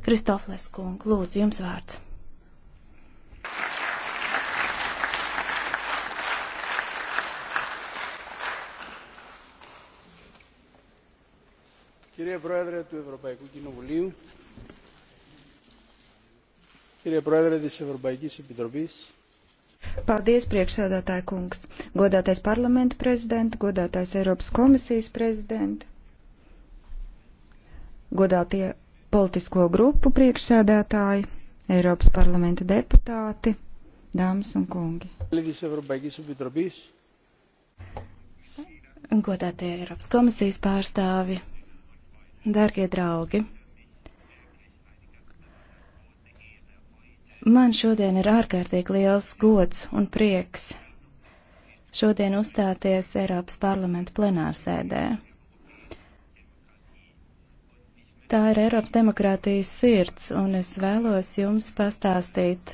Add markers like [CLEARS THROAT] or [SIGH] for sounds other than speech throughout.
Kristofles kungu, lūdzu, jums vārds. Κύριε Πρόεδρε του Ευρωπαϊκού Κοινοβουλίου, κύριε Πρόεδρε της Ευρωπαϊκής Επιτροπής, Paldies, priekšsēdētāja kungs, godātais parlamenta prezidenta, godātais Eiropas komisijas prezidenta, godātie politisko grupu priekšsēdētāji, Eiropas parlamenta deputāti, dāmas un kungi. Godātie Eiropas komisijas pārstāvi, dārgie draugi! Man šodien ir ārkārtīgi liels gods un prieks šodien uzstāties Eiropas parlamenta plenārsēdē. Tā ir Eiropas demokrātijas sirds, un es vēlos jums pastāstīt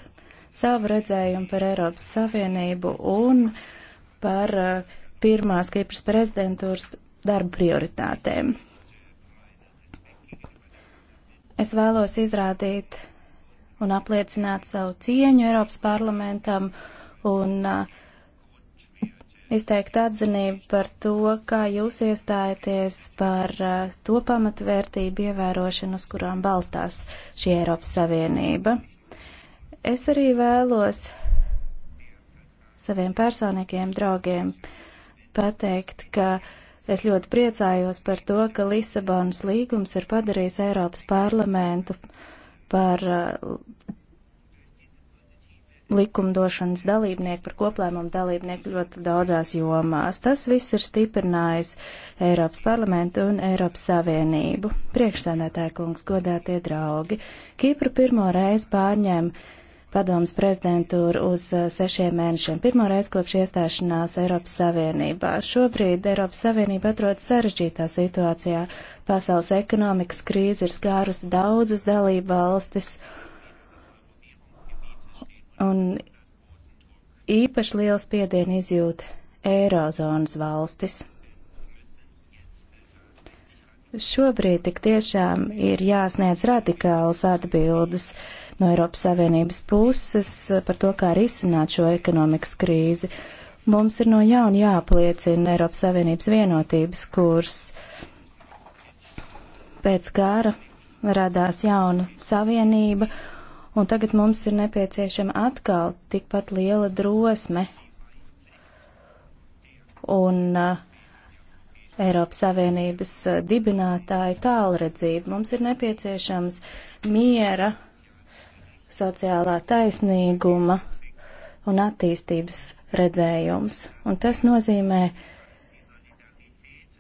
savu redzējumu par Eiropas Savienību un par uh, pirmās Kipras prezidentūras darba prioritātēm. Es vēlos izrādīt un apliecināt savu cieņu Eiropas parlamentam un uh, izteikt atzinību par to, kā jūs iestājaties par uh, to pamatvērtību ievērošanu, uz kurām balstās šī Eiropas Savienība. Es arī vēlos saviem personīgiem draugiem pateikt, ka es ļoti priecājos par to, ka Lisabonas līgums ir padarījis Eiropas parlamentu par uh, likumdošanas dalībnieki, par koplēmumu dalībnieku ļoti daudzās jomās. Tas viss ir stiprinājis Eiropas parlamentu un Eiropas Savienību. Priekšsēdētāja kungs, godātie draugi, Kīpru pirmo reizi pārņēma padomas prezidentūru uz uh, sešiem mēnešiem, pirmo reizi kopš iestāšanās Eiropas Savienībā. Šobrīd Eiropas Savienība atrodas sarežģītā situācijā. Pasaules ekonomikas krīze ir skārusi daudzus dalību valstis Un īpaši liels spiedienu izjūt Eirozonas valstis. Šobrīd tik tiešām ir jāsniedz radikālas atbildes no Eiropas Savienības puses par to, kā risināt šo ekonomikas krīzi. Mums ir no jauna jāpliecina Eiropas Savienības vienotības kurs. Pēc kara radās jauna savienība un tagad mums ir nepieciešama atkal tikpat liela drosme un uh, Eiropas Savienības uh, dibinātāju tālredzību. Mums ir nepieciešams miera, sociālā taisnīguma un attīstības redzējums. Un tas nozīmē,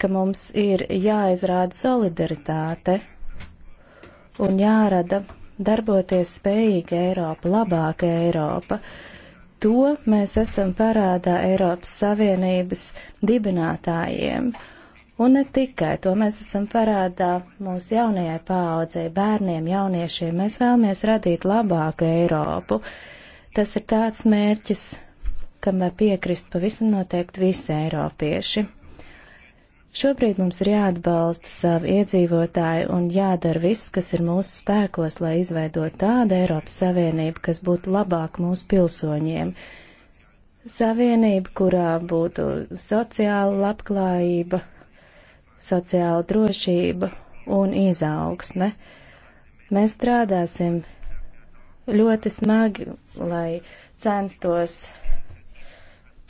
ka mums ir jāizrāda solidaritāte un jārada darboties spējīga Eiropa, labāka Eiropa. To mēs esam parādā Eiropas Savienības dibinātājiem. Un ne tikai to mēs esam parādā mūsu jaunajai paaudzei, bērniem, jauniešiem. Mēs vēlamies radīt labāku Eiropu. Tas ir tāds mērķis, kam var piekrist pavisam noteikti visi eiropieši. Šobrīd mums ir jāatbalsta savu iedzīvotāju un jādara viss, kas ir mūsu spēkos, lai izveidot tādu Eiropas Savienību, kas būtu labāk mūsu pilsoņiem. Savienība, kurā būtu sociāla labklājība, sociāla drošība un izaugsme. Mēs strādāsim ļoti smagi, lai censtos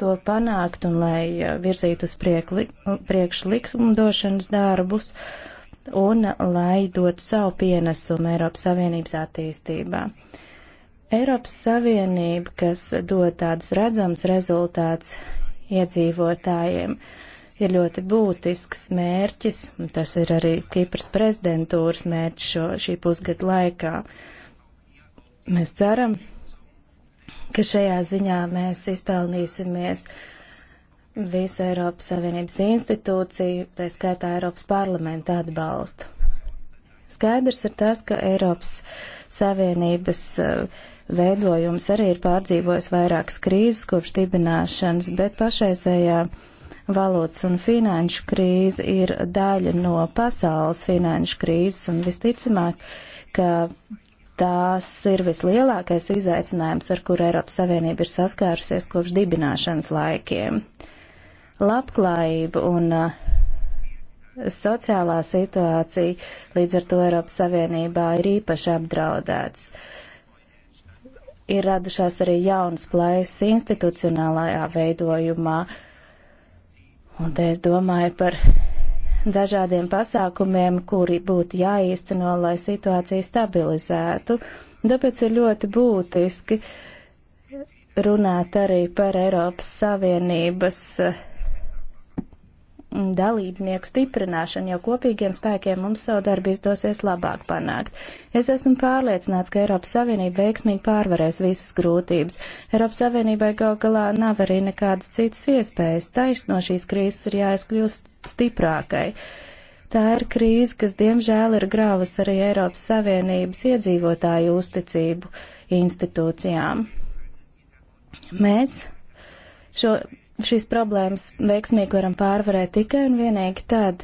to panākt un lai eh, virzītu uz priekšlikumdošanas darbus un lai dotu savu pienesumu Eiropas Savienības attīstībā. Eiropas Savienība, kas dod tādus redzams rezultāts iedzīvotājiem, ir ļoti būtisks mērķis, un tas ir arī Kipras prezidentūras mērķis šo, šī pusgada laikā. Mēs ceram, ka šajā ziņā mēs izpelnīsimies visu Eiropas Savienības institūciju, tā skaitā Eiropas parlamenta atbalstu. Skaidrs ir tas, ka Eiropas Savienības eh, veidojums arī ir pārdzīvojis vairākas krīzes kopš dibināšanas, bet pašreizējā valūtas un finanšu krīze ir daļa no pasaules finanšu krīzes un visticamāk, ka tās ir vislielākais izaicinājums, ar kuru Eiropas Savienība ir saskārusies kopš dibināšanas laikiem. Labklājība un eh, sociālā situācija līdz ar to Eiropas Savienībā ir īpaši apdraudēts. Ir radušās arī jaunas plaisas institucionālajā veidojumā, un te es domāju par dažādiem pasākumiem, kuri būtu jāīsteno, lai situācija stabilizētu. Tāpēc ir ļoti būtiski runāt arī par Eiropas Savienības uh, Mm, dalībnieku stiprināšanu, jo kopīgiem spēkiem mums savu darbu izdosies labāk panākt. Es esmu pārliecināts, ka Eiropas Savienība veiksmīgi pārvarēs visas grūtības. Eiropas Savienībai gal galā nav arī nekādas citas iespējas. Taisn no šīs krīzes ir jāizkļūst stiprākai. Tā ir krīze, kas diemžēl ir grāvas arī Eiropas Savienības iedzīvotāju uzticību institūcijām. Mēs šo šīs problēmas veiksmīgi varam pārvarēt tikai un vienīgi tad,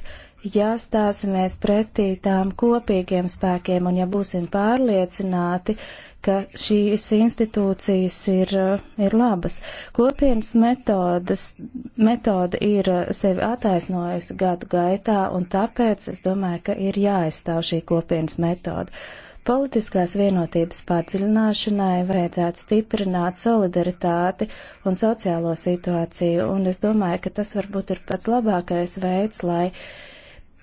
ja stāsimies pretī tām kopīgiem spēkiem un ja būsim pārliecināti, ka šīs institūcijas ir, ir labas. Kopienas metodas, metoda ir sevi attaisnojusi gadu gaitā, un tāpēc es domāju, ka ir jāaizstāv šī kopienas metoda. Politiskās vienotības padziļināšanai vajadzētu stiprināt solidaritāti un sociālo situāciju, un es domāju, ka tas varbūt ir pats labākais veids, lai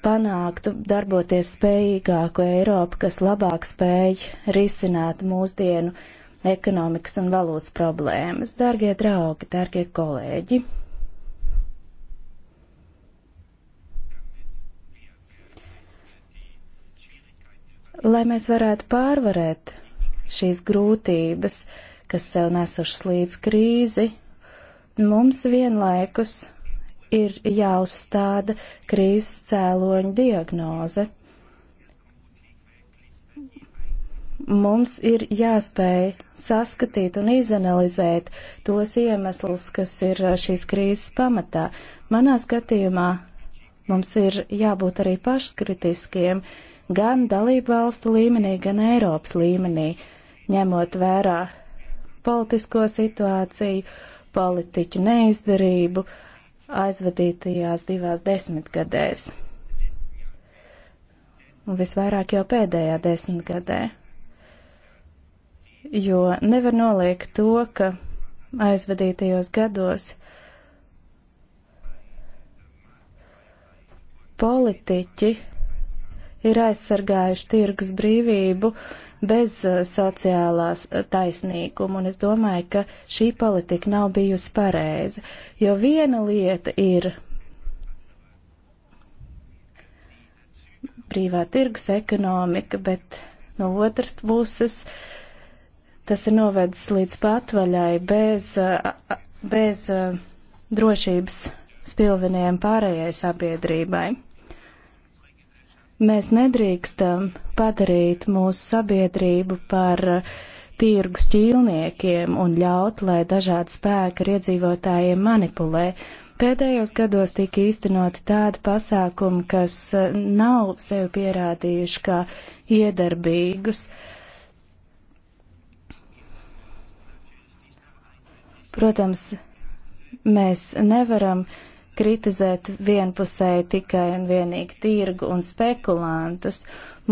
panāktu darboties spējīgāku Eiropu, kas labāk spēj risināt mūsdienu ekonomikas un valūtas problēmas. Dargie draugi, dargie kolēģi! Lai mēs varētu pārvarēt šīs grūtības, kas sev nesušas līdz krīzi, mums vienlaikus ir jāuzstāda krīzes cēloņu diagnoze. Mums ir jāspēj saskatīt un izanalizēt tos iemeslus, kas ir šīs krīzes pamatā. Manā skatījumā mums ir jābūt arī paškritiskiem, uh, gan dalību valstu līmenī, gan Eiropas līmenī, ņemot vērā politisko situāciju, politiķu neizdarību aizvadītajās divās desmitgadēs. Un visvairāk jau pēdējā desmitgadē. Jo nevar noliegt to, ka aizvadītajos gados politiķi ir aizsargājuši tirgus brīvību bez uh, sociālās uh, taisnīguma, un es domāju, ka šī politika nav bijusi pareiza, jo viena lieta ir brīvā tirgus ekonomika, bet no otras puses tas ir novedis līdz patvaļai bez, uh, bez drošības spilveniem pārējai sabiedrībai. Mēs nedrīkstam padarīt mūsu sabiedrību par uh, tirgus ķīlniekiem un ļaut, lai dažādi spēki ar iedzīvotājiem manipulē. Pēdējos gados tika īstenoti tādi pasākumi, kas uh, nav sevi pierādījuši kā iedarbīgus. Protams, mēs nevaram uh, kritizēt vienpusēji tikai un vienīgi tirgu un spekulantus.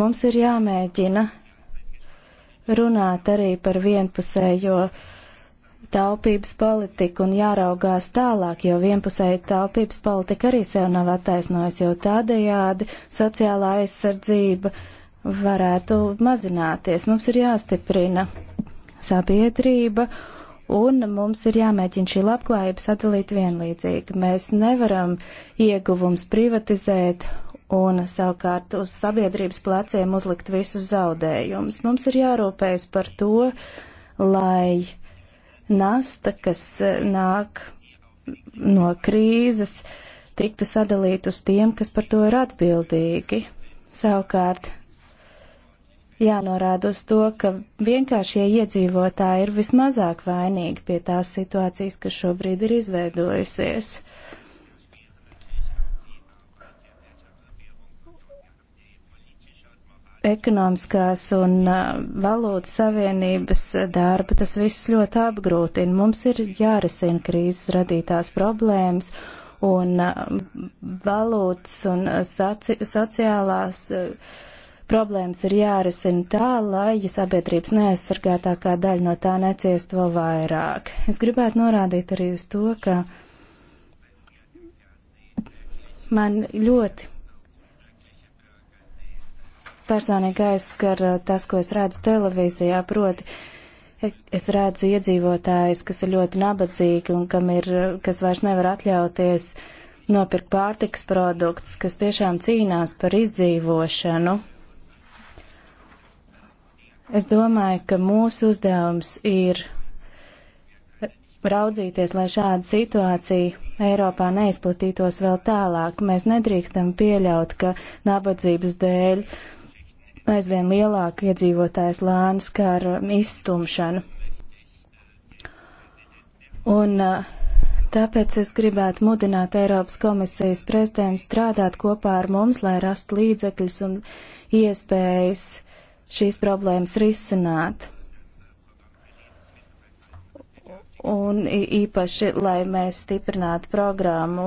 Mums ir jāmēģina runāt arī par vienpusējo taupības politiku un jāraugās tālāk, jo vienpusēji taupības politika arī sev nav attaisnojusi, jo tādējādi sociālā aizsardzība varētu mazināties. Mums ir jāstiprina sabiedrība un mums ir jāmēģina šī labklājība sadalīt vienlīdzīgi. Mēs nevaram ieguvums privatizēt un savukārt uz sabiedrības pleciem uzlikt visus zaudējumus. Mums ir jārūpējas par to, lai nasta, kas eh, nāk no krīzes, tiktu sadalīt uz tiem, kas par to ir atbildīgi. Savukārt jānorāda uz to, ka vienkāršie iedzīvotāji ir vismazāk vainīgi pie tās situācijas, kas šobrīd ir izveidojusies. Ekonomiskās un uh, valūtas savienības darba tas viss ļoti apgrūtina. Mums ir jārisina krīzes radītās problēmas un uh, valūtas un uh, soci sociālās uh, Problēmas ir jārisina tā, lai ja sabiedrības neaizsargātākā daļa no tā neciest vēl vairāk. Es gribētu norādīt arī uz to, ka man ļoti personīgi aizskar uh, tas, ko es redzu televīzijā, proti es redzu iedzīvotājus, kas ir ļoti nabadzīgi un kam ir, uh, kas vairs nevar atļauties nopirkt pārtiks produktus, kas tiešām cīnās par izdzīvošanu, Es domāju, ka mūsu uzdevums ir raudzīties, lai šāda situācija Eiropā neizplatītos vēl tālāk. Mēs nedrīkstam pieļaut, ka nabadzības dēļ aizvien lielāka iedzīvotājs lāns kā ar um, izstumšanu. Un uh, tāpēc es gribētu mudināt Eiropas komisijas prezidentu strādāt kopā ar mums, lai rastu līdzekļus un iespējas šīs problēmas risināt. Un īpaši, lai mēs stiprinātu programmu,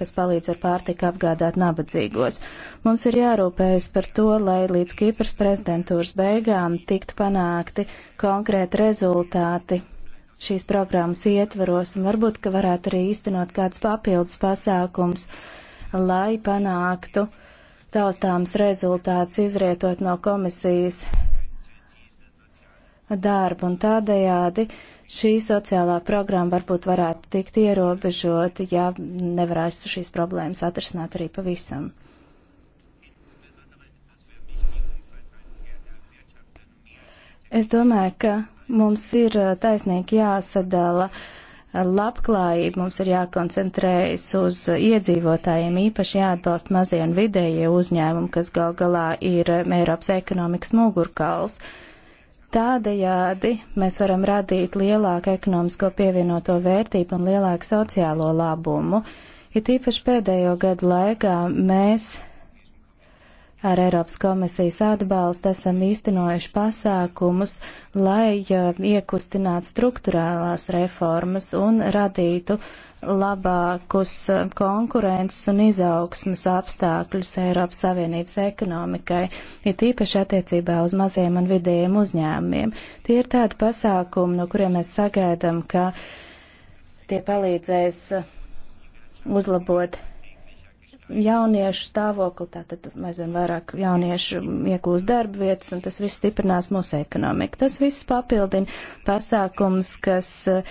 kas palīdz ar pārtika apgādāt nabadzīgos. Mums ir jārūpējas par to, lai līdz Kīpras prezidentūras beigām tiktu panākti konkrēti rezultāti šīs programmas ietvaros, un varbūt, ka varētu arī īstenot kāds papildus pasākums, lai panāktu uh, taustāms rezultāts izrietot no komisijas darbu, un tādējādi šī sociālā programma varbūt varētu tikt ierobežot, ja nevarēs šīs problēmas atrisināt arī pavisam. Es domāju, ka mums ir eh, taisnīgi jāsadala uh, labklājību, mums ir jākoncentrējas uz iedzīvotājiem, īpaši jāatbalsta mazie un vidējie uzņēmumi, kas gal galā ir Eiropas ekonomikas mugurkauls. Tādējādi mēs varam radīt lielāku ekonomisko pievienoto vērtību un lielāku sociālo labumu. Ir ja tīpaši pēdējo gadu laikā mēs ar Eiropas komisijas atbalstu esam īstenojuši pasākumus, lai iekustinātu struktūrālās reformas un radītu labākus eh, konkurences un izaugsmas apstākļus Eiropas Savienības ekonomikai, ir tīpaši attiecībā uz maziem un vidējiem uzņēmumiem. Tie ir tādi pasākumi, no kuriem mēs sagaidām, ka tie palīdzēs eh, uzlabot jauniešu stāvokli, tātad aizvien vairāk jauniešu iegūs darba vietas, un tas viss stiprinās mūsu ekonomiku. Tas viss papildina pasākums, kas eh,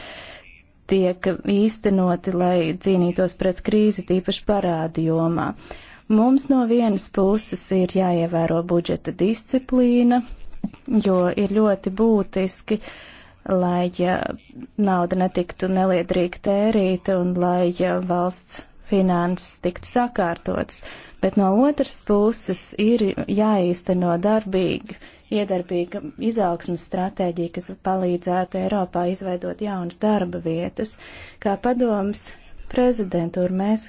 tiek īstenoti, lai cīnītos pret krīzi, tīpaši parādu jomā. Mums no vienas puses ir jāievēro budžeta disciplīna, jo ir ļoti būtiski, lai ja eh, nauda netiktu neliedrīgi tērīta un lai ja eh, valsts finanses tiktu sakārtotas, bet no otras puses ir jāīsteno darbīgi, iedarbīga izaugsmas stratēģija, kas palīdzētu Eiropā izveidot jaunas darba vietas. Kā padoms prezidentūra mēs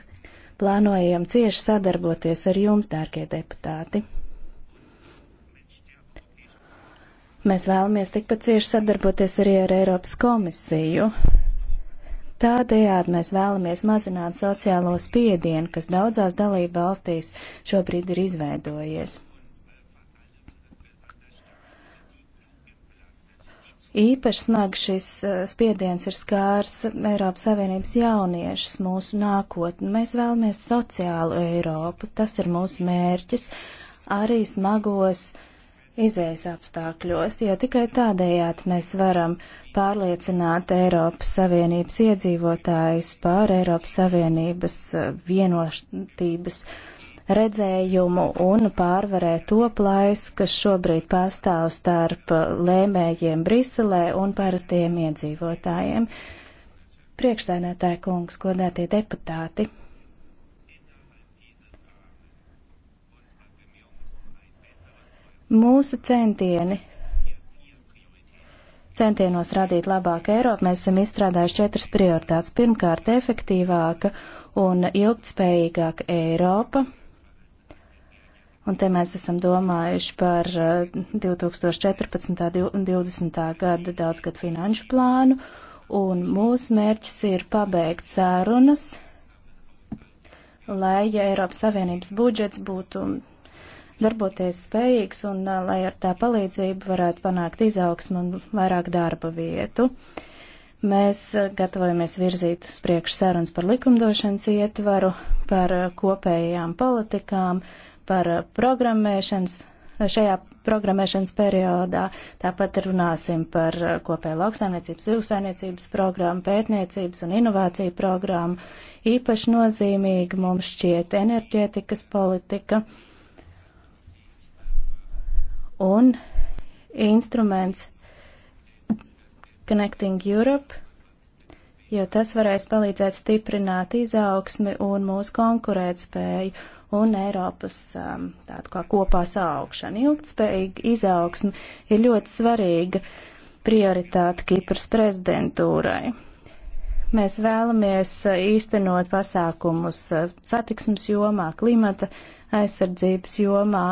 plānojam cieši sadarboties ar jums, dārgie deputāti. Mēs vēlamies tikpat cieši sadarboties arī ar Eiropas komisiju, Tādējādi mēs vēlamies mazināt sociālo spiedienu, kas daudzās dalību valstīs šobrīd ir izveidojies. Īpaši smagi šis eh, spiediens ir skārs Eiropas Savienības jauniešus, mūsu nākotni. Mēs vēlamies sociālu Eiropu, tas ir mūsu mērķis, arī smagos uh, izējas apstākļos, jo tikai tādējādi mēs varam pārliecināt Eiropas Savienības iedzīvotājus pār Eiropas Savienības eh, vienotības redzējumu un pārvarēt to plaisu, kas šobrīd pastāv starp eh, lēmējiem Briselē un parastiem iedzīvotājiem. Priekšsēdētāja kungs, godētie deputāti! Mūsu centieni centienos radīt labāku Eiropu, mēs esam izstrādājuši četras prioritātes. Pirmkārt, efektīvāka un ilgtspējīgāka Eiropa. Un te mēs esam domājuši par 2014. un 2020. gada daudzgad finanšu plānu. Un mūsu mērķis ir pabeigt sērunas, lai ja Eiropas Savienības budžets būtu darboties spējīgs un lai ar tā palīdzību varētu panākt izaugsmu un vairāk darba vietu. Mēs gatavojamies virzīt uz priekšu sarunas par likumdošanas ietvaru, par kopējām politikām, par programmēšanas šajā programmēšanas periodā. Tāpat runāsim par kopēju lauksaimniecības, zivsaimniecības programmu, pētniecības un inovāciju programmu. Īpaši nozīmīgi mums šķiet enerģētikas politika, un instruments Connecting Europe, jo tas varēs palīdzēt stiprināt izaugsmi un mūsu konkurētspēju un Eiropas um, tādu kā kopā saaugšanu. Ilgtspējīga izaugsme ir ļoti svarīga prioritāte Kipras prezidentūrai. Mēs vēlamies uh, īstenot pasākumus uh, satiksmes jomā, klimata aizsardzības jomā,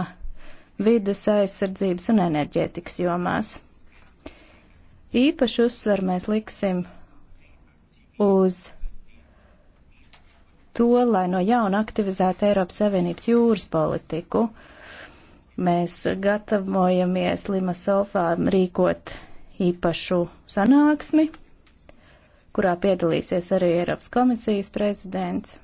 vides aizsardzības un enerģētikas jomās. Īpaši uzsver mēs liksim uz to, lai no jauna aktivizētu Eiropas Savienības jūras politiku. Mēs gatavojamies Limasolfā rīkot īpašu sanāksmi, kurā piedalīsies arī Eiropas komisijas prezidents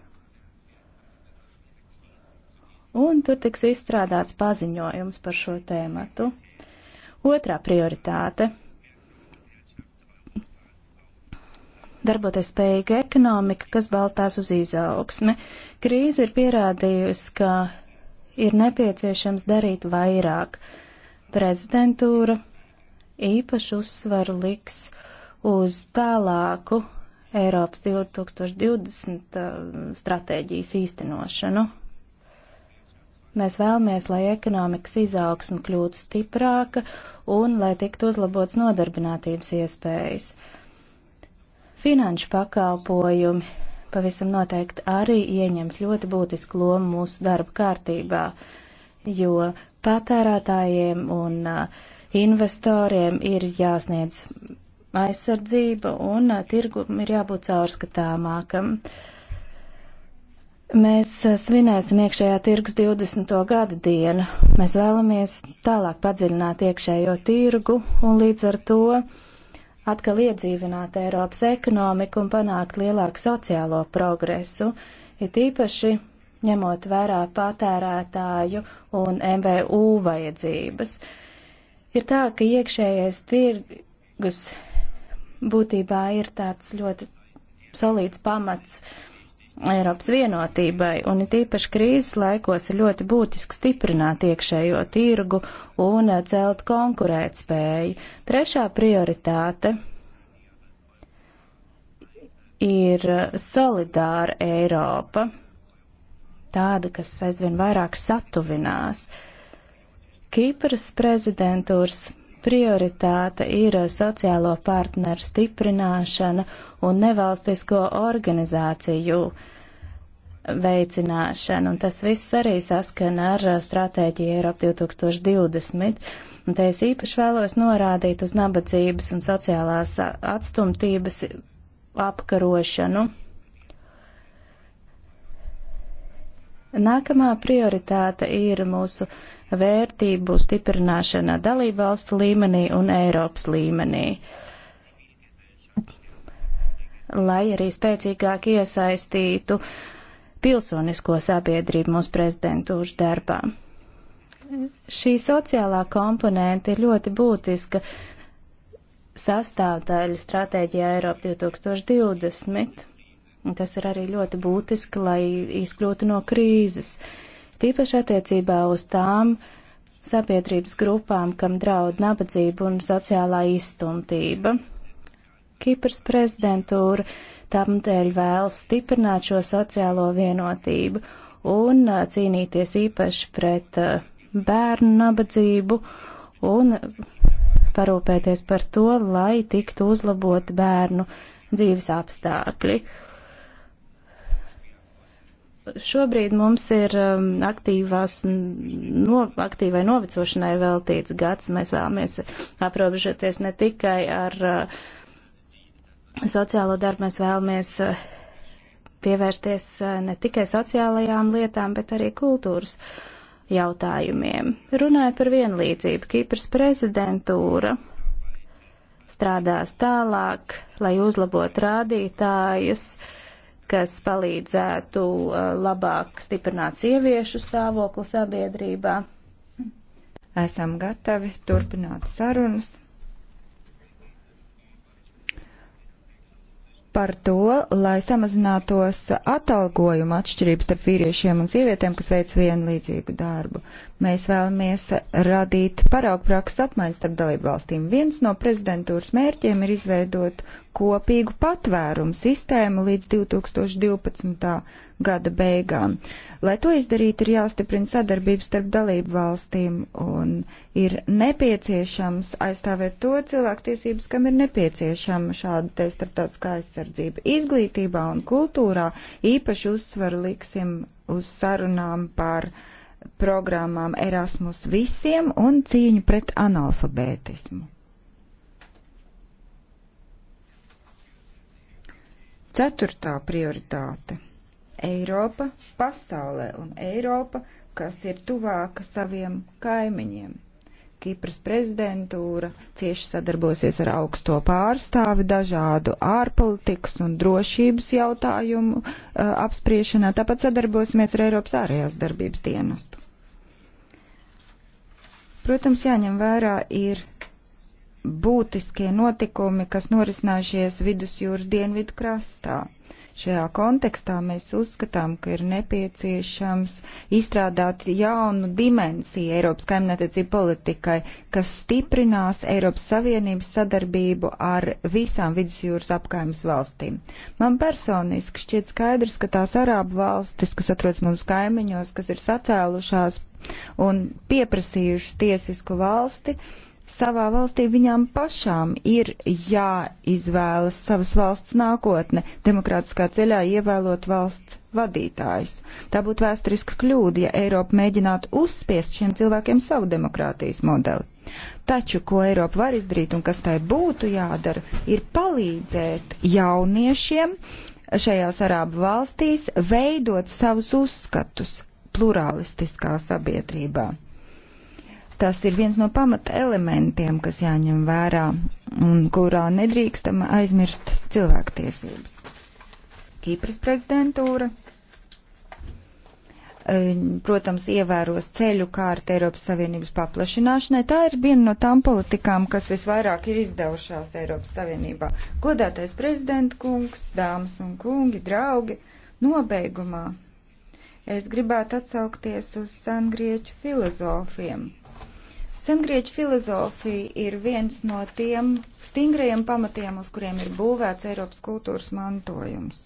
un tur tiks izstrādāts paziņojums par šo tēmatu. Otrā prioritāte - darboties spējīga ekonomika, kas balstās uz izaugsmi. Krīze ir pierādījusi, ka ir nepieciešams darīt vairāk. Prezidentūra īpašu uzsvaru liks uz tālāku Eiropas 2020 uh, stratēģijas īstenošanu. Mēs vēlamies, lai ekonomikas izaugsme kļūtu stiprāka un lai tiktu uzlabots nodarbinātības iespējas. Finanšu pakalpojumi pavisam noteikti arī ieņems ļoti būtisku lomu mūsu darba kārtībā, jo patērētājiem un investoriem ir jāsniedz aizsardzība un tirgum ir jābūt caurskatāmākam. Uh, Mēs eh, svinēsim iekšējā tirgus 20. gada dienu. Mēs vēlamies tālāk padziļināt iekšējo tirgu un līdz ar to atkal iedzīvināt Eiropas ekonomiku un panākt lielāku sociālo progresu, it īpaši ņemot vērā patērētāju un MVU vajadzības. Ir tā, ka iekšējais tirgus būtībā ir tāds ļoti solīts pamats uh, Eiropas vienotībai, un it īpaši krīzes laikos ir ļoti būtiski stiprināt iekšējo tirgu un eh, celt konkurētspēju. Trešā prioritāte ir eh, solidāra Eiropa, tāda, kas aizvien vairāk satuvinās. Kīpras prezidentūras prioritāte ir eh, sociālo partneru stiprināšana un nevalstisko organizāciju veicināšana, un tas viss arī saskana ar eh, stratēģiju Eiropa 2020. Un te es īpaši vēlos norādīt uz nabadzības un sociālās eh, atstumtības apkarošanu. Nākamā prioritāte ir mūsu uh, vērtību stiprināšanā dalību valstu līmenī un Eiropas līmenī. Lai arī spēcīgāk iesaistītu pilsonisko sabiedrību mūsu prezidentūras darbā. Šī sociālā komponente ir ļoti būtiska sastāvdaļa stratēģijā Eiropa 2020. Un tas ir arī ļoti būtiski, lai izkļūtu no krīzes. Uh, tīpaši attiecībā uz tām sabiedrības grupām, kam draud nabadzība un sociālā izstumtība. Kipras prezidentūra tamdēļ vēlas stiprināt šo sociālo vienotību un uh, cīnīties īpaši pret uh, bērnu nabadzību un parūpēties par to, lai tiktu uzlabot bērnu dzīves apstākļi. Uh, Šobrīd mums ir um, aktīvās, no, aktīvai novecošanai veltīts gads. Mēs vēlamies aprobežoties ne tikai ar uh, sociālo darbu, mēs vēlamies uh, pievērsties uh, ne tikai sociālajām lietām, bet arī kultūras jautājumiem. Runājot par vienlīdzību, Kīpras prezidentūra strādās tālāk, lai uzlabotu rādītājus. Uh, kas palīdzētu uh, labāk stiprināt sieviešu stāvokli sabiedrībā. Esam gatavi turpināt sarunas par to, lai samazinātos atalgojuma atšķirības starp vīriešiem un sievietēm, kas veic vienlīdzīgu darbu. Mēs vēlamies radīt paraugprakses apmaiņas starp dalību valstīm. Viens no prezidentūras mērķiem ir izveidot kopīgu patvērumu sistēmu līdz 2012. gada beigām. Lai to izdarītu, ir jāstiprina sadarbības starp dalību valstīm un ir nepieciešams aizstāvēt to cilvēktiesības, kam ir nepieciešama šāda te starptautiskā aizsardzība. Izglītībā un kultūrā īpaši uzsvaru liksim uz sarunām par programmām Erasmus visiem un cīņu pret analfabētismu. Ceturtā prioritāte - Eiropa pasaulē un Eiropa, kas ir tuvāka saviem kaimiņiem. Kipras prezidentūra cieši sadarbosies ar augsto pārstāvi dažādu ārpolitikas un drošības jautājumu uh, apspriešanā, tāpat sadarbosimies ar Eiropas ārējās darbības dienestu. Protams, jāņem vērā ir būtiskie notikumi, kas norisinājušies vidusjūras dienvidu krastā. Šajā kontekstā mēs uzskatām, ka ir nepieciešams izstrādāt jaunu dimensiju Eiropas kaimiņattiecību politikai, kas stiprinās Eiropas Savienības sadarbību ar visām vidusjūras apkaimes valstīm. Man personiski šķiet skaidrs, ka tās arābu valstis, kas atrodas mums kaimiņos, kas ir sacēlušās un pieprasījušas tiesisku valsti, uh, savā valstī viņām pašām ir jāizvēlas savas valsts nākotne, demokrātiskā ceļā ievēlot valsts vadītājus. Tā būtu vēsturiska kļūda, ja Eiropa mēģinātu uzspiest šiem cilvēkiem savu demokrātijas modeli. Taču, ko Eiropa var izdarīt un kas tai būtu jādara, ir palīdzēt jauniešiem šajās arābu valstīs veidot savus uzskatus plurālistiskā sabiedrībā. Tas ir viens no pamata elementiem, kas jāņem vērā un kurā nedrīkstam aizmirst cilvēktiesības. Kīpras prezidentūra, e, protams, ievēros ceļu kārtu Eiropas Savienības paplašināšanai. Tā ir viena no tām politikām, kas visvairāk ir izdevušās Eiropas Savienībā. Godātais prezidenta kungs, dāmas un kungi, draugi, nobeigumā es gribētu atsaukties uz sangrieķu filozofiem Sengrieķu filozofija ir viens no tiem stingrajiem pamatiem, uz kuriem ir būvēts Eiropas kultūras mantojums.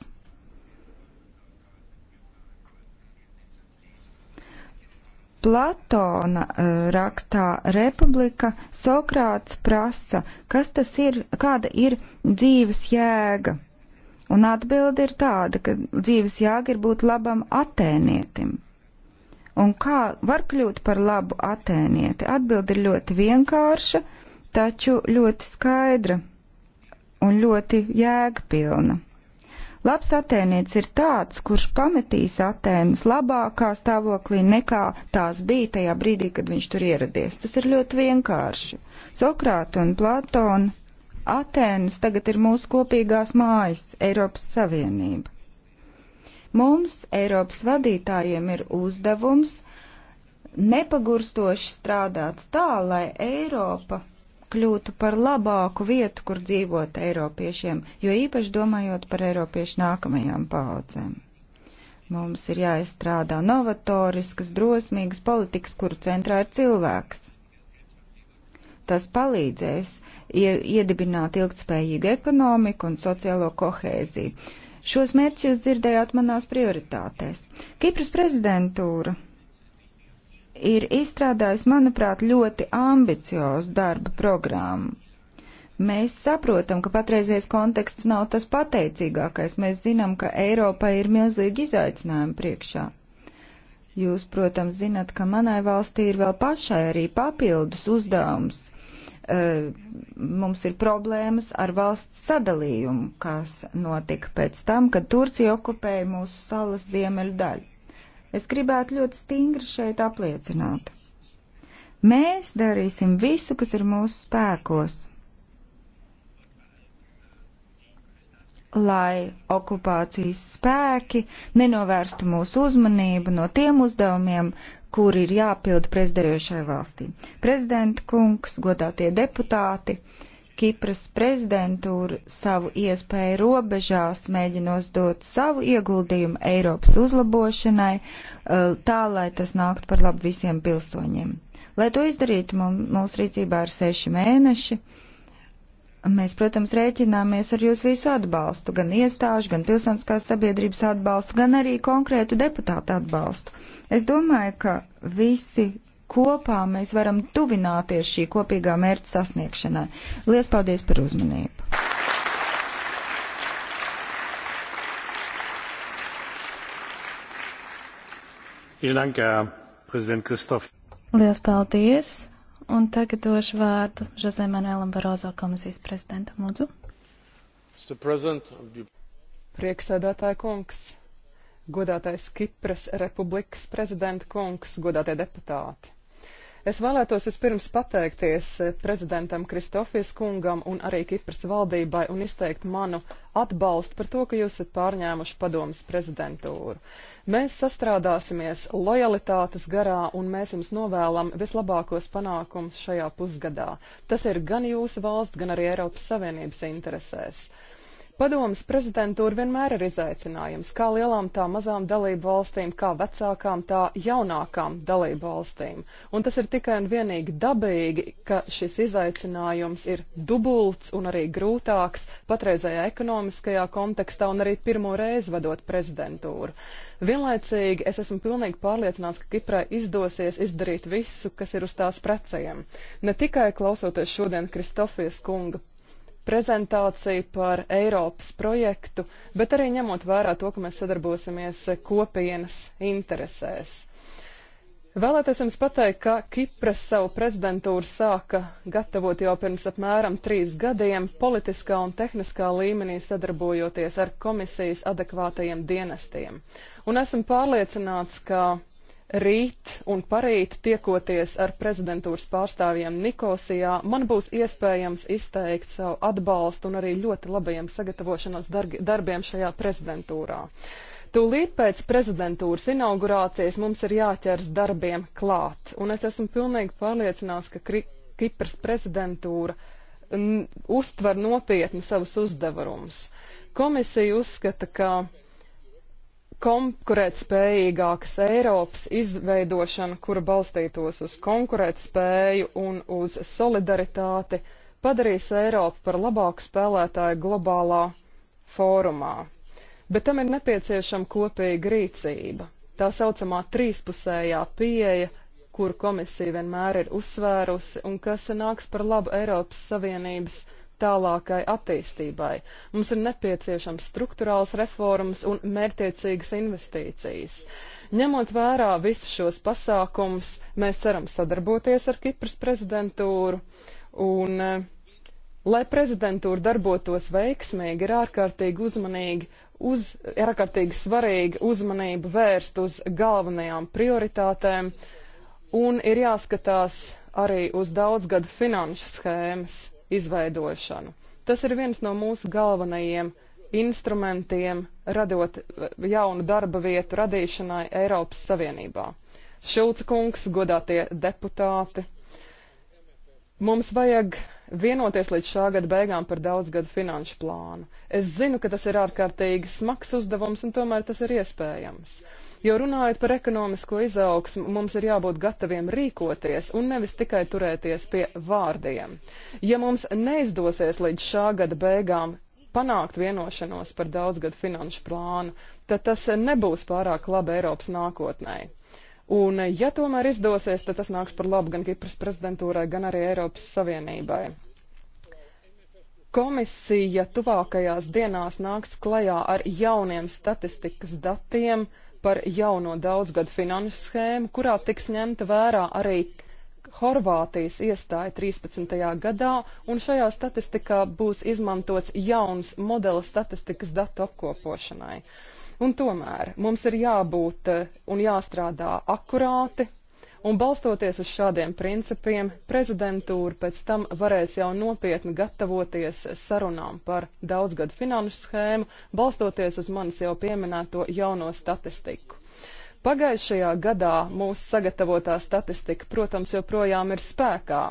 Platona eh, rakstā Republika Sokrāts prasa, kas tas ir, kāda ir dzīves jēga. Un atbilde ir tāda, ka dzīves jēga ir būt labam atēnietim. Un kā var kļūt par labu atēnieti? Atbildi ir ļoti vienkārša, taču ļoti skaidra un ļoti jēgpilna. Labs atēnietis ir tāds, kurš pametīs Atēnas labākā stāvoklī nekā tās bija tajā brīdī, kad viņš tur ieradies. Tas ir ļoti vienkārši. Sokrāta un Platona Atēnas tagad ir mūsu kopīgās mājas, Eiropas Savienība. Mums, Eiropas vadītājiem, ir uzdevums nepagurstoši strādāt tā, lai Eiropa kļūtu par labāku vietu, kur dzīvot Eiropiešiem, jo īpaši domājot par Eiropiešu nākamajām paudzēm. Mums ir jāizstrādā novatoriskas, drosmīgas politikas, kuru centrā ir cilvēks. Tas palīdzēs iedibināt ilgtspējīgu ekonomiku un sociālo kohēziju. Šos mērķus jūs dzirdējāt manās prioritātēs. Kipras prezidentūra ir izstrādājusi, manuprāt, ļoti ambiciozu darba programmu. Mēs saprotam, ka patreizies konteksts nav tas pateicīgākais. Mēs zinām, ka Eiropai ir milzīgi izaicinājumi priekšā. Jūs, protams, zinat, ka manai valstī ir vēl pašai arī papildus uzdevums Eh, mums ir problēmas ar valsts sadalījumu, kas notika pēc tam, kad Turcija okupēja mūsu salas ziemeļu daļu. Es gribētu ļoti stingri šeit apliecināt. Mēs darīsim visu, kas ir mūsu spēkos, lai okupācijas spēki nenovērstu mūsu uzmanību no tiem uzdevumiem, kuri ir jāpilda prezidējošai valstī. Prezidenta kungs, godātie deputāti, Kipras prezidentūra savu iespēju robežās mēģinos dot savu ieguldījumu Eiropas uzlabošanai, eh, tā lai tas nākt par labu visiem pilsoņiem. Lai to izdarītu, mums rīcībā ir seši mēneši. Mēs, protams, rēķināmies ar jūsu visu atbalstu, gan iestāžu, gan pilsoniskās sabiedrības atbalstu, gan arī konkrētu deputātu atbalstu Es domāju, ka visi kopā mēs varam tuvināties šī kopīgā mērķa sasniegšanai. Lielas paldies par uzmanību! Lielas paldies! Un tagad došu vārdu Žozē Manuēlam Barozo komisijas prezidentam Lūdzu. Priekšsēdētāja kungs, godātais Kipras republikas prezidenta kungs, godātie deputāti. Es vēlētos vispirms pateikties prezidentam Kristofijas kungam un arī Kipras valdībai un izteikt manu atbalstu par to, ka jūs esat pārņēmuši padomas prezidentūru. Mēs sastrādāsimies lojalitātes garā un mēs jums novēlam vislabākos panākums šajā pusgadā. Tas ir gan jūsu valsts, gan arī Eiropas Savienības interesēs. Padomas prezidentūra vienmēr ir izaicinājums kā lielām tā mazām dalību valstīm, kā vecākām tā jaunākām dalību valstīm. Un tas ir tikai un vienīgi dabīgi, ka šis izaicinājums ir dubults un arī grūtāks patreizējā ekonomiskajā kontekstā un arī pirmo reizi vadot prezidentūru. Vienlaicīgi es esmu pilnīgi pārliecināts, ka Kiprai izdosies izdarīt visu, kas ir uz tās precējiem. Ne tikai klausoties šodien Kristofijas kunga prezentāciju par Eiropas projektu, bet arī ņemot vērā to, ka mēs sadarbosimies kopienas interesēs. Vēlētos jums pateikt, ka Kipras savu prezidentūru sāka gatavot jau pirms apmēram trīs gadiem, politiskā un tehniskā līmenī sadarbojoties ar komisijas adekvātajiem dienestiem. Un esam pārliecināts, ka Rīt un parīt tiekoties ar prezidentūras pārstāvjiem Nikosijā, man būs iespējams izteikt savu atbalstu un arī ļoti labajiem sagatavošanās darbiem šajā prezidentūrā. Tūlīt pēc prezidentūras inaugurācijas mums ir jāķers darbiem klāt, un es esmu pilnīgi pārliecināts, ka Kri Kipras prezidentūra uztver nopietni savus uzdevumus. Komisija uzskata, ka konkurētspējīgākas Eiropas izveidošana, kura balstītos uz konkurētspēju un uz solidaritāti, padarīs Eiropu par labāku spēlētāju globālā fórumā. Bet tam ir nepieciešama kopīga rīcība, tā saucamā trīspusējā pieeja, kuru komisija vienmēr ir uzsvērusi un kas nāks par labu Eiropas Savienības tālākai attīstībai. Mums ir nepieciešams struktūrāls reformas un mērtiecīgas investīcijas. Ņemot vērā visus šos pasākums, mēs ceram sadarboties ar Kipras prezidentūru un eh, Lai prezidentūra darbotos veiksmīgi, ir ārkārtīgi uzmanīgi uz, ir ārkārtīgi svarīgi uzmanību vērst uz galvenajām prioritātēm un ir jāskatās arī uz daudzgadu finanšu schēmas izveidošanu. Tas ir viens no mūsu galvenajiem instrumentiem, radot jaunu darba vietu radīšanai Eiropas Savienībā. Šulca kungs, godātie deputāti, Mums vajag vienoties līdz šā gada beigām par daudzgadu finanšu plānu. Es zinu, ka tas ir ārkārtīgi smags uzdevums, un tomēr tas ir iespējams. Jo runājot par ekonomisko izaugsmu, mums ir jābūt gataviem rīkoties un nevis tikai turēties pie vārdiem. Ja mums neizdosies līdz šā gada beigām panākt vienošanos par daudzgadu finanšu plānu, tad tas nebūs pārāk labi Eiropas nākotnē. Un, ja tomēr izdosies, tad tas nāks par labu gan Kipras prezidentūrai, gan arī Eiropas Savienībai. Komisija tuvākajās dienās nāks klajā ar jauniem statistikas datiem, uh, par jauno daudzgadu finanšu schēmu, kurā tiks ņemta vērā arī Horvātijas iestāja 13. gadā, un šajā statistikā būs izmantots jauns modela statistikas datu apkopošanai. Un tomēr mums ir jābūt eh, un jāstrādā akurāti, Un balstoties uz šādiem principiem, prezidentūra pēc tam varēs jau nopietni gatavoties sarunām par daudzgadu finanšu schēmu, balstoties uz manis jau pieminēto jauno statistiku. Pagājušajā gadā mūsu sagatavotā statistika, protams, joprojām ir spēkā.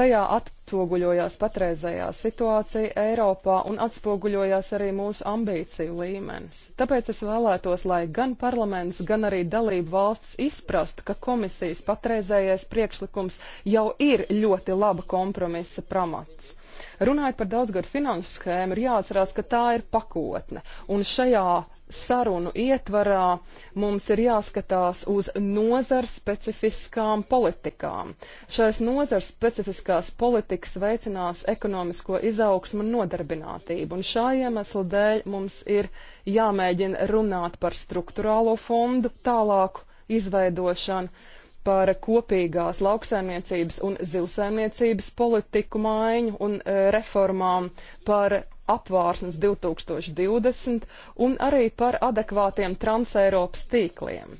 Tajā atspoguļojās patreizējā situācija Eiropā un atspoguļojās arī mūsu ambīciju līmenis. Tāpēc es vēlētos, lai gan parlaments, gan arī dalību valsts izprastu, ka komisijas patreizējais priekšlikums jau ir ļoti laba kompromisa pamats. Runājot par daudzgadu finansu schēmu, ir jāatcerās, ka tā ir pakotne, un šajā sarunu ietvarā mums ir jāskatās uz nozars specifiskām politikām. Šais nozars specifiskās politikas veicinās ekonomisko izaugsmu un nodarbinātību, un šā iemesla dēļ mums ir jāmēģina runāt par struktūrālo fondu tālāku izveidošanu par kopīgās lauksaimniecības un zilsaimniecības politiku maiņu un e, reformām, par apvārsnes 2020 un arī par adekvātiem transeiropas tīkliem.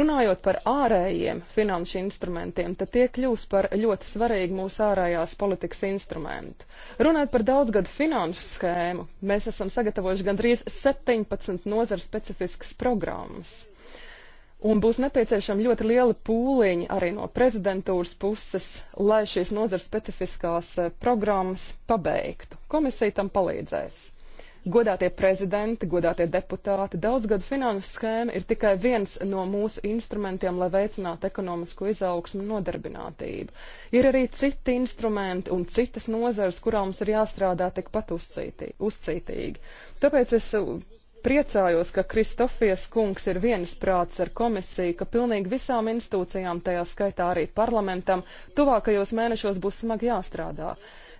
Runājot par ārējiem finanšu instrumentiem, tad tie kļūs par ļoti svarīgu mūsu ārējās politikas instrumentu. Runājot par daudzgadu finanšu schēmu, mēs esam sagatavojuši gandrīz 17 nozara specifiskas programmas. Un būs nepieciešama ļoti liela pūliņa arī no prezidentūras puses, lai šīs nozars specifiskās eh, programmas pabeigtu. Komisija tam palīdzēs. Godātie prezidenti, godātie deputāti, daudzgadu finanses schēma ir tikai viens no mūsu instrumentiem, lai veicinātu ekonomisko izaugsmu un nodarbinātību. Ir arī citi instrumenti un citas nozars, kurā mums ir jāstrādā tikpat uzcītī, uzcītīgi. Tāpēc es Priecājos, ka Kristofies kungs ir viensprāts ar komisiju, ka pilnīgi visām institūcijām, tajā skaitā arī parlamentam, tuvākajos mēnešos būs smagi jāstrādā.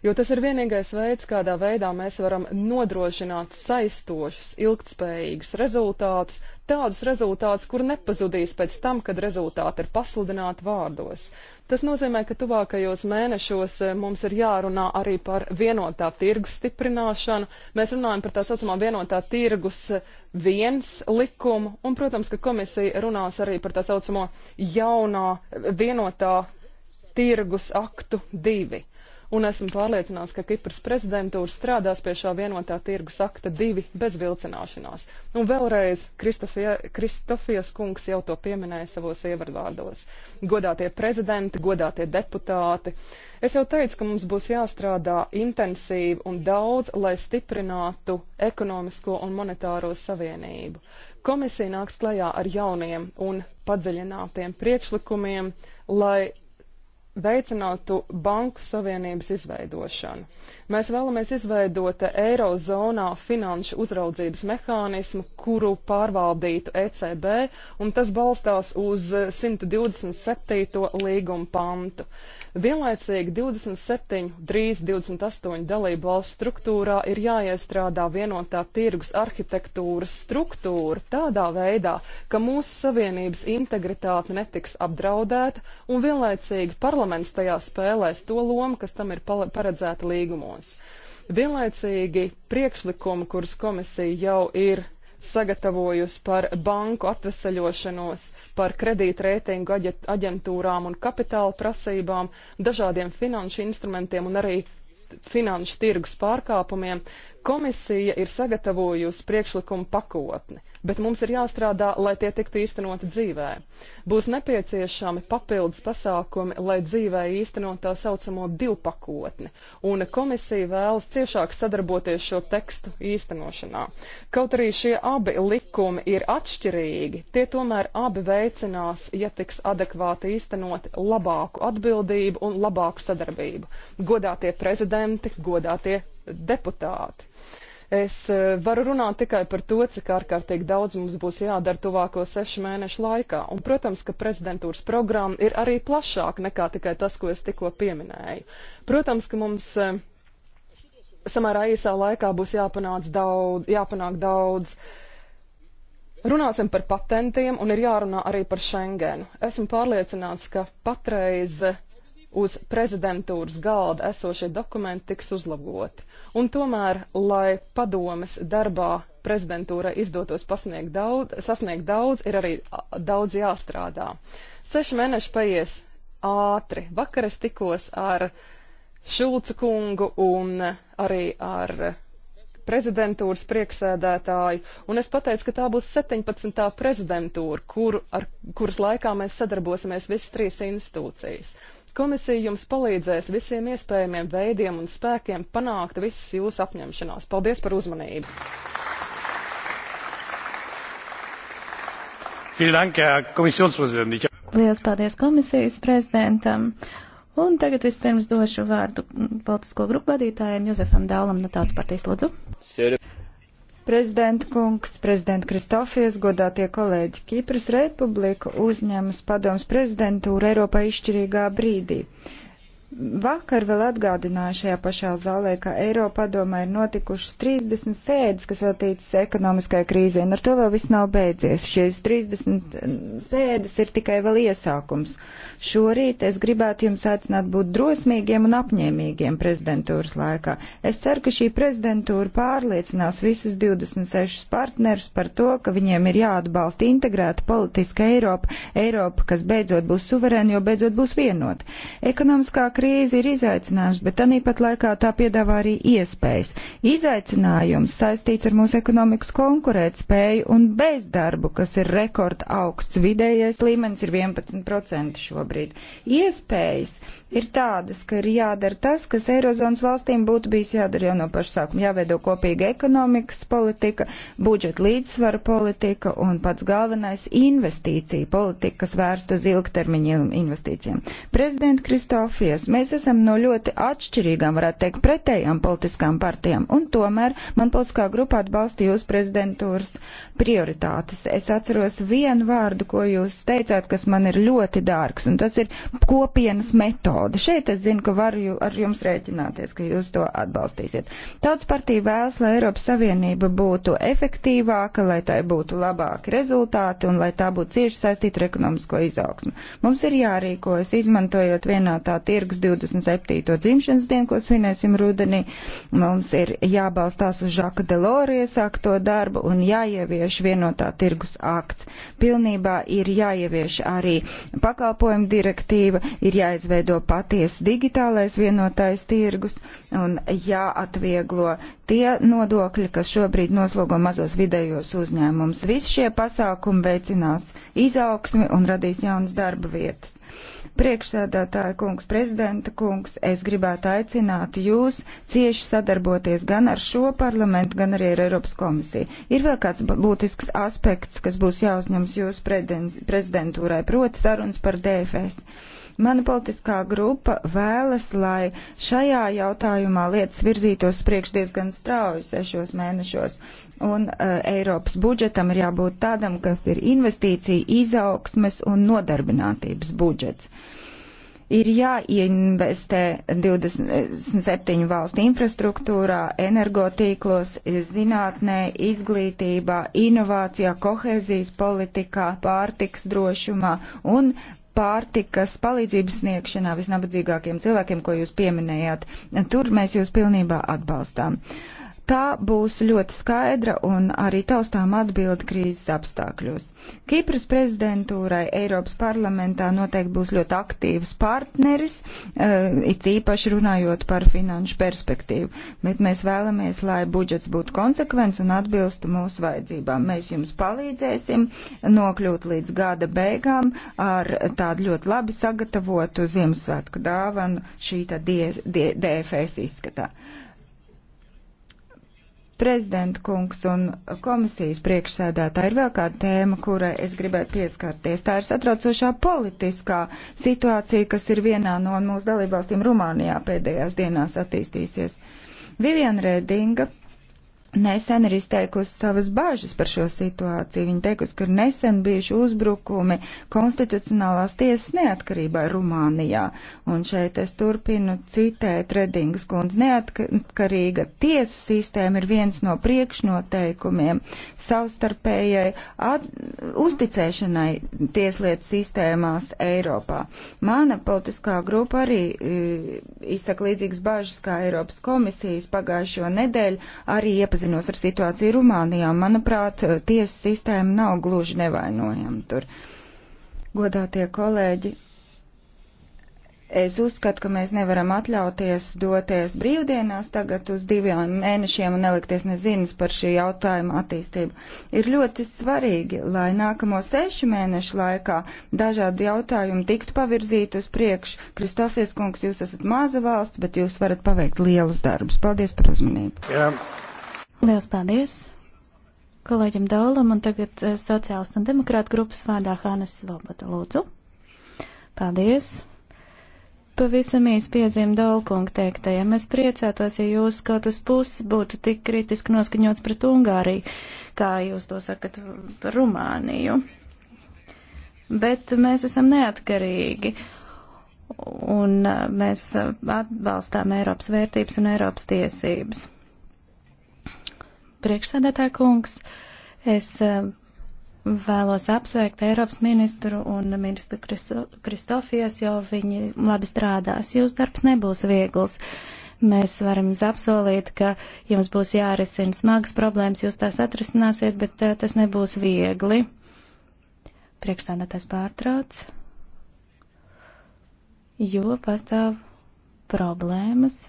Jo tas ir vienīgais veids, kādā veidā mēs varam nodrošināt saistošus, ilgtspējīgus rezultātus, tādus rezultātus, kur nepazudīs pēc tam, kad rezultāti ir pasludināti vārdos. Tas nozīmē, ka tuvākajos mēnešos eh, mums ir jārunā arī par vienotā tirgus stiprināšanu. Mēs runājam par tā saucamā vienotā tirgus eh, viens likumu, un, protams, ka komisija runās arī par tā saucamo jaunā eh, vienotā tirgus aktu divi un esmu pārliecināts, ka Kipras prezidentūra strādās pie šā vienotā tirgus akta divi bez vilcināšanās. Un vēlreiz Kristofijas kungs jau to pieminēja savos ievadvārdos. Godātie prezidenti, godātie deputāti. Es jau teicu, ka mums būs jāstrādā intensīvi un daudz, lai stiprinātu ekonomisko un monetāro savienību. Komisija nāks klajā ar jauniem un padziļinātiem priekšlikumiem, lai veicinātu banku savienības izveidošanu. Mēs vēlamies izveidot eirozonā finanšu uzraudzības mehānismu, kuru pārvaldītu ECB, un tas balstās uz 127. līguma pantu. Vienlaicīgi 27, drīz 28 dalību valstu struktūrā ir jāiestrādā vienotā tirgus arhitektūras struktūra tādā veidā, ka mūsu savienības integritāte netiks apdraudēta un vienlaicīgi parlaments parlaments tajā spēlēs to lomu, kas tam ir paredzēta līgumos. Vienlaicīgi priekšlikumi, kurus komisija jau ir sagatavojusi par banku atveseļošanos, par kredītreitingu aģentūrām un kapitāla prasībām, dažādiem finanšu instrumentiem un arī finanšu tirgus pārkāpumiem, komisija ir sagatavojusi priekšlikumu pakotni bet mums ir jāstrādā, lai tie tiktu īstenoti dzīvē. Būs nepieciešami papildus pasākumi, lai dzīvē īstenot tā saucamo divpakotni, un komisija vēlas ciešāk sadarboties šo tekstu īstenošanā. Kaut arī šie abi likumi ir atšķirīgi, tie tomēr abi veicinās, ja tiks adekvāti īstenot labāku atbildību un labāku sadarbību. Godātie prezidenti, godātie deputāti. Es e, varu runāt tikai par to, cik ārkārtīgi daudz mums būs jādara tuvāko sešu mēnešu laikā. Un, protams, ka prezidentūras programma ir arī plašāka nekā tikai tas, ko es tikko pieminēju. Protams, ka mums e, samērā īsā laikā būs daudz, jāpanāk daudz. Runāsim par patentiem un ir jārunā arī par Schengenu. Esmu pārliecināts, ka patreiz uz prezidentūras galda esošie dokumenti tiks uzlaboti. Un tomēr, lai padomes darbā prezidentūra izdotos daudz, sasniegt daudz, ir arī daudz jāstrādā. Seši mēneši paies ātri. Vakar es tikos ar Šulcu kungu un arī ar prezidentūras priekšsēdētāju, un es pateicu, ka tā būs 17. prezidentūra, kuru, ar, kuras laikā mēs sadarbosimies visas trīs institūcijas. Uh, Komisija jums palīdzēs visiem iespējamiem veidiem un spēkiem panākt visas jūsu apņemšanās. Paldies par uzmanību! Lielas paldies komisijas prezidentam! Un tagad vispirms došu vārdu politisko grupu vadītājiem Jozefam Dālam no tāds partijas lūdzu. Sēri. Prezidenta kungs, prezidenta Kristofies, godātie kolēģi, Kīpras republika uzņemas padoms prezidentūru Eiropā izšķirīgā brīdī. Vakar vēl atgādināju šajā pašā zālē, ka Eiropa padomē ir notikušas 30 sēdes, kas veltītas ekonomiskai krīzē, un ar to vēl viss nav beidzies. Šīs 30 sēdes ir tikai vēl iesākums. Šorīt es gribētu jums aicināt būt drosmīgiem un apņēmīgiem prezidentūras laikā. Es ceru, ka šī prezidentūra pārliecinās visus 26 partnerus par to, ka viņiem ir jāatbalsta integrēta politiska Eiropa, Eiropa, kas beidzot būs suverēna, jo beidzot būs vienota. Ekonomiskā krīze ir izaicinājums, bet tāpat laikā tā piedāvā arī iespējas. Izaicinājums saistīts ar mūsu ekonomikas konkurētspēju un bezdarbu, kas ir rekord augsts. Vidējais līmenis ir 11% šobrīd. Iespējas ir tādas, ka ir jādara tas, kas Eirozonas valstīm būtu bijis jādara jau no paša sākuma. Jāveido kopīga ekonomikas politika, budžeta līdzsvara politika un pats galvenais - investīcija politika, kas vērsta uz ilgtermiņa investīcijām. Prezidenta Kristofijas partijas. Mēs esam no ļoti atšķirīgām, varētu teikt, pretējām politiskām partijām, un tomēr man politiskā grupā atbalsta jūs prezidentūras prioritātes. Es atceros vienu vārdu, ko jūs teicāt, kas man ir ļoti dārgs, un tas ir kopienas metode. Šeit es zinu, ka varu jū, ar jums rēķināties, ka jūs to atbalstīsiet. Tautas partija vēlas, lai Eiropas Savienība būtu efektīvāka, lai tai būtu labāki rezultāti un lai tā būtu cieši saistīta ar ekonomisko izaugsmu. Mums ir jārīkojas izmantojot vienotā tirgus kungs 27. dzimšanas dienu, ko svinēsim rudenī. Mums ir jābalstās uz Žaka Delori iesākto darbu un jāievieš vienotā tirgus akts. Pilnībā ir jāievieš arī pakalpojumu direktīva, ir jāizveido paties digitālais vienotais tirgus un jāatvieglo tie nodokļi, kas šobrīd noslogo mazos vidējos uzņēmumus. Visi šie pasākumi veicinās izaugsmi un radīs jaunas darba vietas. Priekšsēdētāja kungs, prezidenta kungs, es gribētu aicināt jūs cieši sadarboties gan ar šo parlamentu, gan arī ar Eiropas komisiju. Ir vēl kāds būtisks aspekts, kas būs jāuzņems jūsu prezidentūrai, proti sarunas par DFS. Mana politiskā grupa vēlas, lai šajā jautājumā lietas virzītos priekš diezgan strauji sešos mēnešos. Un uh, Eiropas budžetam ir jābūt tādam, kas ir investīcija, izaugsmes un nodarbinātības budžets. Ir jāinvestē 27 uh, valstu infrastruktūrā, energotīklos, zinātnē, izglītībā, inovācijā, kohēzijas politikā, pārtiks drošumā un pārtikas palīdzības sniegšanā visnabadzīgākiem cilvēkiem, ko jūs pieminējāt. Tur mēs jūs pilnībā atbalstām. Uh, Tā būs ļoti skaidra un arī taustām atbildi krīzes apstākļos. Kipras prezidentūrai Eiropas parlamentā noteikti būs ļoti aktīvs partneris, eh, it īpaši runājot par finanšu perspektīvu, bet mēs vēlamies, lai budžets būtu konsekvents un atbilstu mūsu vajadzībām. Mēs jums palīdzēsim nokļūt līdz gada beigām ar tādu ļoti labi sagatavotu Ziemassvētku dāvanu šī tad DFS izskatā. Prezidenta kungs un komisijas priekšsēdētāja ir vēl kāda tēma, kurai es gribētu pieskarties. Tā ir satraucošā politiskā situācija, kas ir vienā no mūsu dalībvalstīm Rumānijā pēdējās dienās attīstīsies. Viviana Redinga nesen ir izteikusi savas bažas par šo situāciju. Viņa teikusi, ka nesen bijuši uzbrukumi konstitucionālās tiesas neatkarībai Rumānijā. Un šeit es turpinu citēt Redingas kundz neatkarīga tiesu sistēma ir viens no priekšnoteikumiem savstarpējai uzticēšanai tieslietu sistēmās Eiropā. Mana politiskā grupa arī e, izsaka līdzīgas bažas kā Eiropas komisijas pagājušo nedēļu arī iepazīstināja iepazinos ar situāciju Rumānijā. Manuprāt, tiesu sistēma nav gluži nevainojama tur. Godātie kolēģi, es uzskatu, ka mēs nevaram atļauties doties brīvdienās tagad uz diviem mēnešiem un nelikties nezinas par šī jautājuma attīstību. Ir ļoti svarīgi, lai nākamo sešu mēnešu laikā dažādi jautājumi tiktu pavirzīti uz priekšu. Kristofies kungs, jūs esat maza valsts, bet jūs varat paveikt lielus darbus. Paldies par uzmanību. Jā. Liels paldies kolēģim Daulam un tagad eh, sociālistu un demokrātu grupas vārdā Hānes Svoboda. Lūdzu. Paldies. Pavisam īsi piezīme Daulkunga teiktajam. Es priecātos, ja jūs kaut uz pusi būtu tik kritiski noskaņots pret Ungāriju, kā jūs to sakat par Rumāniju. Bet mēs esam neatkarīgi un eh, mēs eh, atbalstām Eiropas vērtības un Eiropas tiesības. Priekšsēdētā kungs, es eh, vēlos apsveikt Eiropas ministru un ministru Kristo, Kristofijas, jo viņi labi strādās. Jūsu darbs nebūs viegls. Mēs varam jums apsolīt, ka jums būs jārisina smagas problēmas, jūs tās atrisināsiet, bet eh, tas nebūs viegli. Priekšsēdētājs pārtrauc, jo pastāv problēmas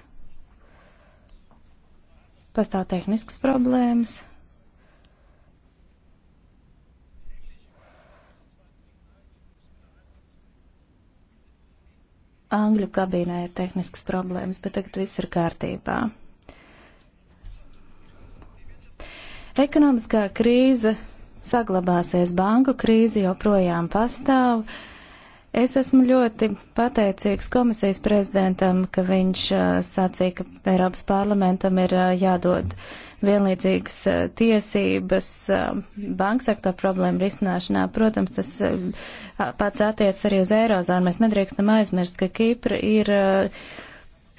pastāv tehniskas problēmas. Angļu kabīnē ir tehniskas problēmas, bet tagad viss ir kārtībā. Ekonomiskā krīze saglabāsies, banku krīze joprojām pastāv. Uh, Es esmu ļoti pateicīgs komisijas prezidentam, ka viņš sacīja, ka Eiropas parlamentam ir jādod vienlīdzīgas tiesības banksektora problēmu risināšanā. Protams, tas pats attiec arī uz Eirozonu. Mēs nedrīkstam aizmirst, ka Kipra ir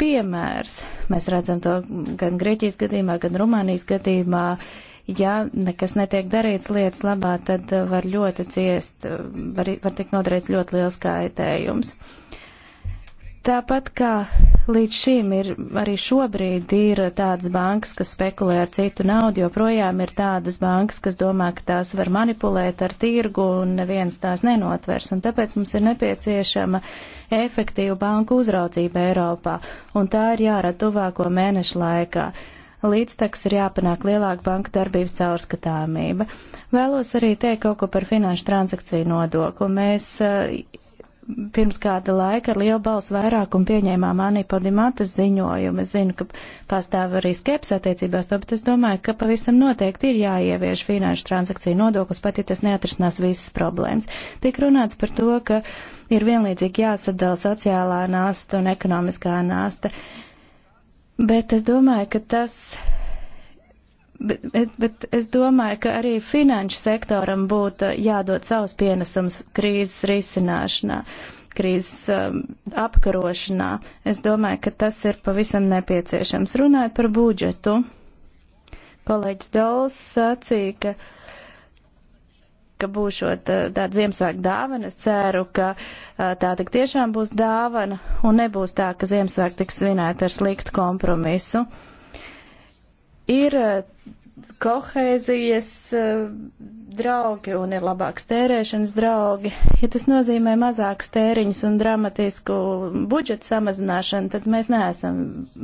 piemērs. Mēs redzam to gan Grieķijas gadījumā, gan Rumānijas gadījumā. Uh, ja nekas netiek darīts lietas labā, tad uh, var ļoti ciest, uh, var, var tikt nodarīts ļoti liels kaitējums. Tāpat kā līdz šim ir arī šobrīd ir tādas bankas, kas spekulē ar citu naudu, joprojām ir tādas bankas, kas domā, ka tās var manipulēt ar tirgu un neviens tās nenotvers. Un tāpēc mums ir nepieciešama efektīva banku uzraudzība Eiropā, un tā ir jārada tuvāko mēnešu laikā līdztekus ir jāpanāk lielāka banka darbības caurskatāmība. Vēlos arī teikt kaut ko par finanšu transakciju nodoklu. Mēs eh, pirms kāda laika ar lielu balsu vairākumu pieņēmām Anī Podimatas ziņojumu. Es zinu, ka pastāv arī skeps attiecībās to, bet es domāju, ka pavisam noteikti ir jāievieš finanšu transakciju nodoklis, pat ja tas neatrisinās visas problēmas. Tik runāts par to, ka ir vienlīdzīgi jāsadala sociālā nasta un ekonomiskā nasta. Uh, Bet es domāju, ka tas. Bet, bet, bet es domāju, ka arī finanšu sektoram būtu jādod savs pienesums krīzes risināšanā, krīzes um, apkarošanā. Es domāju, ka tas ir pavisam nepieciešams. Runāju par budžetu. Kolēģis Dols sacīja, ka ka būšot eh, tāda Ziemassvētku dāvana. Es ceru, ka eh, tā tik tiešām būs dāvana un nebūs tā, ka Ziemassvētku tiks svinēta ar sliktu kompromisu. Ir eh, kohēzijas draugi un ir labāks tērēšanas draugi. Ja tas nozīmē mazākus tēriņus un dramatisku budžetu samazināšanu, tad mēs neesam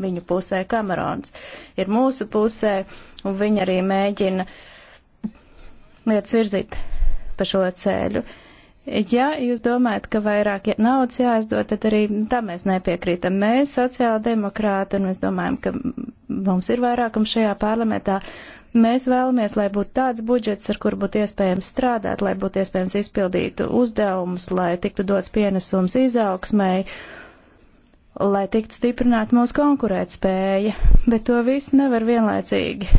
viņu pusē. Kamerons ir mūsu pusē un viņi arī mēģina lietas virzīt pa šo ceļu. Ja jūs domājat, ka vairāk naudas jāizdod, tad arī tam mēs nepiekrītam. Mēs, sociāla demokrāti, un mēs domājam, ka mums ir vairākums šajā parlamentā. Mēs vēlamies, lai būtu tāds budžets, ar kur būtu iespējams strādāt, lai būtu iespējams izpildīt uzdevumus, lai tiktu dots pienesums izaugsmēji, lai tiktu stiprināt mūsu konkurētspēja. Bet to visu nevar vienlaicīgi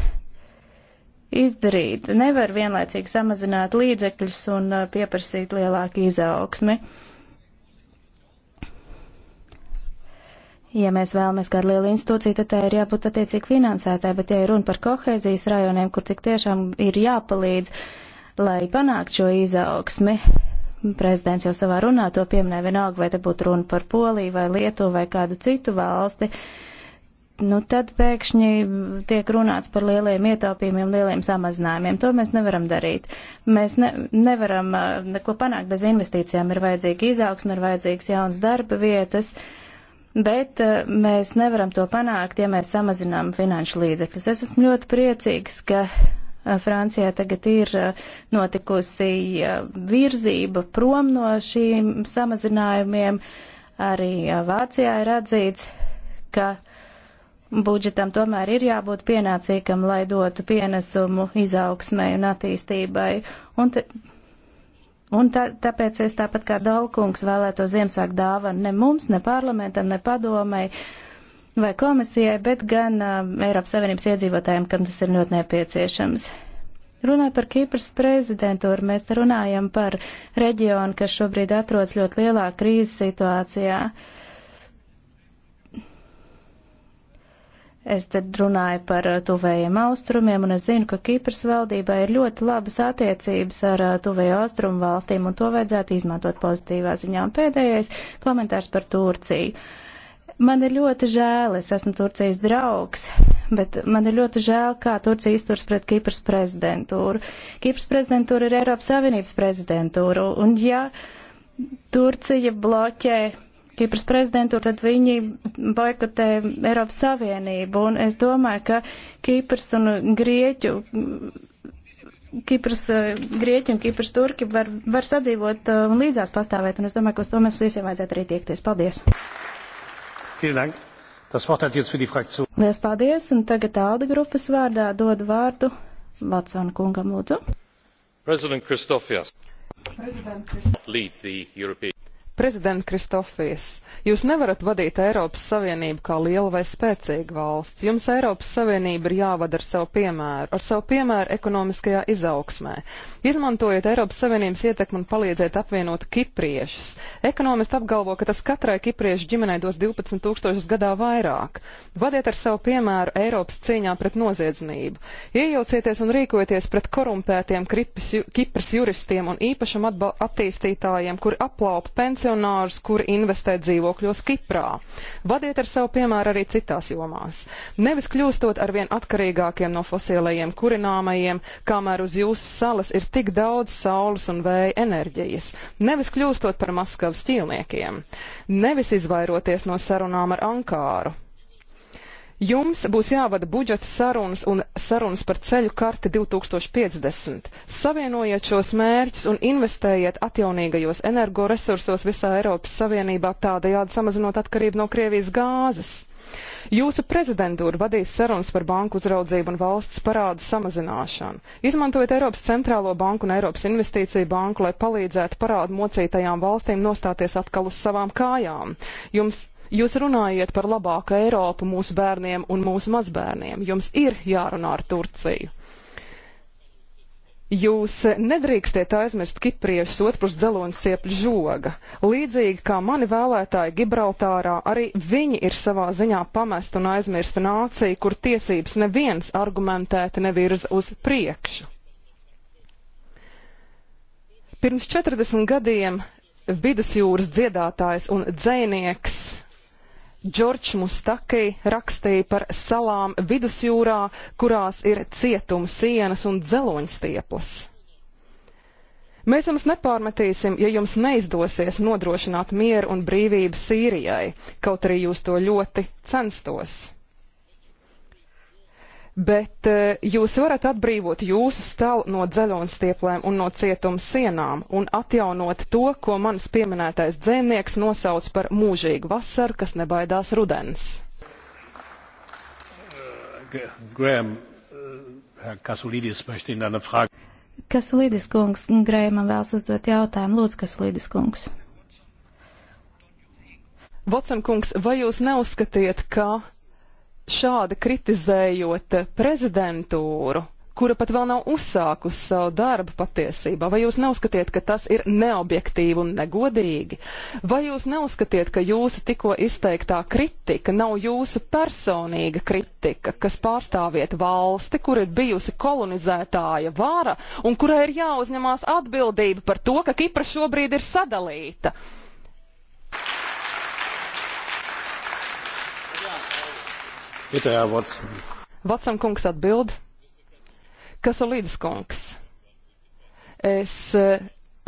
izdarīt. Nevar vienlaicīgi samazināt līdzekļus un uh, pieprasīt lielāku izaugsmi. Ja mēs vēlamies kādu lielu institūciju, tad tai ir jābūt attiecīgi finansētai, bet ja ir runa par kohēzijas rajoniem, kur tik tiešām ir jāpalīdz, lai panāktu šo izaugsmi, prezidents jau savā runā to pieminēja vienalga, vai te būtu runa par Poliju vai Lietuvu vai kādu citu valsti, uh, nu tad pēkšņi tiek runāts par lieliem ietaupījumiem, lieliem samazinājumiem. To mēs nevaram darīt. Mēs ne, nevaram uh, neko panākt bez investīcijām. Ir vajadzīga izaugsme, ir vajadzīgs jauns darba vietas, bet uh, mēs nevaram to panākt, ja mēs samazinām finanšu līdzekļus. Es esmu ļoti priecīgs, ka uh, Francijā tagad ir notikusi virzība prom no šīm samazinājumiem. Arī Vācijā ir atzīts, ka budžetam tomēr ir jābūt pienācīgam, lai dotu pienesumu izaugsmai un attīstībai. Un te, Un tā, tāpēc es tāpat kā Dalkungs vēlēto Ziemassvētku dāvanu ne mums, ne parlamentam, ne padomai vai komisijai, bet gan uh, Eiropas Savienības iedzīvotājiem, kam tas ir ļoti nepieciešams. Runāju par Kīpras prezidentūru, mēs te runājam par reģionu, kas šobrīd atrodas ļoti lielā krīzes situācijā. Uh, Es tad runāju par uh, tuvējiem austrumiem, un es zinu, ka Kipras valdībai ir ļoti labas attiecības ar uh, tuvējo austrumu valstīm, un to vajadzētu izmantot pozitīvā ziņā. Un pēdējais komentārs par Turciju. Man ir ļoti žēl, es esmu Turcijas draugs, bet man ir ļoti žēl, kā Turcija izturs pret Kipras prezidentūru. Kipras prezidentūra ir Eiropas Savienības prezidentūra, un ja Turcija bloķē Kipras prezidentūru, tad viņi boikotē Eiropas Savienību. Un es domāju, ka Kipras un Grieķu, Kipras, eh, Grieķi un Kipras turki var, var sadzīvot eh, un līdzās pastāvēt. Un es domāju, ka uz to mēs visiem vajadzētu arī tiekties. Paldies! Lielas paldies! Un tagad Alda grupas vārdā dod vārdu Vatsona kungam, lūdzu. President Kristofijas. President Kristofijas. Prezident Kristofijas, jūs nevarat vadīt Eiropas Savienību kā lielu vai spēcīgu valsts. Jums Eiropas Savienība ir jāvada ar savu piemēru, ar savu piemēru ekonomiskajā izaugsmē. Izmantojiet Eiropas Savienības ietekmi un palīdziet apvienot kipriešus. Ekonomisti apgalvo, ka tas katrai kipriešu ģimenei dos 12 tūkstošus gadā vairāk. Vadiet ar savu piemēru Eiropas cīņā pret noziedznību. Iejaucieties un rīkojieties pret korumpētiem Kipras juristiem un īpašam attīstītājiem, kuri aplaupa pensiju akcionārus, kuri investē dzīvokļos Kiprā. Vadiet ar sev piemēru arī citās jomās. Nevis kļūstot arvien atkarīgākiem no fosilajiem kurināmajiem, kamēr uz jūsu salas ir tik daudz saules un vēja enerģijas. Nevis kļūstot par Maskavas ķīlniekiem. Nevis izvairoties no sarunām ar Ankāru. Jums būs jāvada budžeta sarunas un sarunas par ceļu karti 2050. Savienojiet šos mērķus un investējiet atjaunīgajos energoresursos visā Eiropas Savienībā, tādējādi samazinot atkarību no Krievijas gāzes. Jūsu prezidentūra vadīs sarunas par banku uzraudzību un valsts parādu samazināšanu. Izmantojiet Eiropas centrālo banku un Eiropas investīciju banku, lai palīdzētu parādu mocītajām valstīm nostāties atkal uz savām kājām. Jums Jūs runājat par labāku Eiropu mūsu bērniem un mūsu mazbērniem. Jums ir jārunā ar Turciju. Jūs nedrīkstiet aizmirst kipriešus otrpus dzelonis ciep žoga. Līdzīgi kā mani vēlētāji Gibraltārā, arī viņi ir savā ziņā pamest un aizmirsta nācija, kur tiesības neviens argumentēti nevirza uz priekšu. Pirms 40 gadiem vidusjūras dziedātājs un dzēnieks Džordžs Mustakī rakstīja par salām vidusjūrā, kurās ir cietuma sienas un dzeloņstieplas. Mēs jums nepārmetīsim, ja jums neizdosies nodrošināt mieru un brīvību Sīrijai, kaut arī jūs to ļoti censtos bet eh, jūs varat atbrīvot jūsu stalu no dzeļonstieplēm un no cietuma sienām un atjaunot to, ko mans pieminētais dzēnieks nosauc par mūžīgu vasaru, kas nebaidās rudens. Graham, eh, Herr Kasulidis möchte Ihnen eine Frage. Kasulidis kungs, Grēmam vēlas uzdot jautājumu. Lūdzu, Kasulidis kungs. Vatsan kungs, vai jūs neuzskatiet, ka šādi kritizējot prezidentūru, kura pat vēl nav uzsākusi savu darbu patiesībā, vai jūs neuzskatiet, ka tas ir neobjektīvi un negodīgi? Vai jūs neuzskatiet, ka jūsu tikko izteiktā kritika nav jūsu personīga kritika, kas pārstāviet valsti, kur ir bijusi kolonizētāja vara un kurai ir jāuzņemās atbildība par to, ka Kipra šobrīd ir sadalīta? Itā, Watson. Vatsan kungs atbild. Kas ir līdz kungs? Es eh,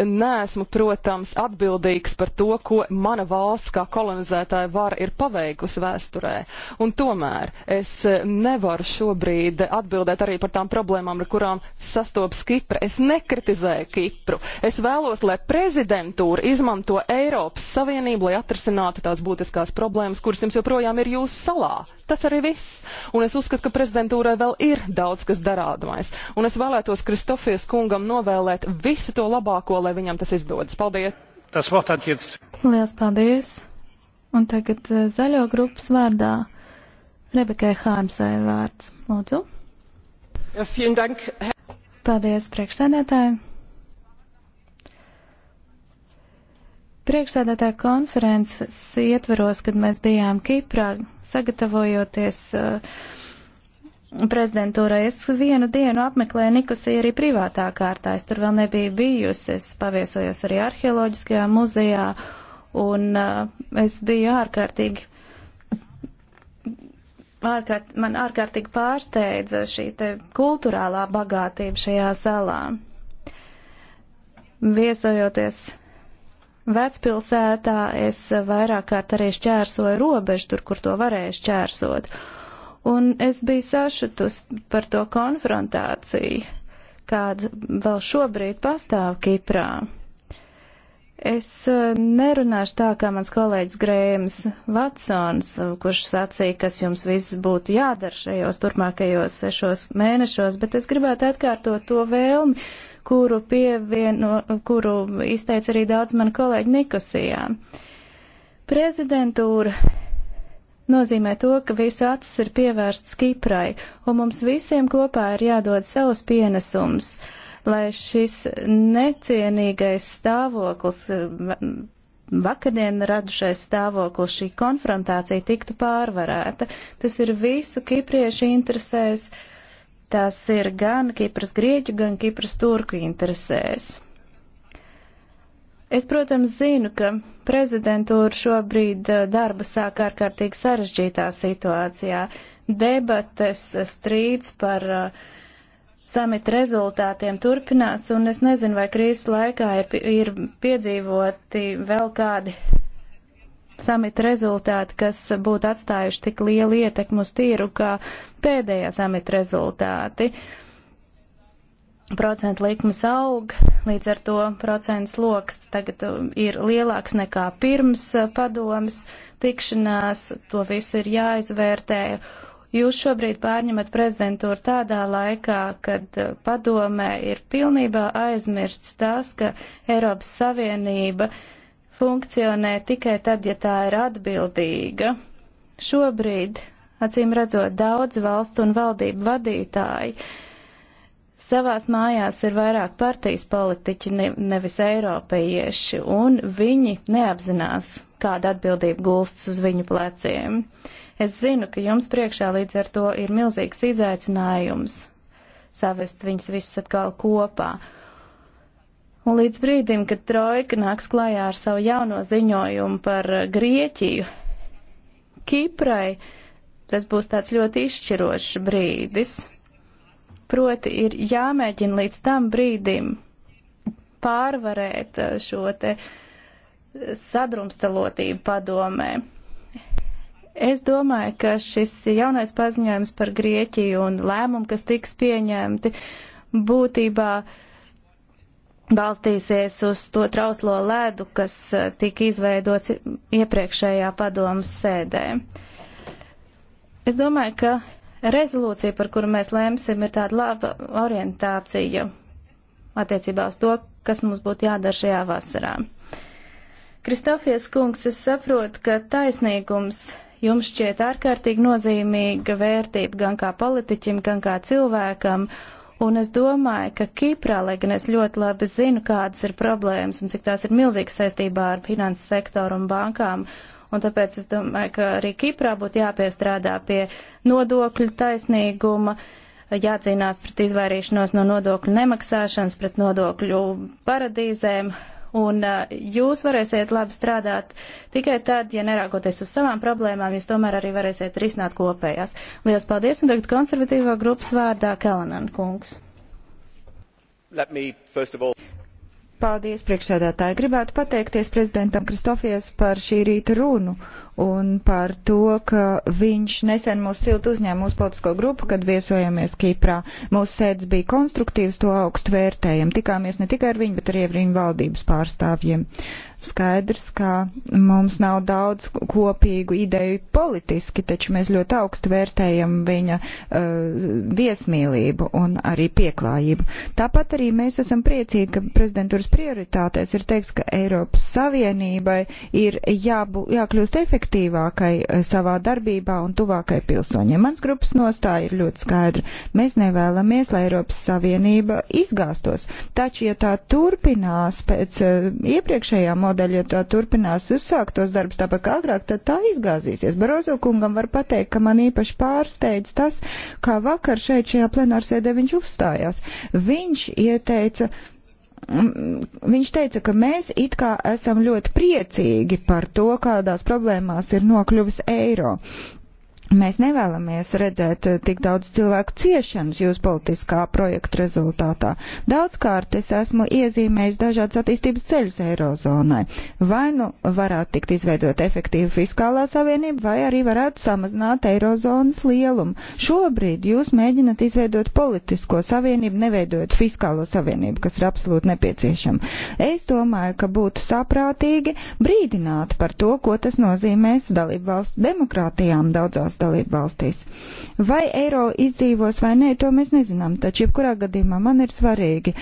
neesmu, protams, atbildīgs par to, ko mana valsts kā kolonizētāja vara ir paveikusi vēsturē. Un tomēr es eh, nevaru šobrīd atbildēt arī par tām problēmām, ar kurām sastopas Kipra. Es nekritizēju Kipru. Es vēlos, lai prezidentūra izmanto Eiropas Savienību, lai atrisinātu tās būtiskās problēmas, kuras jums joprojām ir jūsu salā. Tas arī viss. Un es uzskatu, ka prezidentūrai vēl ir daudz kas darādmais. Un es vēlētos Kristofies kungam novēlēt visu to labāko, lai viņam tas izdodas. Paldies! Tas vārtāties! Lielas paldies! Un tagad eh, zaļo grupas vārdā Rebekai Hārmsai vārds. Lūdzu! Ja, dank. Paldies, priekšsēdētāji! Priekšsēdētāja konferences ietveros, kad mēs bijām Kiprā, sagatavojoties uh, prezidentūrai, es vienu dienu apmeklēju Nikusiju arī privātā kārtā. Es tur vēl nebiju bijusi, es paviesojos arī arheoloģiskajā muzejā, un uh, es biju ārkārtīgi ārkārt, man ārkārtīgi pārsteidza šī te kultūrālā bagātība šajā salā. Viesojoties vecpilsētā es vairāk kārt arī šķērsoju robežu tur, kur to varēju šķērsot. Un es biju sašutus par to konfrontāciju, kāda vēl šobrīd pastāv Kiprā. Es eh, nerunāšu tā, kā mans kolēģis Grējams Vatsons, kurš sacīja, kas jums viss būtu jādara šajos turpmākajos sešos mēnešos, bet es gribētu atkārtot to vēlmi, kuru, pievieno, kuru izteica arī daudz mani kolēģi Nikosijā. Prezidentūra nozīmē to, ka visu acis ir pievērsts Kiprai, un mums visiem kopā ir jādod savus pienesums, lai šis necienīgais stāvoklis, vakardien radušais stāvoklis, šī konfrontācija tiktu pārvarēta. Tas ir visu kipriešu interesēs. Uh, Tas ir gan Kipras grieķu, gan Kipras turku interesēs. Es, protams, zinu, ka prezidentūra šobrīd eh, darbu sāk ārkārtīgi sarežģītā situācijā. Debates, eh, strīds par uh, samita rezultātiem turpinās, un es nezinu, vai krīzes laikā ir, ir piedzīvoti vēl kādi samita rezultāti, kas būtu atstājuši tik lielu ietekmu uz tīru, kā pēdējā samita rezultāti. Procentu likmes aug, līdz ar to procentu sloks tagad um, ir lielāks nekā pirms uh, padomas tikšanās, to visu ir jāizvērtē. Jūs šobrīd pārņemat prezidentūru tādā laikā, kad uh, padomē ir pilnībā aizmirsts tas, ka Eiropas Savienība uh, funkcionē tikai tad, ja tā ir atbildīga. Šobrīd, acīm redzot, daudz valstu un valdību vadītāji savās mājās ir vairāk partijas politiķi, nevis eiropieši, un viņi neapzinās, kāda atbildība gulsts uz viņu pleciem. Es zinu, ka jums priekšā līdz ar to ir milzīgs izaicinājums savest viņus visus atkal kopā. Un līdz brīdim, kad Trojka nāks klajā ar savu jauno ziņojumu par uh, Grieķiju, Kiprai, tas būs tāds ļoti izšķirošs brīdis. Proti ir jāmēģina līdz tam brīdim pārvarēt uh, šo te uh, sadrumstalotību padomē. Es domāju, ka šis jaunais paziņojums par Grieķiju un lēmumu, kas tiks pieņemti, būtībā uh, balstīsies uz to trauslo ledu, kas eh, tika izveidots iepriekšējā padomas sēdē. Es domāju, ka rezolūcija, par kuru mēs lēmsim, ir tāda laba orientācija attiecībā uz to, kas mums būtu jādara šajā vasarā. Kristofies kungs, es saprotu, ka taisnīgums jums šķiet ārkārtīgi nozīmīga vērtība gan kā politiķim, gan kā cilvēkam, Un es domāju, ka Kiprā, lai gan es ļoti labi zinu, kādas ir problēmas un cik tās ir milzīgas saistībā ar finanses sektoru un bankām, un tāpēc es domāju, ka arī Kiprā būtu jāpiestrādā pie nodokļu taisnīguma, jācīnās pret izvairīšanos no nodokļu nemaksāšanas, pret nodokļu paradīzēm Un uh, jūs varēsiet labi strādāt tikai tad, ja neraugoties uz savām problēmām, jūs tomēr arī varēsiet risināt kopējās. Lielas paldies, un tagad konservatīvā grupas vārdā Kalanan kungs. All... Paldies, priekšsēdētāji. Gribētu pateikties prezidentam Kristofies par šī rīta runu un par to, ka viņš nesen mūs silti uzņēma mūsu politisko grupu, kad viesojamies Kiprā. Mūsu sēdz bija konstruktīvs, to augstu vērtējam. Tikāmies ne tikai ar viņu, bet arī ar viņu valdības pārstāvjiem. Skaidrs, ka mums nav daudz kopīgu ideju politiski, taču mēs ļoti augstu vērtējam viņa uh, viesmīlību un arī pieklājību. Tāpat arī mēs esam priecīgi, ka prezidentūras prioritātēs ir teikts, ka Eiropas Savienībai ir jābū, jākļūst efektīvākai eh, savā darbībā un tuvākai pilsoņiem. Mans grupas nostāja ir ļoti skaidra. Mēs nevēlamies, lai Eiropas Savienība izgāstos. Taču, ja tā turpinās pēc uh, iepriekšējā modeļa, tādēļ, ja tā turpinās uzsāktos darbus tāpat kā agrāk, tad tā izgāzīsies. Barozo kungam var pateikt, ka man īpaši pārsteidz tas, kā vakar šeit šajā plenārsēdē viņš uzstājās. Viņš ieteica viņš teica, ka mēs it kā esam ļoti priecīgi par to, kādās problēmās ir nokļuvis eiro. Mēs nevēlamies redzēt eh, tik daudz cilvēku ciešanas jūsu politiskā projekta rezultātā. Daudzkārt es esmu iezīmējis dažādas attīstības ceļus Eirozonai. Vai nu varētu tikt izveidot efektīva fiskālā savienība, vai arī varētu samazināt Eirozonas lielumu. Šobrīd jūs mēģinat izveidot politisko savienību, neveidojot fiskālo savienību, kas ir absolūti nepieciešama. Es domāju, ka būtu saprātīgi brīdināt par to, ko tas nozīmēs dalību valstu demokrātijām daudzās citās dalību valstīs. Vai eiro izdzīvos vai nē, to mēs nezinām, taču jebkurā gadījumā man ir svarīgi,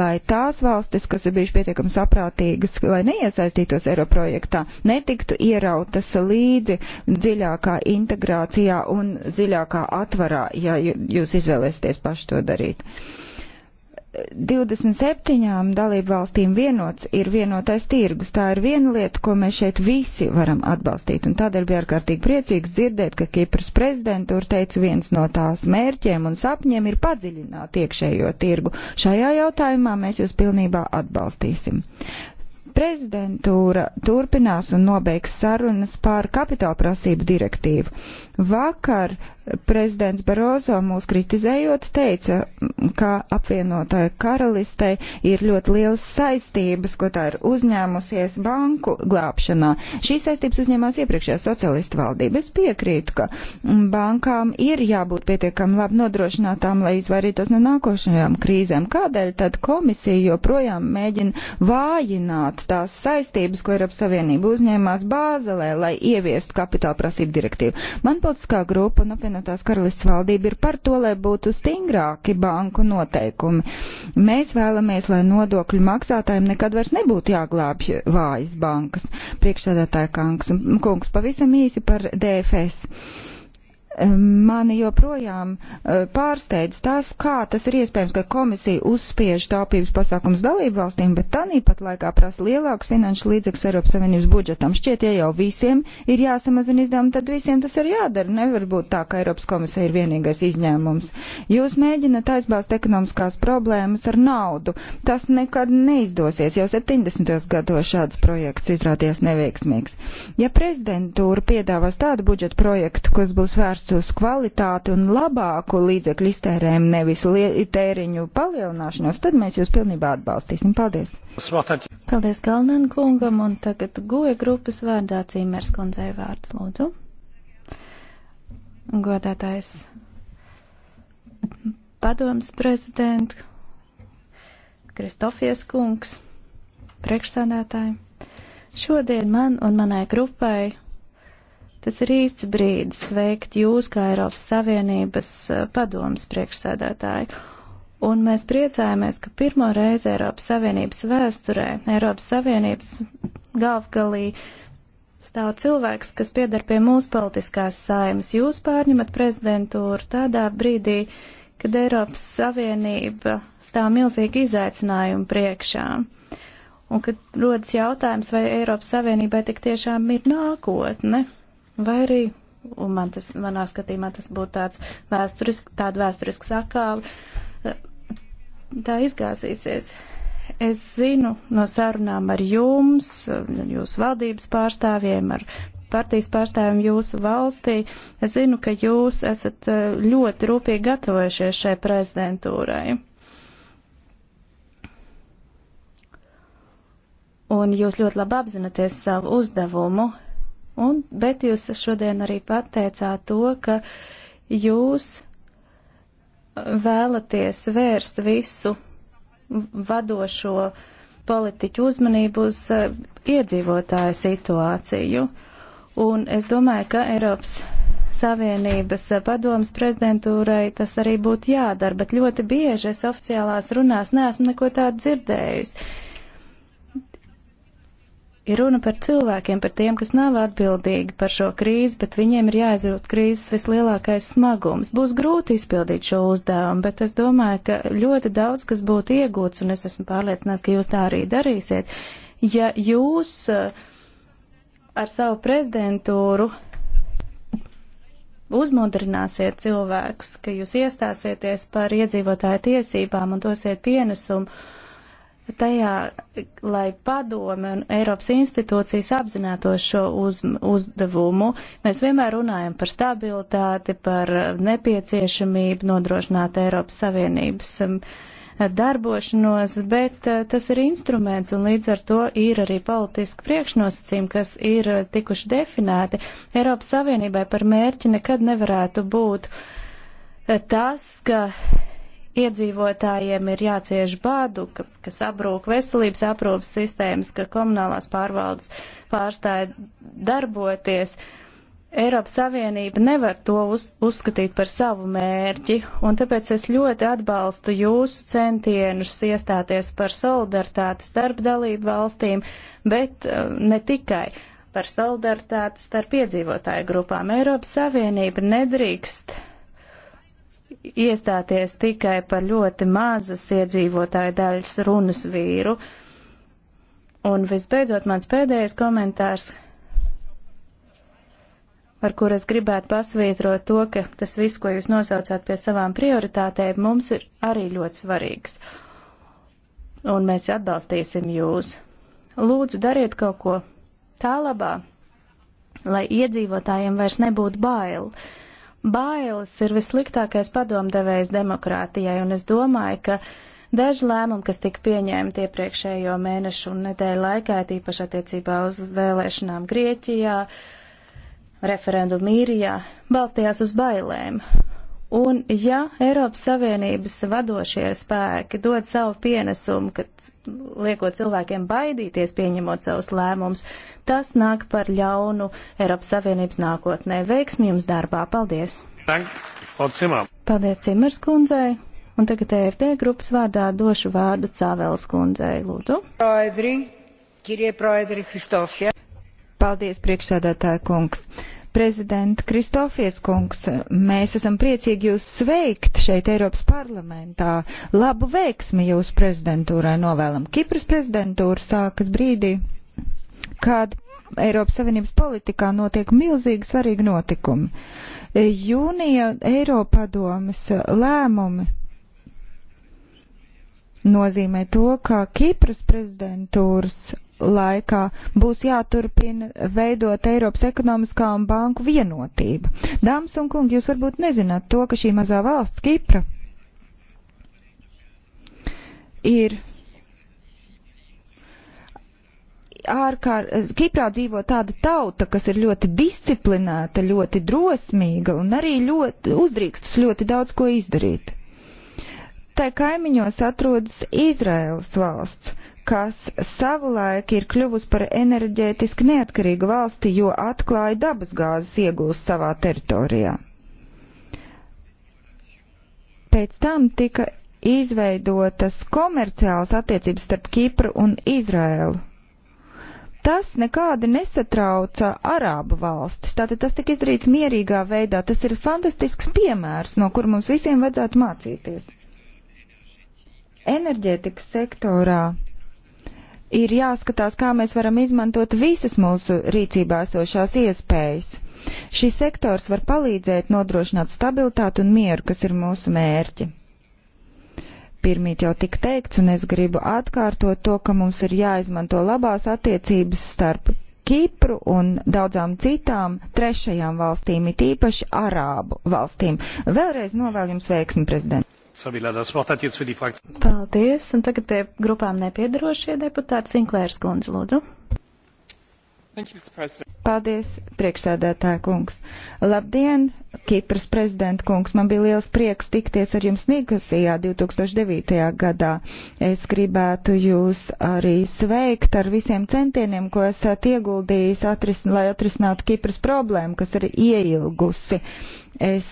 lai tās valstis, kas ir bijušas pietiekami saprātīgas, lai neiesaistītos eiro projektā, netiktu ierautas līdzi dziļākā integrācijā un dziļākā atvarā, ja jūs izvēlēsieties paši to darīt. 27 dalību valstīm vienots ir vienotais tirgus. Tā ir viena lieta, ko mēs šeit visi varam atbalstīt. Un tādēļ bija ārkārtīgi priecīgs dzirdēt, ka Kipras prezidentūra teica, viens no tās mērķiem un sapņiem ir padziļināt iekšējo tirgu. Šajā jautājumā mēs jūs pilnībā atbalstīsim. Prezidentūra turpinās un nobeigs sarunas pār kapitāla prasību direktīvu. Vakar uh, prezidents Barozo mūs kritizējot teica, ka apvienotāja karalistei ir ļoti liels saistības, ko tā ir uzņēmusies banku glābšanā. Šīs saistības uzņēmās iepriekšējā socialistu valdība. Es piekrītu, ka bankām ir jābūt pietiekami labi nodrošinātām, lai izvairītos no nākošajām krīzēm. Kādēļ tad komisija joprojām mēģina vājināt tās saistības, ko Eiropas Savienība uzņēmās Bāzelē, lai ieviestu kapitāla prasību direktīvu? Man politiskā grupa un apvienotā apvienotās karalists valdība ir par to, lai būtu stingrāki banku noteikumi. Mēs vēlamies, lai nodokļu maksātājiem nekad vairs nebūtu jāglābj vājas bankas. Priekšsēdētāja kungs, pavisam īsi par DFS. Mani joprojām eh, pārsteidz tas, kā tas ir iespējams, ka komisija uzspiež taupības pasākums dalību valstīm, bet tanīpat laikā prasa lielākus finanšu līdzekļus Eiropas Savienības budžetam. Šķiet, ja jau visiem ir jāsamazina izdevumi, tad visiem tas ir jādara. Nevar būt tā, ka Eiropas komisija ir vienīgais izņēmums. Jūs mēģināt aizbāzt ekonomiskās problēmas ar naudu. Tas nekad neizdosies. Jau 70. gados šāds projekts izrādījās neveiksmīgs. Ja prezidentūra piedāvās tādu budžetu projektu, kas būs vērsts vērsts uz kvalitāti un labāku līdzekļu iztērēm, nevis tēriņu palielināšanos, tad mēs jūs pilnībā atbalstīsim. Paldies! Paldies Galnen kungam un tagad goja grupas vārdā cīmērs kundzei vārds lūdzu. Godātais padoms prezident Kristofies kungs, priekšsēdētāji. Šodien man un manai grupai Tas ir īsts brīdis sveikt jūs, kā Eiropas Savienības eh, padomas priekšsēdētāji. Un mēs priecājamies, ka pirmo reizi Eiropas Savienības vēsturē, Eiropas Savienības galvgalī stāv cilvēks, kas piedar pie mūsu politiskās saimas. Jūs pārņemat prezidentūru tādā brīdī, kad Eiropas Savienība stāv milzīgi izaicinājumu priekšā. Un kad rodas jautājums, vai Eiropas Savienībai tik tiešām ir nākotne, vai arī, un man tas, manā skatījumā tas būtu tāds vēsturiski, tāda vēsturiska sakāva, tā izgāzīsies. Es zinu no sarunām ar jums, jūsu valdības pārstāvjiem, ar partijas pārstāvjiem jūsu valstī. Es zinu, ka jūs esat eh, ļoti rūpīgi gatavojušies šai prezidentūrai. Un jūs ļoti labi apzināties savu uzdevumu Un, bet jūs šodien arī pateicāt to, ka jūs vēlaties vērst visu vadošo politiķu uzmanību uz eh, iedzīvotāju situāciju. Un es domāju, ka Eiropas Savienības eh, padomas prezidentūrai tas arī būtu jādara, bet ļoti bieži es oficiālās runās neesmu neko tādu dzirdējusi. Ir runa par cilvēkiem, par tiem, kas nav atbildīgi par šo krīzi, bet viņiem ir jāizrūt krīzes vislielākais smagums. Būs grūti izpildīt šo uzdevumu, bet es domāju, ka ļoti daudz kas būtu iegūts, un es esmu pārliecināta, ka jūs tā arī darīsiet, ja jūs eh, ar savu prezidentūru uzmodrināsiet cilvēkus, ka jūs iestāsieties par iedzīvotāju tiesībām un dosiet pienesumu tajā, lai padome un Eiropas institūcijas apzinātos šo uz, uzdevumu. Mēs vienmēr runājam par stabilitāti, par nepieciešamību nodrošināt Eiropas Savienības um, darbošanos, bet uh, tas ir instruments un līdz ar to ir arī politiski priekšnosacījumi, kas ir uh, tikuši definēti. Eiropas Savienībai par mērķi nekad nevarētu būt uh, tas, ka iedzīvotājiem ir jācieš badu, ka, ka sabrūk veselības aprūpas sistēmas, ka komunālās pārvaldes pārstāja darboties. Eiropas Savienība nevar to uz, uzskatīt par savu mērķi, un tāpēc es ļoti atbalstu jūsu centienus iestāties par solidaritāti starp dalību valstīm, bet uh, ne tikai par solidaritāti starp iedzīvotāju grupām. Eiropas Savienība nedrīkst iestāties tikai par ļoti mazas iedzīvotāju daļas runas vīru. Un visbeidzot, mans pēdējais komentārs, ar kur es gribētu pasvītrot to, ka tas viss, ko jūs nosaucāt pie savām prioritātēm, mums ir arī ļoti svarīgs. Un mēs atbalstīsim jūs. Lūdzu, dariet kaut ko tā labā, lai iedzīvotājiem vairs nebūtu baili Bailes ir vissliktākais padomdevējs demokrātijai, un es domāju, ka daži lēmumi, kas tika pieņemti iepriekšējo mēnešu un nedēļu laikā, tīpaši attiecībā uz vēlēšanām Grieķijā, referendumu īrijā, balstījās uz bailēm. Un ja Eiropas Savienības vadošie spēki dod savu pienesumu, kad liekot cilvēkiem baidīties pieņemot savus lēmumus, tas nāk par ļaunu Eiropas Savienības nākotnē. Veiksmi jums darbā! Paldies! Paldies Cimers kundzei! Un tagad EFD grupas vārdā došu vārdu Cāvēlas kundzei, lūdzu. Proedri, kirie proedri Kristofja. Paldies, priekšsēdētāja kungs prezidenta Kristofies kungs, mēs esam priecīgi jūs sveikt šeit Eiropas parlamentā. Labu veiksmi jūsu prezidentūrai novēlam. Kipras prezidentūra sākas brīdī, kad Eiropas Savienības politikā notiek milzīgi svarīgi notikumi. Jūnija Eiropadomes lēmumi nozīmē to, ka Kipras prezidentūras laikā būs jāturpina veidot Eiropas ekonomiskā un banku vienotība. Dāmas un kungi, jūs varbūt nezināt to, ka šī mazā valsts Kipra ir ārkār, Kiprā dzīvo tāda tauta, kas ir ļoti disciplinēta, ļoti drosmīga un arī ļoti uzdrīkstas ļoti daudz ko izdarīt. Tā kaimiņos atrodas Izraels valsts kas savulaik ir kļuvusi par enerģētiski neatkarīgu valsti, jo atklāja dabasgāzes iegūs savā teritorijā. Pēc tam tika izveidotas komerciālas attiecības starp Kipru un Izraēlu. Tas nekādi nesatrauca Arābu valstis. Tātad tas tika izdarīts mierīgā veidā. Tas ir fantastisks piemērs, no kur mums visiem vajadzētu mācīties. Enerģētikas sektorā ir jāskatās, kā mēs varam izmantot visas mūsu rīcībā esošās iespējas. Šis sektors var palīdzēt nodrošināt stabilitātu un mieru, kas ir mūsu mērķi. Pirmīt jau tika teikts, un es gribu atkārtot to, ka mums ir jāizmanto labās attiecības starp Kipru un daudzām citām trešajām valstīm, it īpaši Arābu valstīm. Vēlreiz novēlu jums veiksmi, prezidents! Paldies, un tagad pie grupām nepiedarošie deputāti Sinklērs Kundze, lūdzu. Paldies, priekšsēdētāja kungs. Labdien, Kipras prezidenta kungs. Man bija liels prieks tikties ar jums Nikosijā 2009. gadā. Es gribētu jūs arī sveikt ar visiem centieniem, ko esat ieguldījis, atrisin, lai atrisinātu Kipras problēmu, kas ir ieilgusi. Es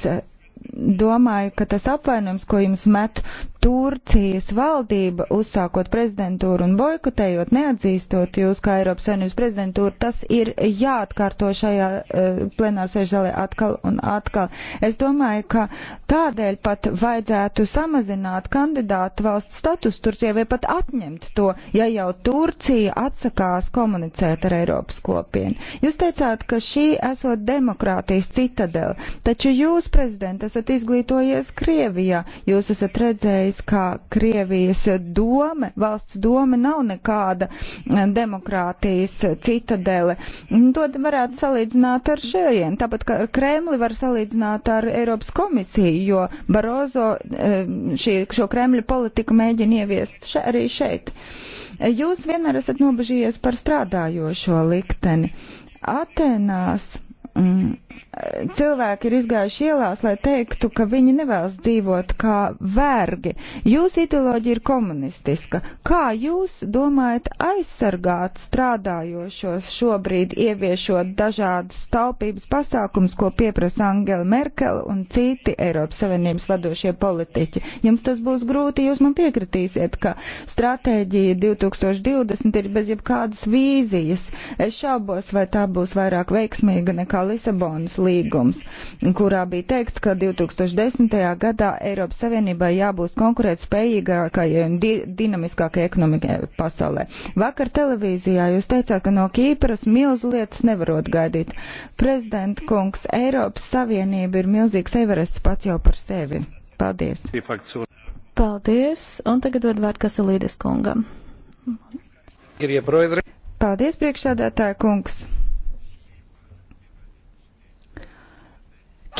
domāju, ka tas apvainojums, ko jums met, Turcijas valdība, uzsākot prezidentūru un boikotējot, neatzīstot jūs kā Eiropas Savienības prezidentūru, tas ir jāatkārto šajā uh, eh, plenārsēžu zālē atkal un atkal. Es domāju, ka tādēļ pat vajadzētu samazināt kandidātu valsts status Turcijai vai pat apņemt to, ja jau Turcija atsakās komunicēt ar Eiropas kopienu. Jūs teicāt, ka šī esot demokrātijas citadela, taču jūs, prezident, esat izglītojies Krievijā, jūs esat redzējis valstīs kā Krievijas dome, valsts dome nav nekāda eh, demokrātijas citadele. To varētu salīdzināt ar šajien, tāpat kā Kremli var salīdzināt ar Eiropas komisiju, jo Barozo eh, šī, šo Kremļa politiku mēģina ieviest še, arī šeit. Jūs vienmēr esat nobežījies par strādājošo likteni. Atenās mm, cilvēki ir izgājuši ielās, lai teiktu, ka viņi nevēlas dzīvot kā vergi. Jūsu ideoloģija ir komunistiska. Kā jūs domājat aizsargāt strādājošos šobrīd ieviešot dažādus taupības pasākums, ko pieprasa Angela Merkel un citi Eiropas Savienības vadošie politiķi? Jums tas būs grūti, jūs man piekritīsiet, ka stratēģija 2020 ir bez jebkādas vīzijas. Es šaubos, vai tā būs vairāk veiksmīga nekā Lisabona Lisabonas līgums, kurā bija teikts, ka 2010. gadā Eiropas Savienībai jābūt konkurētspējīgākai un di dinamiskākai ekonomikai pasaulē. Vakar televīzijā jūs teicāt, ka no Kīpras milzu lietas nevarot gaidīt. Prezidenta kungs, Eiropas Savienība ir milzīgs Everests pats jau par sevi. Paldies! Paldies! Un tagad dod vārdu Kasalīdes kungam. Paldies, priekšsādātāja kungs!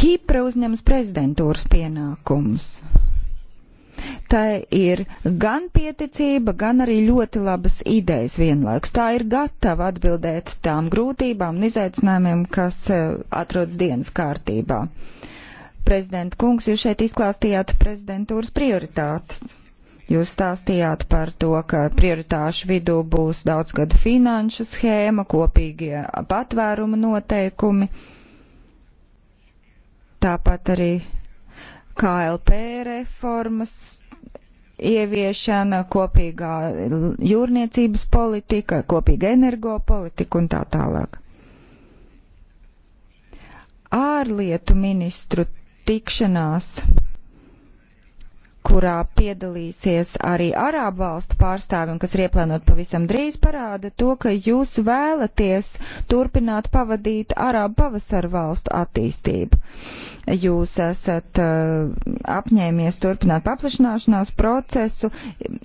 Kipra uzņemas prezidentūras pienākumus. Tā ir gan pieticība, gan arī ļoti labas idejas vienlaikus. Tā ir gatava atbildēt tām grūtībām un izaicinājumiem, kas eh, atrodas dienas kārtībā. Prezidenta kungs, jūs šeit izklāstījāt prezidentūras prioritātes. Jūs stāstījāt par to, ka prioritāšu vidū būs daudzgadu finanšu schēma, kopīgie patvērumu noteikumi. Uh, tāpat arī KLP reformas ieviešana, kopīgā jūrniecības politika, kopīga energopolitika un tā tālāk. Ārlietu ministru tikšanās kurā piedalīsies arī arābu valstu pārstāvi un kas ir ieplānot pavisam drīz, parāda to, ka jūs vēlaties turpināt pavadīt arābu pavasaru valstu attīstību. Jūs esat uh, apņēmies turpināt paplašināšanās procesu,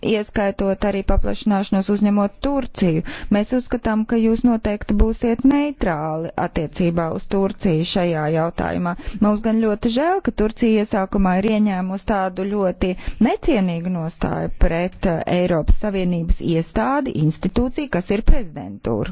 ieskaitot arī paplašināšanos uzņemot Turciju. Mēs uzskatām, ka jūs noteikti būsiet neitrāli attiecībā uz Turciju šajā jautājumā. Mums gan ļoti žēl, ka Turcija iesākumā ir ieņēmusi tādu ļoti pie necienīga nostāja pret eh, Eiropas Savienības iestādi, institūciju, kas ir prezidentūra.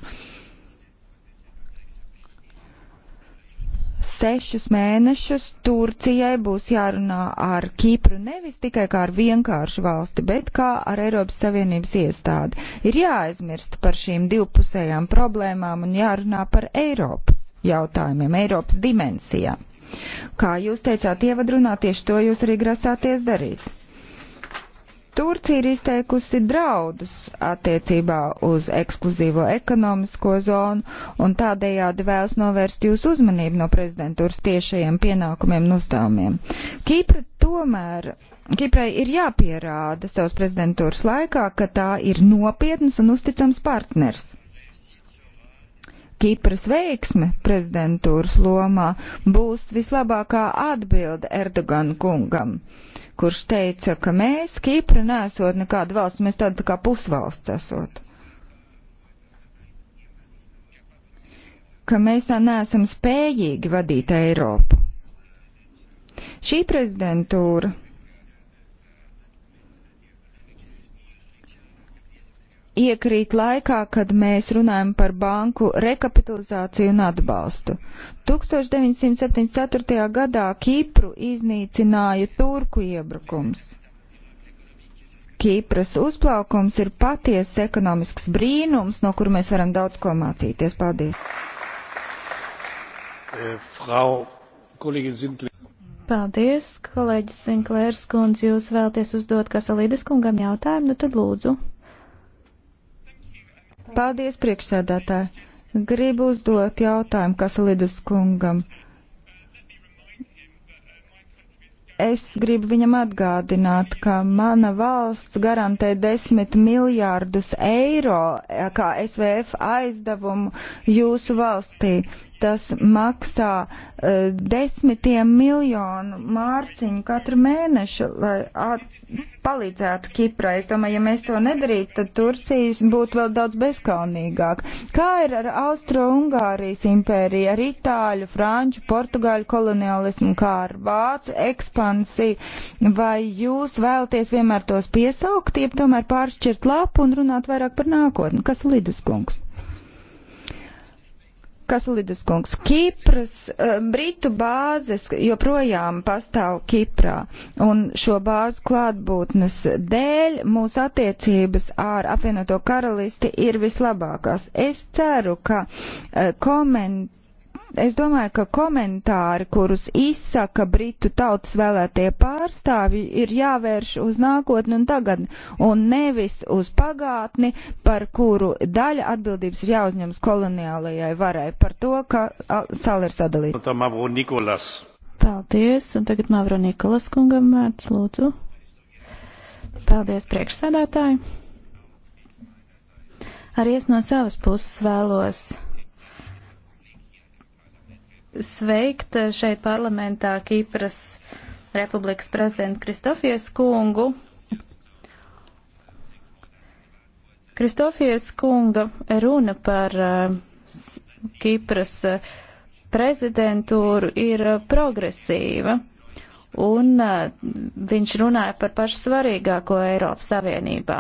Sešus mēnešus Turcijai būs jārunā ar Kipru nevis tikai kā ar vienkāršu valsti, bet kā ar Eiropas Savienības iestādi. Ir jāaizmirst par šīm divpusējām problēmām un jārunā par Eiropas jautājumiem, Eiropas dimensijām. Kā jūs teicāt ievadrunā, tieši to jūs arī grasāties darīt. Turcija ir izteikusi draudus attiecībā uz ekskluzīvo ekonomisko zonu un tādējādi vēlas novērst jūsu uzmanību no prezidentūras tiešajiem pienākumiem un uzdevumiem. Kīpra tomēr, Kiprai ir jāpierāda savas prezidentūras laikā, ka tā ir nopietnas un uzticams partners. Kipras veiksme prezidentūras lomā būs vislabākā atbilde Erdogan kungam, kurš teica, ka mēs, Kipra, nesot nekāda valsts, mēs tāda tā kā pusvalsts esot. Ka mēs tā neesam spējīgi vadīt Eiropu. Šī prezidentūra iekrīt laikā, kad mēs runājam par banku rekapitalizāciju un atbalstu. 1974. gadā Kipru iznīcināja turku iebrukums. Kipras uzplaukums ir patiesas ekonomisks brīnums, no kur mēs varam daudz ko mācīties. Paldies! Eh, Frau Kollegin Sintler. Paldies, kolēģis Sinklērs kundze, jūs vēlties uzdot Kasalīdes kungam jautājumu, nu tad lūdzu. Paldies, priekšsēdētāji. Gribu uzdot jautājumu Kasalidus kungam. Es gribu viņam atgādināt, ka mana valsts garantē 10 miljārdus eiro kā SVF aizdevumu jūsu valstī. Tas maksā uh, desmitiem miljonu mārciņu katru mēnešu, lai palīdzētu Kiprai. Es domāju, ja mēs to nedarītu, tad Turcijas būtu vēl daudz bezkaunīgāk. Kā ir ar Austro-Ungārijas impēriju, ar Itāļu, Franču, Portugāļu kolonialismu, kā ar Vācu ekspansiju? Vai jūs vēlaties vienmēr tos piesaukt, ja tomēr pāršķirt lapu un runāt vairāk par nākotni? Kas liduskungs? Kasulidis kungs, Kipras, eh, Britu bāzes joprojām pastāv Kiprā, un šo bāzu klātbūtnes dēļ mūsu attiecības ar apvienoto karalisti ir vislabākās. Es ceru, ka eh, komentāri Es domāju, ka komentāri, kurus izsaka Britu tautas vēlētie pārstāvji, ir jāvērš uz nākotni un tagad, un nevis uz pagātni, par kuru daļa atbildības ir jāuzņems koloniālajai varai par to, ka sala ir sadalīta. Paldies, un tagad Mavro Nikolas kungam vērts, lūdzu. Paldies, priekšsēdētāji. Arī es no savas puses vēlos sveikt šeit parlamentā Kīpras republikas prezidentu Kristofies kungu. Kristofies kunga runa par eh, Kīpras eh, prezidentūru ir eh, progresīva, un viņš runāja par pašu svarīgāko Eiropas Savienībā.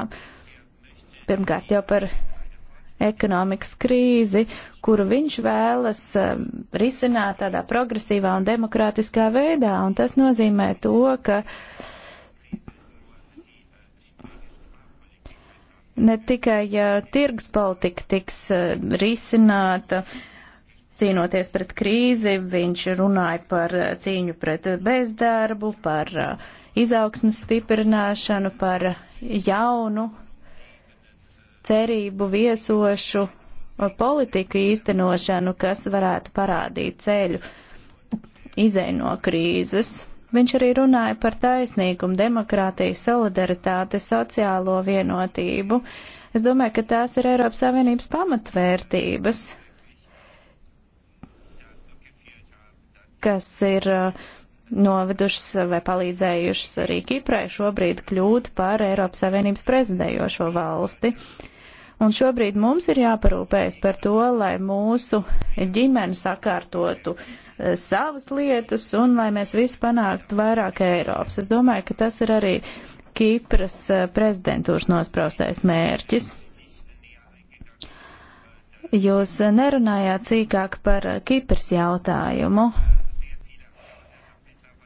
Pirmkārt jau par ekonomikas krīzi, kuru viņš vēlas um, risināt tādā progresīvā un demokrātiskā veidā. Un tas nozīmē to, ka ne tikai ja tirgus politika tiks uh, risināta, cīnoties pret krīzi, viņš runāja par uh, cīņu pret bezdarbu, par uh, izaugsmas stiprināšanu, par jaunu cerību viesošu politiku īstenošanu, kas varētu parādīt ceļu izēj no krīzes. Viņš arī runāja par taisnīgumu, demokrātiju, solidaritāti, sociālo vienotību. Es domāju, ka tās ir Eiropas Savienības pamatvērtības, kas ir uh, novedušas vai palīdzējušas arī Kiprai šobrīd kļūt par Eiropas Savienības prezidējošo valsti. Uh, Un šobrīd mums ir jāparūpējas par to, lai mūsu ģimene sakārtotu eh, savas lietas un lai mēs visi panāktu vairāk Eiropas. Es domāju, ka tas ir arī Kipras eh, prezidentūras nospraustais mērķis. Jūs nerunājāt cīkāk par Kipras jautājumu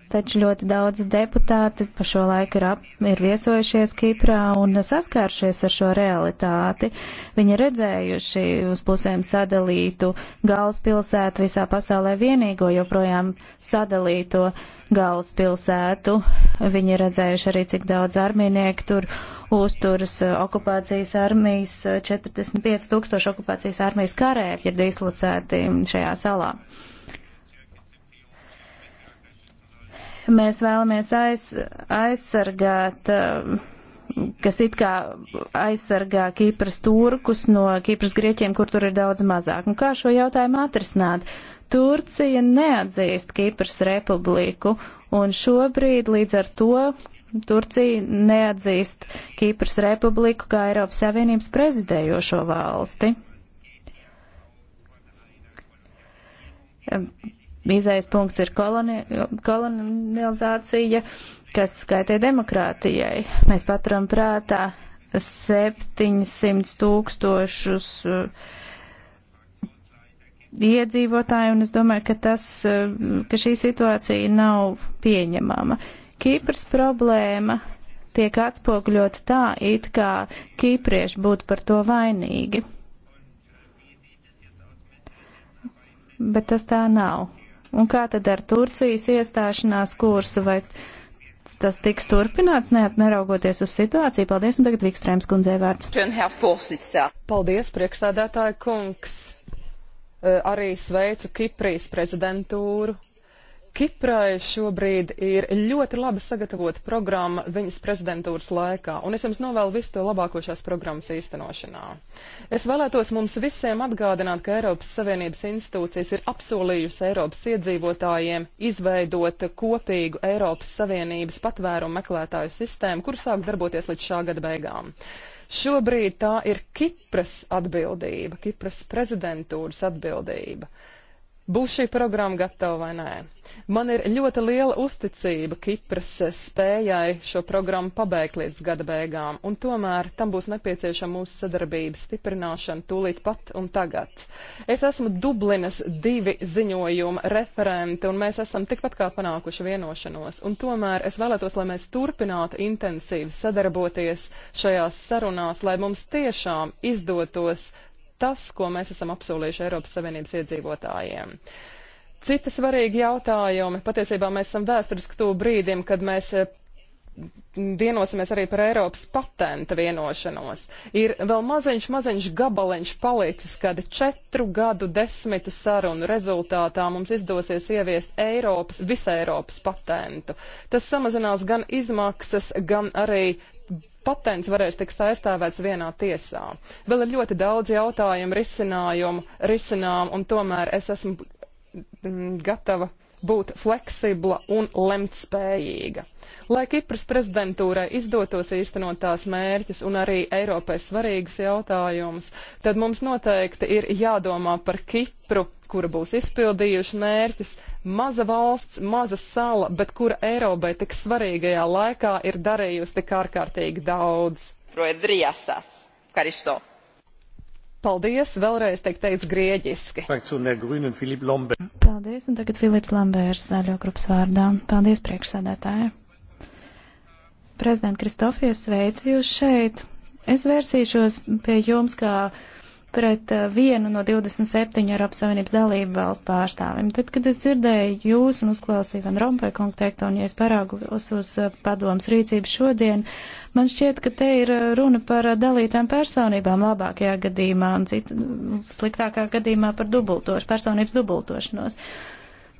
taču ļoti daudz deputāti pa šo laiku ir, ap, ir viesojušies Kiprā un saskāršies ar šo realitāti. Viņi redzējuši uz pusēm sadalītu galvaspilsētu visā pasaulē vienīgo joprojām sadalīto galvaspilsētu. Viņi redzējuši arī, cik daudz armīnieku tur uzturas okupācijas armijas, 45 tūkstoši okupācijas armijas karēvi ir dislocēti šajā salā. Mēs vēlamies aiz, aizsargāt. Uh, kas it kā aizsargā Kīpras turkus no Kīpras grieķiem, kur tur ir daudz mazāk. Un kā šo jautājumu atrisināt? Turcija neatzīst Kīpras republiku, un šobrīd līdz ar to Turcija neatzīst Kīpras republiku kā Eiropas Savienības prezidējošo valsti izējas punkts ir koloni, kolonializācija, kas skaitē demokrātijai. Mēs paturam prātā 700 tūkstošus uh, iedzīvotāju, un es domāju, ka, tas, uh, ka šī situācija nav pieņemama. Kīpras problēma tiek atspoguļota tā, it kā kīprieši būtu par to vainīgi. Bet tas tā nav. Un kā tad ar Turcijas iestāšanās kursu, vai tas tiks turpināts, ne, neraugoties uz situāciju? Paldies, un tagad Vikstrēms kundzei vārds. Paldies, priekšsēdētāja kungs. Arī sveicu Kiprijas prezidentūru Kiprai šobrīd ir ļoti labi sagatavota programma viņas prezidentūras laikā, un es jums novēlu visu to labāko šās programmas īstenošanā. Es vēlētos mums visiem atgādināt, ka Eiropas Savienības institūcijas ir apsolījusi Eiropas iedzīvotājiem izveidot kopīgu Eiropas Savienības patvērumu meklētāju sistēmu, kur sāk darboties līdz šā gada beigām. Šobrīd tā ir Kipras atbildība, Kipras prezidentūras atbildība. Būs šī programma gatava vai nē? Man ir ļoti liela uzticība Kipras spējai šo programmu pabeigt līdz gada beigām, un tomēr tam būs nepieciešama mūsu sadarbības stiprināšana tūlīt pat un tagad. Es esmu Dublinas divi ziņojuma referenti, un mēs esam tikpat kā panākuši vienošanos, un tomēr es vēlētos, lai mēs turpinātu intensīvi sadarboties šajās sarunās, lai mums tiešām izdotos tas, ko mēs esam apsolījuši Eiropas Savienības iedzīvotājiem. Citi svarīgi jautājumi. Patiesībā mēs esam vēsturiski tuvu brīdim, kad mēs eh, vienosimies arī par Eiropas patenta vienošanos. Ir vēl maziņš, maziņš gabaliņš palicis, kad četru gadu desmitu sarunu rezultātā mums izdosies ieviest Eiropas, visai Eiropas patentu. Tas samazinās gan izmaksas, gan arī patents varēs tikt aizstāvēts vienā tiesā. Vēl ir ļoti daudz jautājumu, risinājumu, risinām, un tomēr es esmu mm, gatava būt fleksibla un lemtspējīga. Lai Kipras prezidentūrai izdotos īstenot tās mērķus un arī Eiropai svarīgus jautājumus, tad mums noteikti ir jādomā par Kipru, kura būs izpildījuši mērķus, Maza valsts, maza sala, bet kura Eiropai tik svarīgajā laikā ir darījusi tik ārkārtīgi daudz. Paldies, vēlreiz tiek teikts grieģiski. Paldies, un tagad Filips Lambērs zaļo grupas vārdā. Paldies, priekšsēdētāji. Prezident Kristofies, sveicu jūs šeit. Es vērsīšos pie jums kā. Ka pret eh, vienu no 27 Eiropas Savienības dalību valstu pārstāvim. Tad, kad es dzirdēju jūs un uzklausīju Van Rompē kungu teikt, un ja es paraugos uz eh, padomas rīcību šodien, man šķiet, ka te ir eh, runa par dalītām personībām labākajā gadījumā un cita, sliktākā gadījumā par dubultoš, personības dubultošanos.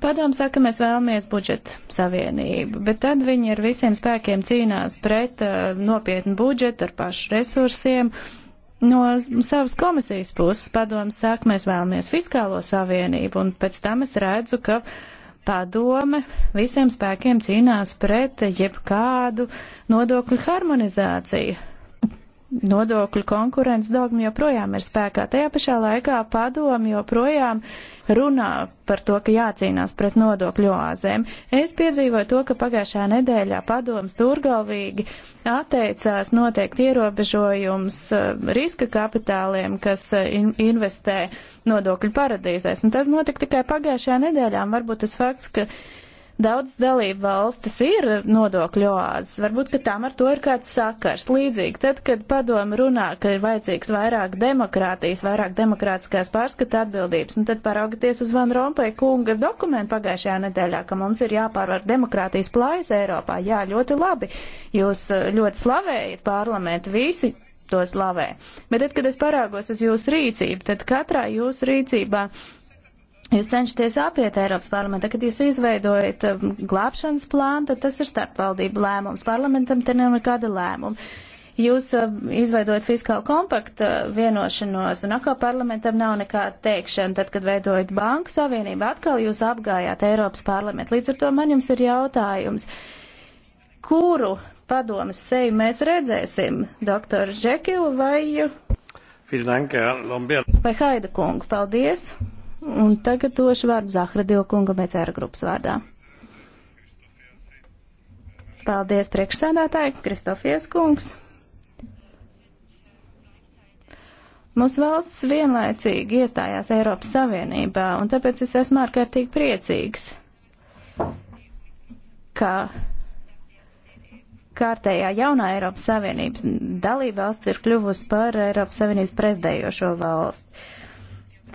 Padoms saka, ka mēs vēlamies budžeta savienību, bet tad viņi ar visiem spēkiem cīnās pret uh, nopietnu budžetu ar pašu resursiem, uh, No savas komisijas puses padomas saka, mēs vēlamies fiskālo savienību, un pēc tam es redzu, ka padome visiem spēkiem cīnās pret jebkādu nodokļu harmonizāciju nodokļu konkurences dogma joprojām ir spēkā. Tajā pašā laikā padomi joprojām runā par to, ka jācīnās pret nodokļu oāzēm. Es piedzīvoju to, ka pagājušā nedēļā padoms turgalvīgi atteicās noteikt ierobežojums eh, riska kapitāliem, kas eh, investē nodokļu paradīzēs. Un tas notika tikai pagājušajā nedēļā. Un varbūt tas fakts, ka Daudz dalību valstis ir nodokļu oāzes, varbūt, ka tam ar to ir kāds sakars. Līdzīgi, tad, kad padomu runā, ka ir vajadzīgs vairāk demokrātijas, vairāk demokrātiskās pārskata atbildības, un tad paraugaties uz Van Rompēja kunga dokumentu pagājušajā nedēļā, ka mums ir jāpārvar demokrātijas plājas Eiropā. Jā, ļoti labi. Jūs eh, ļoti slavējat parlamentu visi to slavē. Bet tad, kad es paraugos uz jūsu rīcību, tad katrā jūsu rīcībā Jūs cenšaties apiet Eiropas parlamentu, kad jūs izveidojat um, glābšanas plānu, tad tas ir starpvaldību lēmums. Parlamentam te nav nekāda lēmuma. Jūs um, izveidojat fiskālu kompaktu vienošanos, un atkal parlamentam nav nekāda teikšana. Tad, kad veidojat banku savienību, atkal jūs apgājāt Eiropas parlamentu. Līdz ar to man jums ir jautājums, kuru padomas seju mēs redzēsim, doktor Džekilu vai... Vai Haida kungu, paldies! Un tagad došu vārdu Zahradila kungam ECR grupas vārdā. Paldies priekšsēdētāji, Kristofies kungs. Mūsu valsts vienlaicīgi iestājās Eiropas Savienībā, un tāpēc es esmu ārkārtīgi priecīgs, ka kārtējā jaunā Eiropas Savienības dalībvalsts ir kļuvusi par Eiropas Savienības prezidējošo valsti.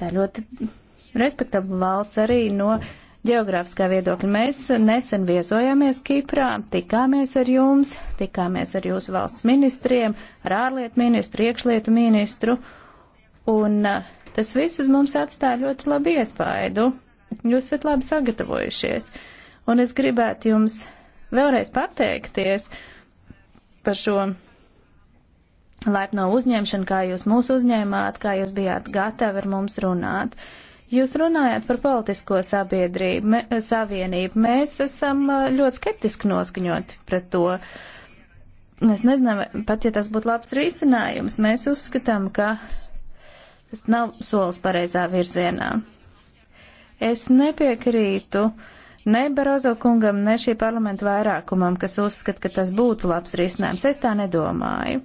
Tā ļoti respektabla valsts arī no ģeogrāfiskā viedokļa. Mēs nesen viesojāmies Kiprā, tikāmies ar jums, tikāmies ar jūsu valsts ministriem, ar ārlietu ministru, iekšlietu ministru, un uh, tas viss uz mums atstāja ļoti labu iespaidu. Jūs esat labi sagatavojušies, un es gribētu jums vēlreiz pateikties par šo laipno uzņemšanu, kā jūs mūs uzņēmāt, kā jūs bijāt gatavi ar mums runāt. Uh, Jūs runājat par politisko sabiedrību, me, savienību. Mēs esam ļoti skeptiski noskaņoti pret to. Mēs nezinām, pat ja tas būtu labs risinājums, mēs uzskatām, ka tas nav solis pareizā virzienā. Es nepiekrītu ne Barozo kungam, ne šī parlamenta vairākumam, kas uzskata, ka tas būtu labs risinājums. Es tā nedomāju.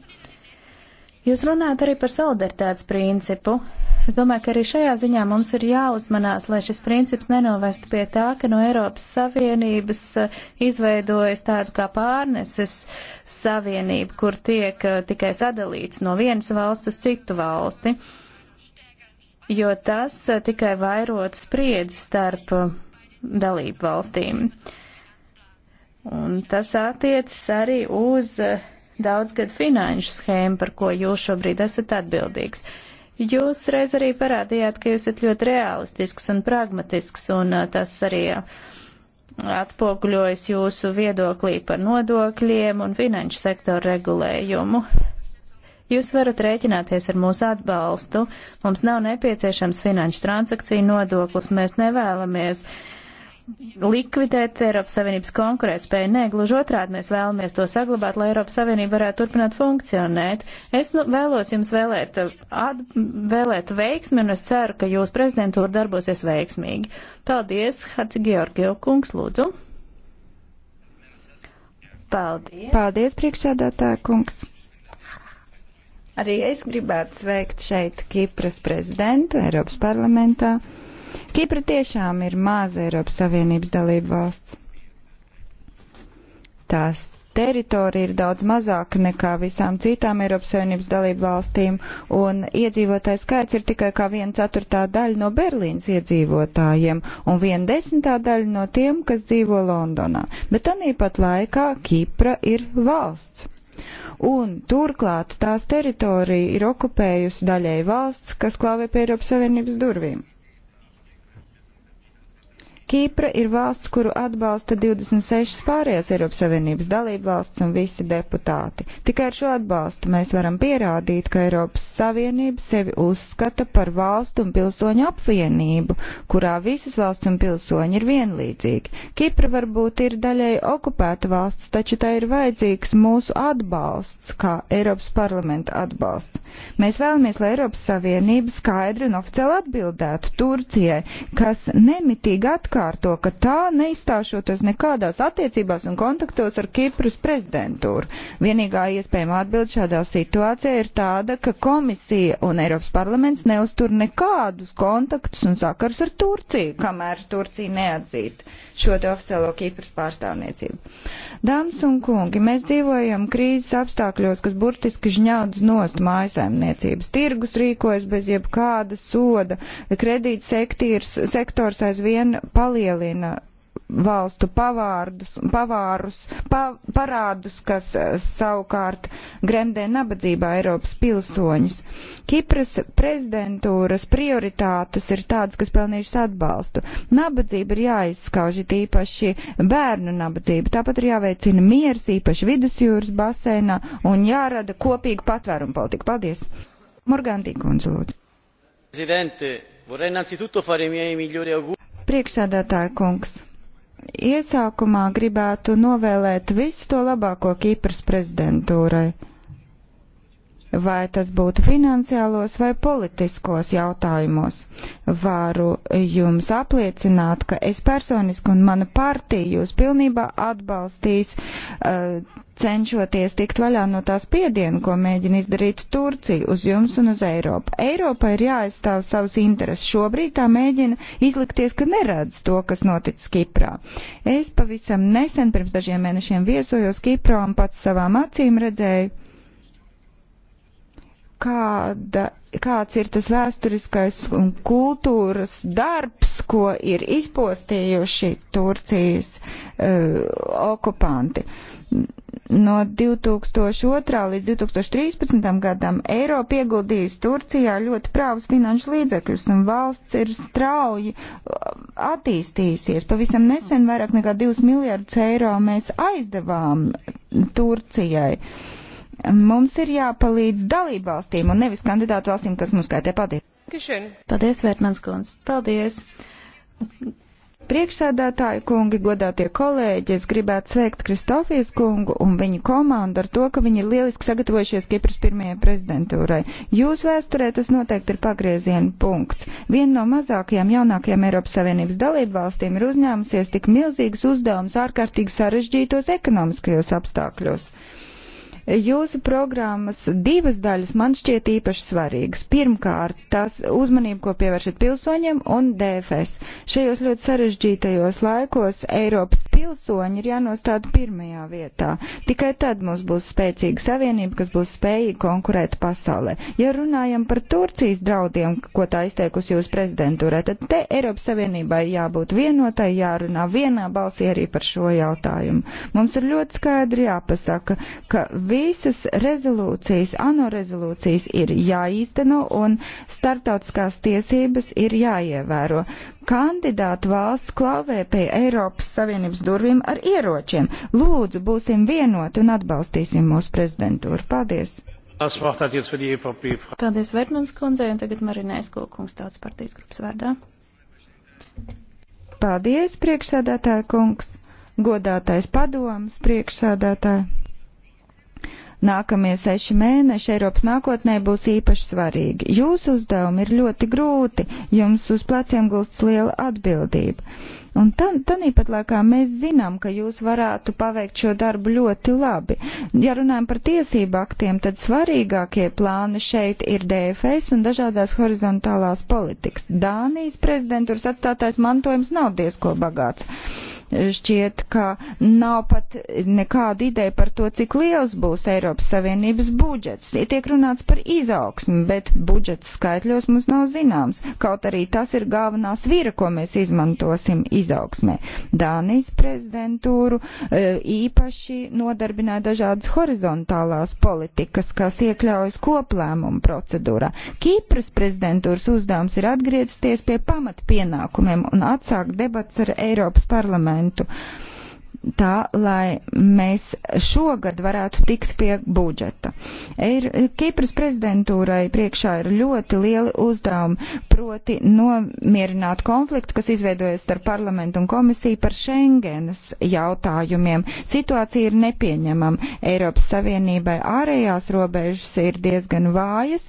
Jūs runājat arī par solidaritātes principu. Es domāju, ka arī šajā ziņā mums ir jāuzmanās, lai šis princips nenovestu pie tā, ka no Eiropas Savienības eh, izveidojas tādu kā pārneses savienību, kur tiek eh, tikai sadalīts no vienas valsts uz citu valsti, jo tas eh, tikai vairot spriedzi starp dalību valstīm. Un tas attiecas arī uz uh, daudzgad finanšu schēmu, par ko jūs šobrīd esat atbildīgs. Jūs reiz arī parādījāt, ka jūs esat ļoti realistisks un pragmatisks, un uh, tas arī uh, atspoguļojas jūsu viedoklī par nodokļiem un finanšu sektoru regulējumu. Jūs varat rēķināties ar mūsu atbalstu. Mums nav nepieciešams finanšu transakciju nodoklis. Mēs nevēlamies uh, likvidēt Eiropas Savienības konkurētspēju. Nē, gluži otrādi mēs vēlamies to saglabāt, lai Eiropas Savienība varētu turpināt funkcionēt. Es nu, vēlos jums vēlēt, ad, vēlēt veiksmi, un es ceru, ka jūs prezidentūra darbosies veiksmīgi. Paldies, Hats Georgio kungs, lūdzu. Paldies. Paldies, priekšsēdētāja kungs. Arī es gribētu sveikt šeit Kipras prezidentu Eiropas parlamentā. Kipra tiešām ir maza Eiropas Savienības dalība valsts. Tās teritorija ir daudz mazāka nekā visām citām Eiropas Savienības dalību valstīm, un iedzīvotāju skaits ir tikai kā viena ceturtā daļa no Berlīnas iedzīvotājiem un viena desmitā daļa no tiem, kas dzīvo Londonā. Bet tāpat laikā Kipra ir valsts. Un turklāt tās teritorija ir okupējusi daļai valsts, kas klāvē pie Eiropas Savienības durvīm. Kīpra ir valsts, kuru atbalsta 26 pārējās Eiropas Savienības dalību valsts un visi deputāti. Tikai ar šo atbalstu mēs varam pierādīt, ka Eiropas Savienība sevi uzskata par valstu un pilsoņu apvienību, kurā visas valsts un pilsoņi ir vienlīdzīgi. Kipra varbūt ir daļai okupēta valsts, taču tai ir vajadzīgs mūsu atbalsts, kā Eiropas parlamenta atbalsts. Mēs vēlamies, lai Eiropas Savienība skaidri un oficiāli atbildētu Turcijai, kas nemitīgi atkal atkārto, ka tā neizstāšoties nekādās attiecībās un kontaktos ar Kipras prezidentūru. Vienīgā iespējama atbild šādā situācijā ir tāda, ka komisija un Eiropas parlaments neuztur nekādus kontaktus un sakars ar Turciju, kamēr Turcija neatzīst šo te oficiālo Kipras pārstāvniecību. Dāmas un kungi, mēs dzīvojam krīzes apstākļos, kas burtiski žņaudz nost mājasaimniecības. Tirgus rīkojas bez jebkāda soda, kredīt sektors aizvien palīdz palielina valstu pavārdus, pavārus, pa, parādus, kas eh, savukārt gremdē nabadzībā Eiropas pilsoņus. Kipras prezidentūras prioritātes ir tādas, kas pelnījušas atbalstu. Nabadzība ir jāizskauž, it īpaši bērnu nabadzība. Tāpat ir jāveicina miers, īpaši vidusjūras basēnā, un jārada kopīga patvērumu politika. Paldies! Morgantī, konsulūdzu. Presidente, vorrei innanzitutto fare i miei migliori auguri. Priekšsēdētāja kungs, iesākumā gribētu novēlēt visu to labāko Kīpras prezidentūrai vai tas būtu finansiālos vai politiskos jautājumos. Varu jums apliecināt, ka es personiski un mana partija jūs pilnībā atbalstīs, uh, cenšoties tikt vaļā no tās piedienu, ko mēģina izdarīt Turcija uz jums un uz Eiropu. Eiropa ir jāaizstāv savas intereses. Šobrīd tā mēģina izlikties, ka neredz to, kas noticis Kiprā. Es pavisam nesen, pirms dažiem mēnešiem viesojos Kiprā un pats savām acīm redzēju, kāda, kāds ir tas vēsturiskais un kultūras darbs, ko ir izpostījuši Turcijas uh, okupanti. No 2002. līdz 2013. gadam Eiropa ieguldījis Turcijā ļoti prāvus finanšu līdzekļus, un valsts ir strauji e, attīstījusies. Pavisam nesen vairāk nekā 2 miljardus eiro mēs aizdevām Turcijai. Uh, Mums ir jāpalīdz dalību valstīm un nevis kandidātu valstīm, kas mums skaitē. Paldies! Paldies, Vērtmanskons! Paldies! priekšsēdētāju kungi, godātie kolēģi, es gribētu sveikt Kristofijas kungu un viņa komandu ar to, ka viņi ir lieliski sagatavojušies Kipras pirmajai prezidentūrai. Jūsu vēsturē tas noteikti ir pagrieziena punkts. Viena no mazākajām jaunākajām Eiropas Savienības dalību valstīm ir uzņēmusies tik milzīgas uzdevumus ārkārtīgi sarežģītos ekonomiskajos apstākļos. Jūsu programmas divas daļas man šķiet īpaši svarīgas. Pirmkārt, tas uzmanība, ko pievēršat pilsoņiem un DFS. Šajos ļoti sarežģītajos laikos Eiropas pilsoņi ir jānostāda pirmajā vietā. Tikai tad mums būs spēcīga savienība, kas būs spējīga konkurēt pasaulē. Ja runājam par Turcijas draudiem, ko tā izteikusi jūs prezidentūrē, tad te Eiropas Savienībai jābūt vienotai, jārunā vienā balsī arī par šo jautājumu. Mums ir ļoti skaidri jāpasaka, ka Visas rezolūcijas, ANO rezolūcijas ir jāīsteno un startautiskās tiesības ir jāievēro. Kandidātu valsts klauvē pie Eiropas Savienības durvīm ar ieročiem. Lūdzu, būsim vienoti un atbalstīsim mūsu prezidentūru. Paldies! Paldies Vērtmans kundzei un tagad Marinēs Kokungs tautas partijas grupas vārdā. Paldies, priekšsēdētāja kungs, godātais padomas priekšsēdētāja. Nākamie seši mēneši Eiropas nākotnē būs īpaši svarīgi. Jūsu uzdevumi ir ļoti grūti, jums uz pleciem gulsts liela atbildība. Un tāpat laikā mēs zinām, ka jūs varētu paveikt šo darbu ļoti labi. Ja runājam par tiesību aktiem, tad svarīgākie plāni šeit ir DFS un dažādās horizontālās politikas. Dānijas prezidentūras atstātais mantojums nav diezko bagāts. Šķiet, ka nav pat nekādu ideju par to, cik liels būs Eiropas Savienības budžets. Tiek runāts par izaugsmu, bet budžets skaitļos mums nav zināms, kaut arī tas ir galvenā svira, ko mēs izmantosim izaugsmē. Dānijas prezidentūru e, īpaši nodarbināja dažādas horizontālās politikas, kas iekļaujas koplēmumu procedūrā. Kipras prezidentūras uzdevums ir atgriezties pie pamatpienākumiem un atsākt debats ar Eiropas parlamentu parlamentu. Uh, tā, lai mēs šogad varētu tikt pie budžeta. Ir, Kipras prezidentūrai priekšā ir ļoti lieli uzdevumi, proti nomierināt konfliktu, kas izveidojas starp parlamentu un komisiju par Schengenas jautājumiem. Situācija ir nepieņemama. Eiropas Savienībai ārējās robežas ir diezgan vājas,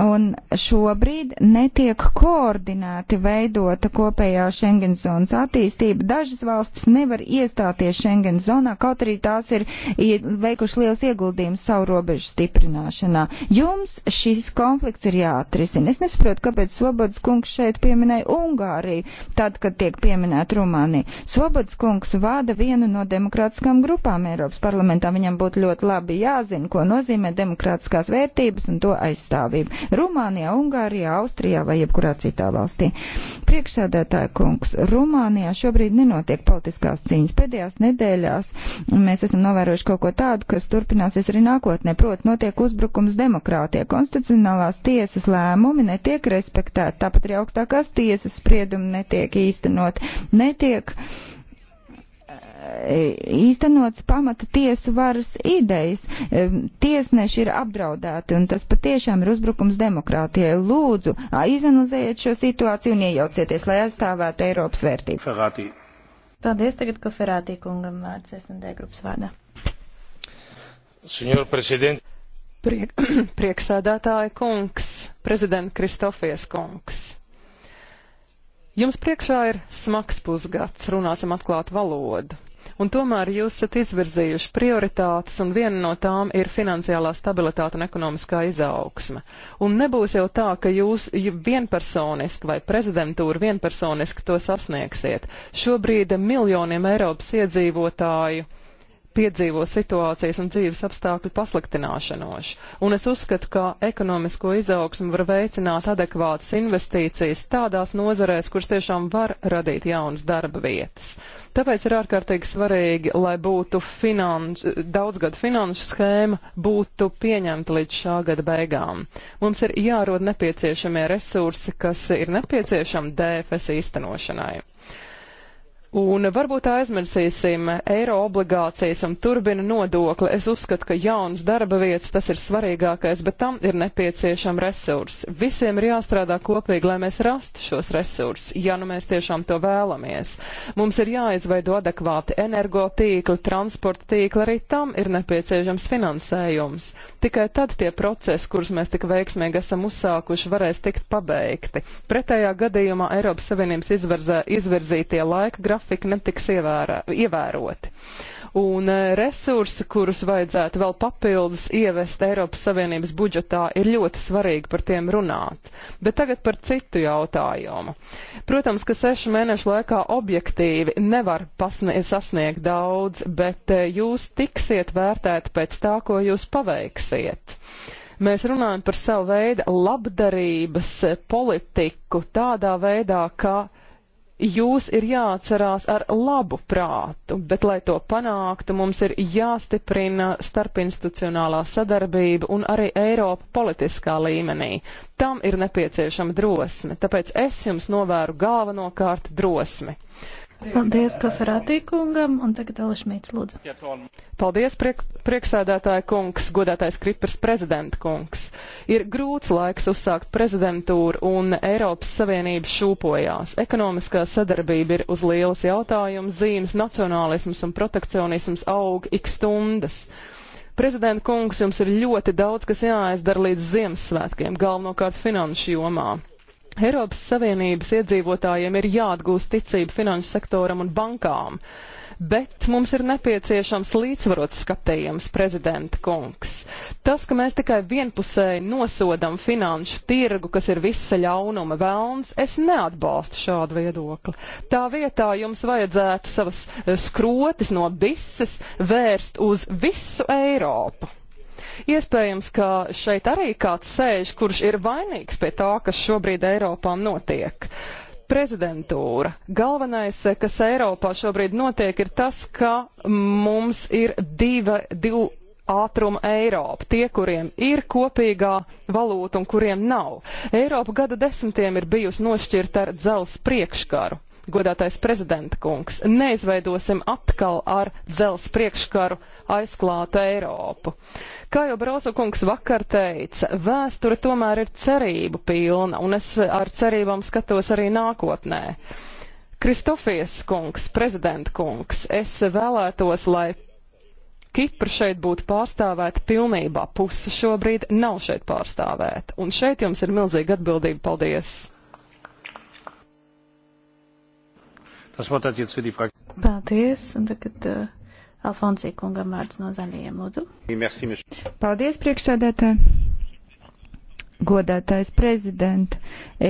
un šobrīd netiek koordinēti veidota kopējā Schengen zonas attīstība. Dažas valstis nevar iestāties atrodas Schengen zonā, kaut arī tās ir veikuši liels ieguldījums savu robežu stiprināšanā. Jums šis konflikts ir jāatrisina. Es nesaprotu, kāpēc Svobods kungs šeit pieminēja Ungāriju, tad, kad tiek pieminēta Rumānija. Svobods kungs vada vienu no demokrātiskām grupām Eiropas parlamentā. Viņam būtu ļoti labi jāzina, ko nozīmē demokrātiskās vērtības un to aizstāvību. Rumānijā, Ungārijā, Austrijā vai jebkurā citā valstī. Priekšsēdētāja kungs, Rumānijā šobrīd nenotiek politiskās cīņas. Pēdējās nedēļās mēs esam novērojuši kaut ko tādu, kas turpināsies arī nākotnē. Proti, notiek uzbrukums demokrātie. Konstitucionālās tiesas lēmumi netiek respektēti, tāpat arī augstākās tiesas spriedumi netiek īstenot. Netiek e, īstenots pamata tiesu varas idejas. E, tiesneši ir apdraudēti, un tas patiešām ir uzbrukums demokrātijai. Lūdzu, izanalizējiet šo situāciju un iejaucieties, lai aizstāvētu Eiropas vērtību. Ferrati. Paldies tagad koferātī kungam vārds SND grupas vārdā. Senjor prezident. Priek, [CLEARS THROAT] prieksēdētāja kungs, prezident Kristofies kungs. Jums priekšā ir smags pusgads, runāsim atklātu valodu un tomēr jūs esat izvirzījuši prioritātes, un viena no tām ir finansiālā stabilitāte un ekonomiskā izaugsme. Un nebūs jau tā, ka jūs vienpersoniski vai prezidentūra vienpersoniski to sasniegsiet. Šobrīd miljoniem Eiropas iedzīvotāju piedzīvo situācijas un dzīves apstākļu pasliktināšanos. Un es uzskatu, ka ekonomisko izaugsmu var veicināt adekvātas investīcijas tādās nozarēs, kuras tiešām var radīt jaunas darba vietas. Tāpēc ir ārkārtīgi svarīgi, lai būtu finanš, daudzgadu finanšu schēma būtu pieņemta līdz šā gada beigām. Mums ir jārod nepieciešamie resursi, kas ir nepieciešami DFS īstenošanai. Un varbūt aizmirsīsim eiro obligācijas un turbina nodokli. Es uzskatu, ka jauns darba vietas tas ir svarīgākais, bet tam ir nepieciešama resursi. Visiem ir jāstrādā kopīgi, lai mēs rastu šos resursus, ja nu mēs tiešām to vēlamies. Mums ir jāizveido adekvāti energotīkli, transporta tīkli, arī tam ir nepieciešams finansējums. Tikai tad tie procesi, kurus mēs tik veiksmīgi esam uzsākuši, varēs tikt pabeigti. Pretējā gadījumā Eiropas Savienības izverzē, izverzītie laika grafiski grafiki netiks ievērā, ievēroti. Un eh, resursi, kurus vajadzētu vēl papildus ievest Eiropas Savienības budžetā, ir ļoti svarīgi par tiem runāt. Bet tagad par citu jautājumu. Protams, ka sešu mēnešu laikā objektīvi nevar sasniegt daudz, bet eh, jūs tiksiet vērtēti pēc tā, ko jūs paveiksiet mēs runājam par savu veidu labdarības eh, politiku tādā veidā, ka jūs ir jāatcerās ar labu prātu, bet, lai to panāktu, mums ir jāstiprina starpinstitucionālā sadarbība un arī Eiropa politiskā līmenī. Tam ir nepieciešama drosme, tāpēc es jums novēru galvenokārt drosmi. Paldies, Koferātī kungam, un tagad Alašmīts lūdzu. Paldies, priek prieksēdētāja kungs, godātais Kripers prezidenta kungs. Ir grūts laiks uzsākt prezidentūru, un Eiropas Savienība šūpojās. Ekonomiskā sadarbība ir uz lielas jautājums zīmes, nacionālisms un protekcionisms aug ik stundas. Prezidenta kungs, jums ir ļoti daudz, kas jāaizdara līdz Ziemassvētkiem, galvenokārt finanšu jomā. Eiropas Savienības iedzīvotājiem ir jāatgūst ticība finanšu sektoram un bankām, bet mums ir nepieciešams līdzsvarots skatījums, prezidenta kungs. Tas, ka mēs tikai vienpusēji nosodam finanšu tirgu, kas ir visa ļaunuma velns, es neatbalstu šādu viedokli. Tā vietā jums vajadzētu savas eh, skrotis no bises vērst uz visu Eiropu. Iespējams, ka šeit arī kāds sēž, kurš ir vainīgs pie tā, kas šobrīd Eiropā notiek. Prezidentūra. Galvenais, kas Eiropā šobrīd notiek, ir tas, ka mums ir diva, divu ātruma Eiropa, tie, kuriem ir kopīgā valūta un kuriem nav. Eiropa gada desmitiem ir bijusi nošķirta ar dzels priekškaru godātais prezidenta kungs, neizveidosim atkal ar dzels priekškaru aizklātu Eiropu. Kā jau Brauso kungs vakar teica, vēsture tomēr ir cerību pilna, un es ar cerībām skatos arī nākotnē. Kristofijas kungs, prezidenta kungs, es vēlētos, lai Kipra šeit būtu pārstāvēta pilnībā. Puse šobrīd nav šeit pārstāvēta. Un šeit jums ir milzīga atbildība. Paldies! Paldies, un tagad uh, Alfonsī kungam vārds no zaļajiem, lūdzu. Paldies, priekšsēdētāji. Godātais prezident,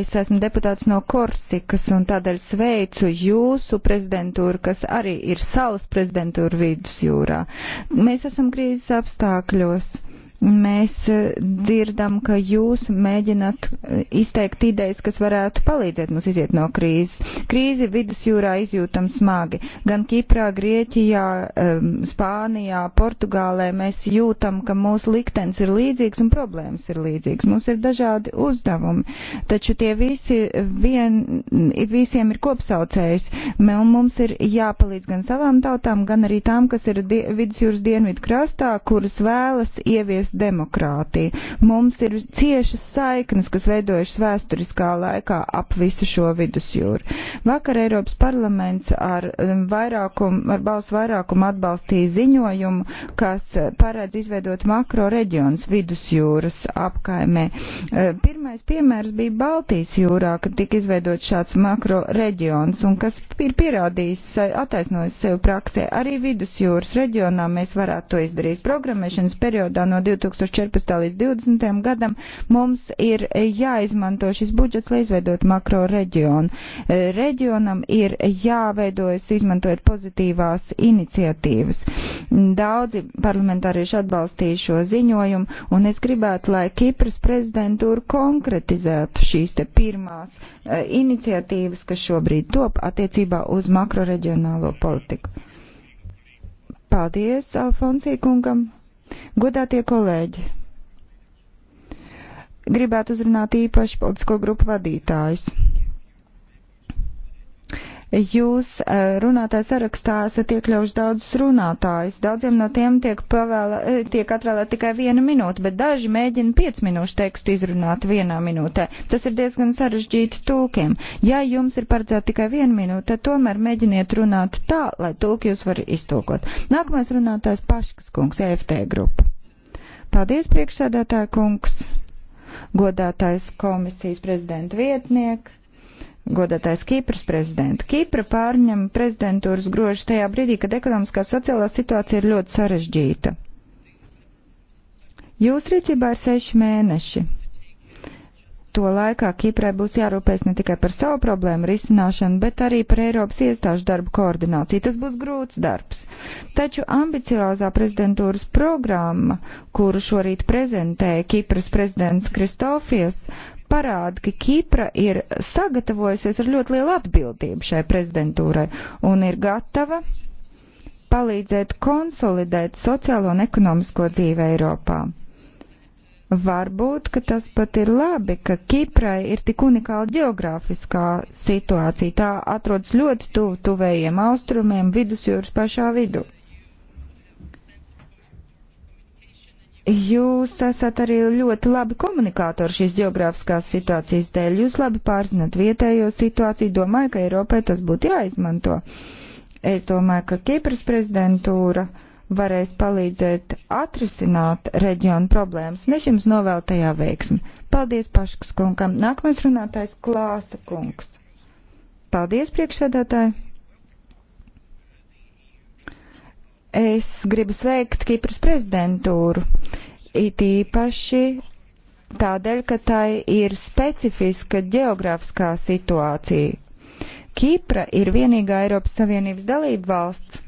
es esmu deputāts no Korsikas un tādēļ sveicu jūsu prezidentūru, kas arī ir salas prezidentūra vidusjūrā. Mēs esam krīzes apstākļos Mēs eh, dzirdam, ka jūs mēģināt eh, izteikt idejas, kas varētu palīdzēt mums iziet no krīzes. Krīzi vidusjūrā izjūtam smagi. Gan Kiprā, Grieķijā, ehm, Spānijā, Portugālē mēs jūtam, ka mūsu liktenis ir līdzīgs un problēmas ir līdzīgas. Mums ir dažādi uzdevumi, taču tie visi vien, visiem ir kopsaucējs. Mums ir jāpalīdz gan savām tautām, gan arī tām, kas ir die, vidusjūras dienvidu krastā, kuras vēlas ieviest demokrātija. Mums ir ciešas saiknes, kas veidojušas vēsturiskā laikā ap visu šo vidusjūru. Vakar Eiropas parlaments ar, um, vairākum, ar balsu vairākumu atbalstīja ziņojumu, kas uh, paredz izveidot makro reģionus vidusjūras apkaimē. Uh, pirmais piemērs bija Baltijas jūrā, kad tika izveidot šāds makro reģions un kas ir pierādījis, attaisnojis sev praksē. Arī vidusjūras reģionā mēs varētu to izdarīt. Programmēšanas periodā no 20. 2014. līdz 2020. gadam mums ir jāizmanto šis budžets, lai izveidot makro reģionu. E, reģionam ir jāveidojas izmantojot pozitīvās iniciatīvas. Daudzi parlamentārieši atbalstīja šo ziņojumu, un es gribētu, lai Kipras prezidentūra konkretizētu šīs te pirmās e, iniciatīvas, kas šobrīd top attiecībā uz makro reģionālo politiku. Paldies, Alfonsī kungam! Godātie kolēģi! Gribētu uzrunāt īpaši politisko grupu vadītājus. Jūs eh, runātājs sarakstā esat iekļaujuši daudzus runātājus. Daudziem no tiem tiek, pavēla, eh, tiek atvēlēta tikai viena minūte, bet daži mēģina 5 minūšu tekstu izrunāt vienā minūtē. Tas ir diezgan sarežģīti tulkiem. Ja jums ir paredzēta tikai viena minūte, tad tomēr mēģiniet runāt tā, lai tulki jūs var iztulkot. Nākamais runātājs Paškas kungs, EFT grupa. Paldies, priekšsēdētāja kungs, godātais komisijas prezidenta vietnieks godātais Kīpras prezidenta. Kīpra pārņem prezidentūras grožus tajā brīdī, kad ekonomiskā sociālā situācija ir ļoti sarežģīta. Jūsu rīcībā ir seši mēneši. To laikā Kiprai būs jārūpēs ne tikai par savu problēmu risināšanu, bet arī par Eiropas iestāžu darbu koordināciju. Tas būs grūts darbs. Taču ambiciozā prezidentūras programma, kuru šorīt prezentēja Kipras prezidents Kristofijas, parāda, ka Kipra ir sagatavojusies ar ļoti lielu atbildību šai prezidentūrai un ir gatava palīdzēt konsolidēt sociālo un ekonomisko dzīvi Eiropā. Varbūt, ka tas pat ir labi, ka Kiprai ir tik unikāla geogrāfiskā situācija. Tā atrodas ļoti tuvu tuvējiem austrumiem, vidusjūras pašā vidū. Jūs esat arī ļoti labi komunikātori šīs geogrāfiskās situācijas dēļ. Jūs labi pārzinat vietējo situāciju. Domāju, ka Eiropai tas būtu jāizmanto. Es domāju, ka Kipras prezidentūra varēs palīdzēt atrisināt reģionu problēmas. Un es jums novēlu tajā veiksmi. Paldies Paškas kungam. Nākamais runātājs Klāsa kungs. Paldies priekšsēdētāji. Es gribu sveikt Kipras prezidentūru, it īpaši tādēļ, ka tai ir specifiska geogrāfiskā situācija. Kipra ir vienīgā Eiropas Savienības dalība valsts,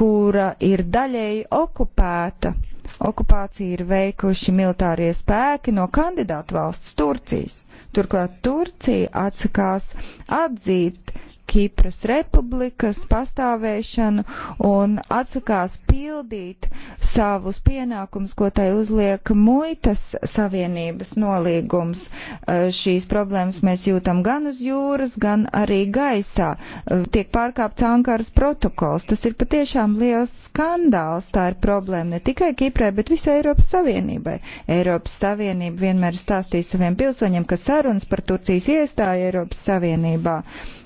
kura ir daļēji okupēta okupāciju ir veikuši militārie spēki no kandidātu valsts Turcijas. Turklāt Turcija atsakās atzīt Kipras republikas pastāvēšanu un atsakās pildīt savus pienākumus, ko tai uzliek muitas savienības nolīgums. Eh, šīs problēmas mēs jūtam gan uz jūras, gan arī gaisā. Eh, tiek pārkāpts Ankaras protokols. Tas ir patiešām liels skandāls. Tā ir problēma ne tikai Kiprai, bet visai Eiropas Savienībai. Eiropas Savienība vienmēr stāstīja saviem pilsoņiem, ka sarunas par Turcijas iestāju Eiropas Savienībā uh,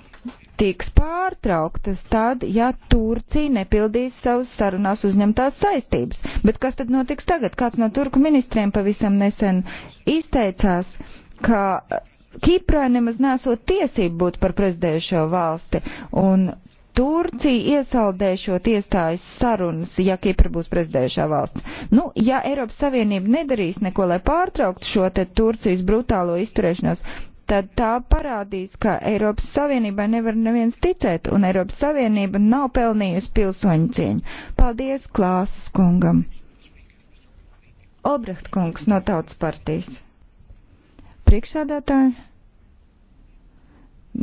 tiks pārtrauktas tad, ja Turcija nepildīs savus sarunās uzņemtās saistības. Bet kas tad notiks tagad? Kāds no turku ministriem pavisam nesen izteicās, ka eh, Kiprai nemaz nesot tiesību būt par prezidējušo valsti, un Turcija iesaldēšot iestājas sarunas, ja Kipra būs prezidējušā valsts. Nu, ja Eiropas Savienība nedarīs neko, lai pārtrauktu šo te Turcijas brutālo izturēšanos, tad tā parādīs, ka Eiropas Savienībai nevar neviens ticēt, un Eiropas Savienība nav pelnījusi pilsoņu cieņu. Paldies Klāsas kungam. Obrecht kungs no Tautas partijas. Priekšsādātāji,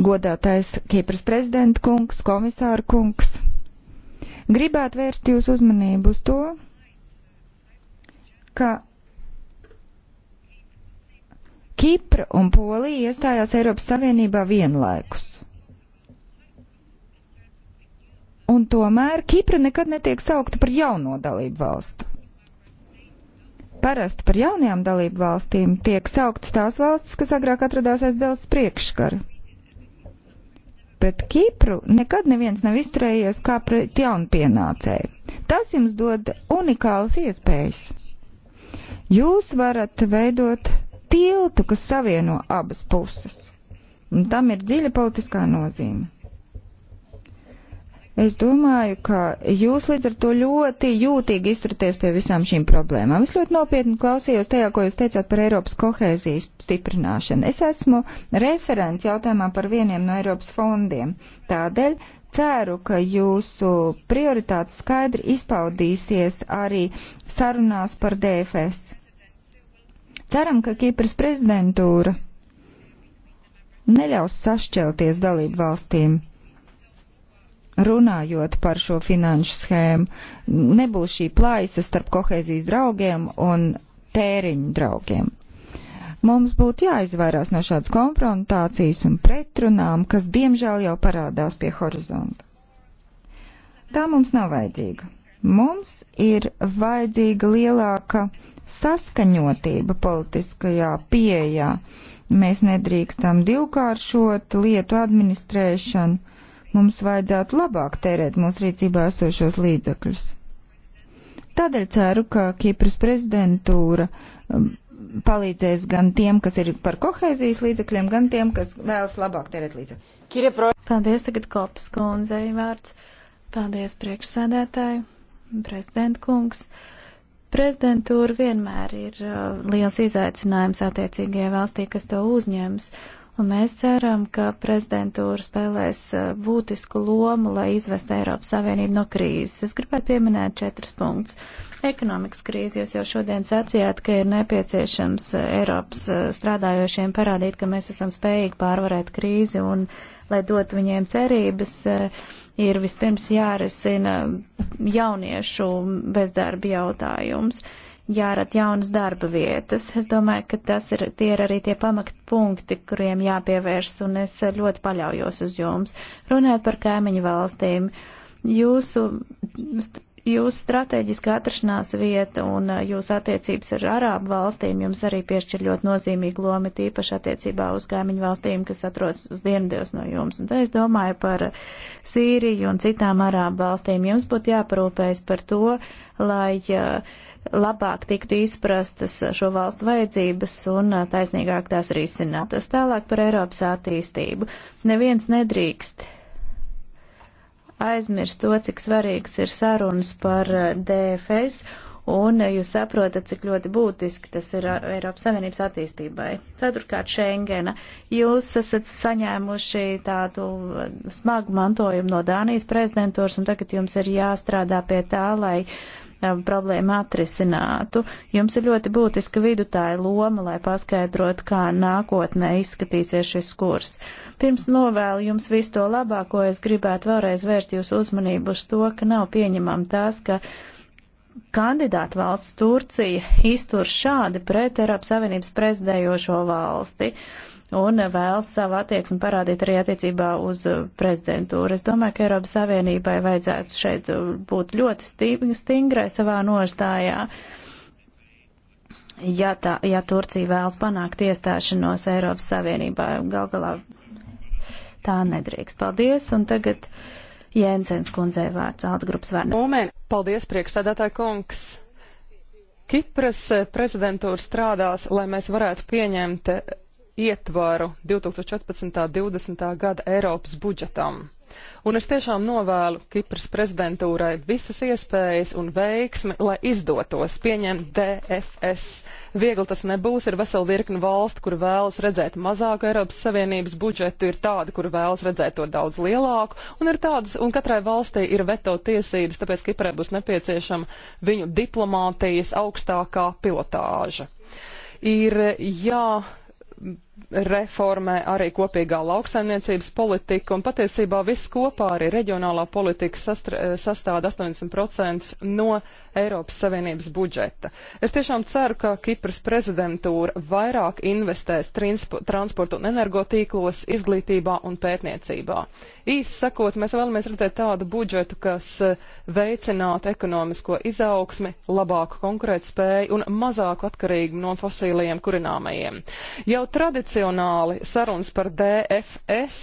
godātais Kipras prezidenta kungs, komisāra kungs, gribētu vērst jūsu uzmanību uz to, ka Kipra un Polija iestājās Eiropas Savienībā vienlaikus. Un tomēr Kipra nekad netiek saukta par jauno dalību valstu. Parasti par jaunajām dalību valstīm tiek sauktas tās valstis, kas agrāk atradās aiz dzelzs priekškara. Pret Kipru nekad neviens nav izturējies kā pret jaunpienācēju. Tas jums dod unikālas iespējas. Jūs varat veidot tiltu, kas savieno abas puses. Un tam ir dziļa politiskā nozīme. Es domāju, ka jūs līdz ar to ļoti jūtīgi izturties pie visām šīm problēmām. Es ļoti nopietni klausījos tajā, ko jūs teicāt par Eiropas kohēzijas stiprināšanu. Es esmu referents jautājumā par vieniem no Eiropas fondiem. Tādēļ ceru, ka jūsu prioritātes skaidri izpaudīsies arī sarunās par DFS. Ceram, ka Kīpras prezidentūra neļaus sašķelties dalību valstīm. Runājot par šo finanšu schēmu, nebūs šī plaisa starp kohēzijas draugiem un tēriņu draugiem. Mums būtu jāizvairās no šādas konfrontācijas un pretrunām, kas diemžēl jau parādās pie horizonta. Tā mums nav vajadzīga. Mums ir vajadzīga lielāka saskaņotība politiskajā pieejā. Mēs nedrīkstam divkāršot lietu administrēšanu. Mums vajadzētu labāk tērēt mūsu rīcībā esošos līdzekļus. Tādēļ ceru, ka Kipras prezidentūra um, palīdzēs gan tiem, kas ir par kohēzijas līdzekļiem, gan tiem, kas vēlas labāk tērēt līdzekļus. Paldies tagad kopas kundzei vārds. Paldies priekšsēdētāju, prezidentkungs. kungs. Prezidentūra vienmēr ir uh, liels izaicinājums attiecīgajai valstī, kas to uzņems, un mēs ceram, ka prezidentūra spēlēs uh, būtisku lomu, lai izvest Eiropas Savienību no krīzes. Es gribētu pieminēt četrus punktus. Ekonomikas krīze, jūs jau šodien sacījāt, ka ir nepieciešams uh, Eiropas uh, strādājošiem parādīt, ka mēs esam spējīgi pārvarēt krīzi un, lai dotu viņiem cerības, uh, ir vispirms jārisina jauniešu bezdarba jautājums, jārat jaunas darba vietas. Es domāju, ka tas ir, tie ir arī tie pamatpunkti, kuriem jāpievērs, un es ļoti paļaujos uz jums. Runājot par kaimiņu valstīm, jūsu Jūsu strateģiska atrašanās vieta un jūsu attiecības ar Arābu valstīm jums arī piešķir ļoti nozīmīgu lomu, tīpaši attiecībā uz kaimiņu valstīm, kas atrodas uz dienvidos no jums. Un tā es domāju par Sīriju un citām Arābu valstīm. Jums būtu jāparūpējas par to, lai uh, labāk tiktu izprastas šo valstu vajadzības un taisnīgāk tās risinātas. Tālāk par Eiropas attīstību. Neviens nedrīkst aizmirst to, cik svarīgs ir sarunas par eh, DFS, un eh, jūs saprotat, cik ļoti būtiski tas ir eh, Eiropas Savienības attīstībai. Ceturkārt, Schengena, jūs esat saņēmuši tādu smagu mantojumu no Dānijas prezidentūras, un tagad jums ir jāstrādā pie tā, lai problēmu atrisinātu. Jums ir ļoti būtiska vidutāja loma, lai paskaidrotu, kā nākotnē izskatīsies šis kurs. Uh, Pirms novēlu jums visu to labāko, es gribētu vēlreiz vērst jūsu uzmanību uz to, ka nav pieņemam tās, ka kandidāta valsts Turcija iztur šādi pret Eiropas Savienības prezidējošo valsti un vēlas savu attieksmi parādīt arī attiecībā uz prezidentūru. Es domāju, ka Eiropas Savienībai vajadzētu šeit būt ļoti stingrai savā nostājā. Ja, tā, ja Turcija vēlas panākt iestāšanos Eiropas Savienībā, gal galā tā nedrīkst. Paldies, un tagad Jēnsens kundzei vārds, Alta grupas vārds. Moment, paldies, priekšsēdētāji kungs. Kipras eh, prezidentūra strādās, lai mēs varētu pieņemt eh, ietvaru 2014. 20. gada Eiropas budžetam. Un es tiešām novēlu Kipras prezidentūrai visas iespējas un veiksmi, lai izdotos pieņemt DFS. Viegli tas nebūs, ir vesela virkni valstu, kur vēlas redzēt mazāku Eiropas Savienības budžetu, ir tāda, kur vēlas redzēt to daudz lielāku, un ir tādas, un katrai valstī ir veto tiesības, tāpēc Kiprai būs nepieciešama viņu diplomātijas augstākā pilotāža ir jā reformē arī kopīgā lauksaimniecības politika, un patiesībā viss kopā arī reģionālā politika sastāda 80% no Eiropas Savienības budžeta. Es tiešām ceru, ka Kipras prezidentūra vairāk investēs transporta un energotīklos, izglītībā un pētniecībā. Īsi sakot, mēs vēlamies redzēt tādu budžetu, kas eh, veicinātu ekonomisko izaugsmi, labāku konkurētspēju un mazāku atkarību no fosīlajiem kurināmajiem. Jau tradicionāli nacionāli sarunas par DFS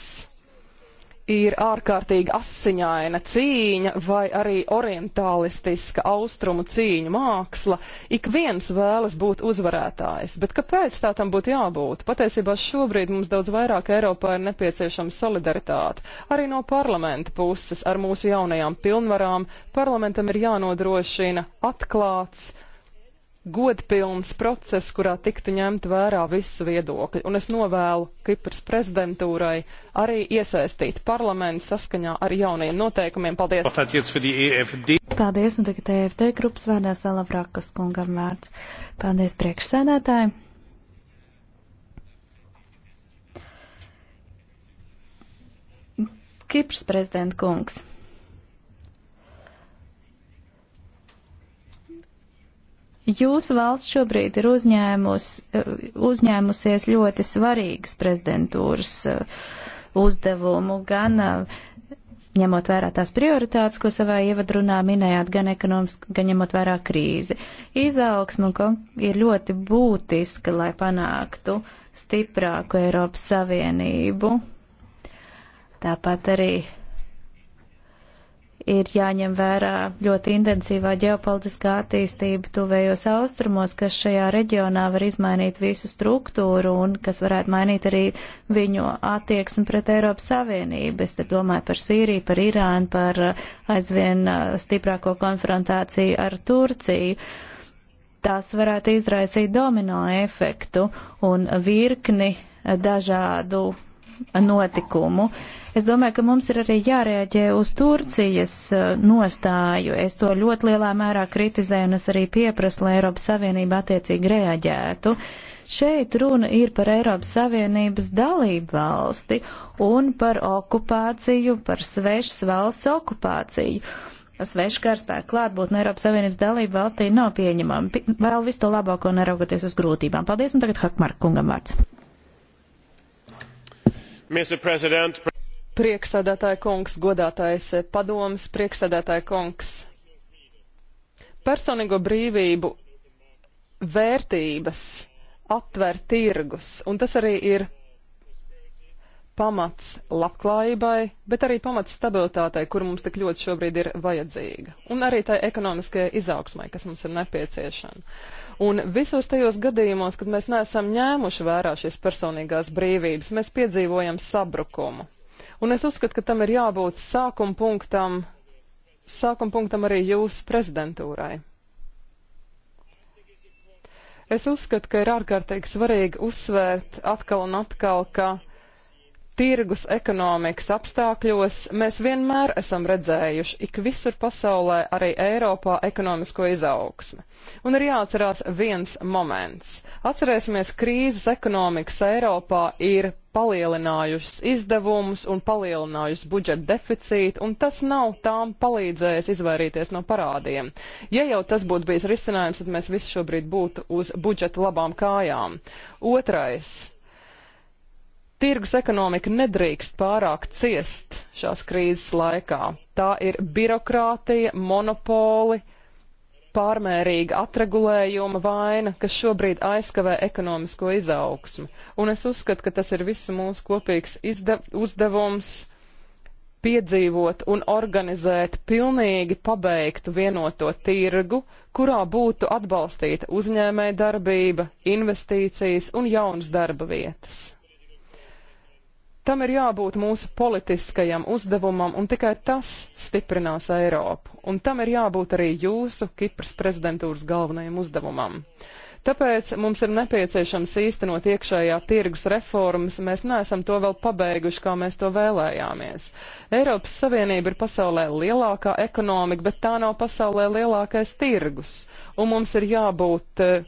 ir ārkārtīgi asiņaina cīņa vai arī orientālistiska austrumu cīņa māksla. Ik viens vēlas būt uzvarētājs, bet kāpēc tā tam būtu jābūt? Patiesībā šobrīd mums daudz vairāk Eiropā ir nepieciešama solidaritāte. Arī no parlamenta puses ar mūsu jaunajām pilnvarām parlamentam ir jānodrošina atklāts, godpilns process, kurā tiktu ņemt vērā visu viedokļi, un es novēlu Kipras prezidentūrai arī iesaistīt parlamentu saskaņā ar jaunajiem noteikumiem. Paldies! E Paldies, un tagad EFD grupas vārdā Salavrakas kungam vārds. Paldies priekšsēdētāji! Kipras prezidenta kungs. Jūsu valsts šobrīd ir uzņēmus, uzņēmusies ļoti svarīgas prezidentūras uh, uzdevumu, gan uh, ņemot vērā tās prioritātes, ko savā ievadrunā minējāt, gan ekonomiski, gan ņemot vērā krīzi. Izaugsma ir ļoti būtiska, lai panāktu stiprāku Eiropas Savienību. Tāpat arī ir jāņem vērā ļoti intensīvā ģeopolitiskā attīstība tuvējos austrumos, kas šajā reģionā var izmainīt visu struktūru un kas varētu mainīt arī viņu attieksmi pret Eiropas Savienību. Es te domāju par Sīriju, par Irānu, par uh, aizvien uh, stiprāko konfrontāciju ar Turciju. Tās varētu izraisīt domino efektu un virkni uh, dažādu notikumu. Uh, Es domāju, ka mums ir arī jārēģē uz Turcijas uh, nostāju. Es to ļoti lielā mērā kritizēju un es arī pieprasu, lai Eiropas Savienība attiecīgi reaģētu. Šeit runa ir par Eiropas Savienības dalību valsti un par okupāciju, par svešas valsts okupāciju. Svešu karspēku klātbūtne no Eiropas Savienības dalību valstī nav pieņemama. Vēl visu to labāko neraugoties uz grūtībām. Paldies, un tagad Hakmark kungam vārds. Prieksēdētāja kungs, godātais eh, padomas, prieksēdētāja kungs. Personīgo brīvību vērtības atver tirgus, un tas arī ir pamats labklājībai, bet arī pamats stabilitātei, kur mums tik ļoti šobrīd ir vajadzīga, un arī tai ekonomiskajai izaugsmai, kas mums ir nepieciešama. Un visos tajos gadījumos, kad mēs neesam ņēmuši vērā šīs personīgās brīvības, mēs piedzīvojam sabrukumu. Un es uzskatu, ka tam ir jābūt sākuma punktam, sākuma punktam arī jūsu prezidentūrai. Es uzskatu, ka ir ārkārtīgi svarīgi uzsvērt atkal un atkal, ka tirgus ekonomikas apstākļos mēs vienmēr esam redzējuši ik visur pasaulē, arī Eiropā, ekonomisko izaugsmi. Un ir jāatcerās viens moments. Atcerēsimies, krīzes ekonomikas Eiropā ir palielinājušas izdevumus un palielinājušas budžeta deficītu, un tas nav tām palīdzējis izvairīties no parādiem. Ja jau tas būtu bijis risinājums, tad mēs visi šobrīd būtu uz budžeta labām kājām. Otrais Tirgus ekonomika nedrīkst pārāk ciest šās krīzes laikā. Tā ir birokrātija, monopoli, pārmērīga atregulējuma vaina, kas šobrīd aizkavē ekonomisko izaugsmu. Un es uzskatu, ka tas ir visu mūsu kopīgs uzdevums piedzīvot un organizēt pilnīgi pabeigtu vienoto tirgu, kurā būtu atbalstīta uzņēmē darbība, investīcijas un jaunas darba vietas. Tam ir jābūt mūsu politiskajam uzdevumam, un tikai tas stiprinās Eiropu. Un tam ir jābūt arī jūsu Kipras prezidentūras galvenajam uzdevumam. Tāpēc mums ir nepieciešams īstenot iekšējā tirgus reformas, mēs neesam to vēl pabeiguši, kā mēs to vēlējāmies. Eiropas Savienība ir pasaulē lielākā ekonomika, bet tā nav pasaulē lielākais tirgus, un mums ir jābūt uh,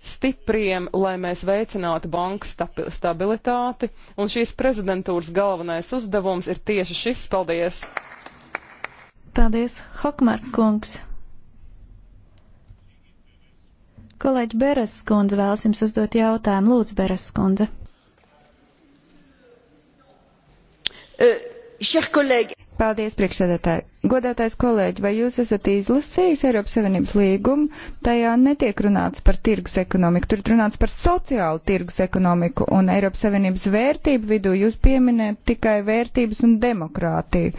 stipriem, lai mēs veicinātu banku stabilitāti, un šīs prezidentūras galvenais uzdevums ir tieši šis. Paldies! Paldies, Hokmar kungs! Kolēģi Beres skundze vēlas jums uzdot jautājumu. Lūdzu, Beres skundze! Uh. Paldies, priekšsēdētāji. Godātais kolēģi, vai jūs esat izlasījis Eiropas Savienības līgumu? Tajā netiek runāts par tirgus ekonomiku, tur ir runāts par sociālu tirgus ekonomiku un Eiropas Savienības vērtību vidū jūs pieminējat tikai vērtības un demokrātiju.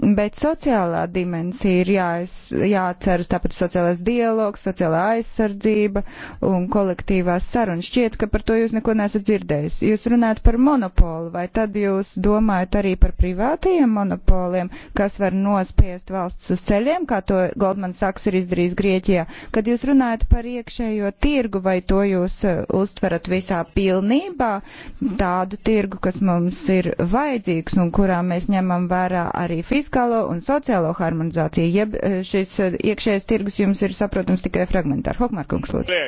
Bet sociālā dimensija ir jāiz, jāatceras, tāpat sociālais dialogs, sociālā aizsardzība un kolektīvās sarunas. Šķiet, ka par to jūs neko nesat dzirdējis. Jūs runājat par monopolu, vai tad jūs domājat arī par privātajiem monopoliem, kas var nospiest valsts uz ceļiem, kā to Goldman Sachs ir izdarījis Grieķijā? Kad jūs runājat par iekšējo tirgu, vai to jūs eh, uztverat visā pilnībā, tādu tirgu, kas mums ir vajadzīgs un kurā mēs ņemam vērā arī finansējumu? fiskālo un sociālo harmonizāciju, jeb eh, šis eh, iekšējais tirgus jums ir saprotams tikai fragmentāri. Hokmārkungs, lūdzu.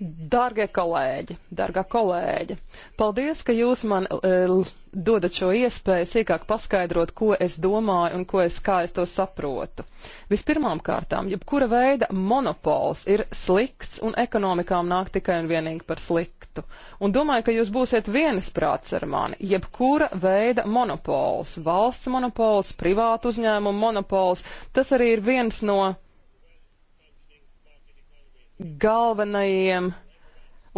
Dargie kolēģi, dargā kolēģi, paldies, ka jūs man e, dodat šo iespēju sīkāk paskaidrot, ko es domāju un ko es, kā es to saprotu. Vispirmām kārtām, jebkura veida monopols ir slikts un ekonomikām nāk tikai un vienīgi par sliktu. Un domāju, ka jūs būsiet vienisprāts ar mani. Jebkura veida monopols, valsts monopols, privātu uzņēmumu monopols, tas arī ir viens no galvenajiem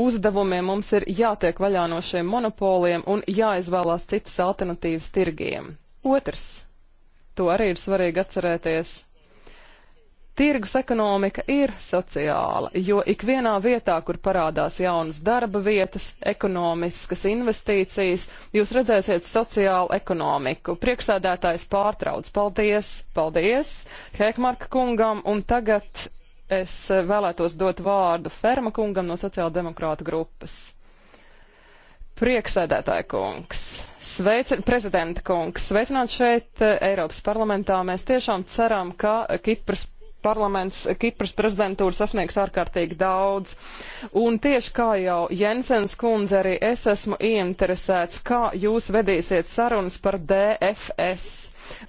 uzdevumiem mums ir jātiek vaļā no šiem monopoliem un jāizvēlās citas alternatīvas tirgiem. Otrs, to arī ir svarīgi atcerēties. Tirgus ekonomika ir sociāla, jo ikvienā vietā, kur parādās jaunas darba vietas, ekonomiskas investīcijas, jūs redzēsiet sociālu ekonomiku. Priekšsēdētājs pārtrauc. Paldies, paldies Hekmarka kungam, un tagad es eh, vēlētos dot vārdu Ferma kungam no sociāldemokrāta grupas. Prieksēdētāja kungs, sveic, prezidenta kungs, sveicināt šeit eh, Eiropas parlamentā. Mēs tiešām ceram, ka Kipras parlaments, Kipras prezidentūra sasniegs ārkārtīgi daudz. Un tieši kā jau Jensens kundze, arī es esmu ieinteresēts, kā jūs vedīsiet sarunas par DFS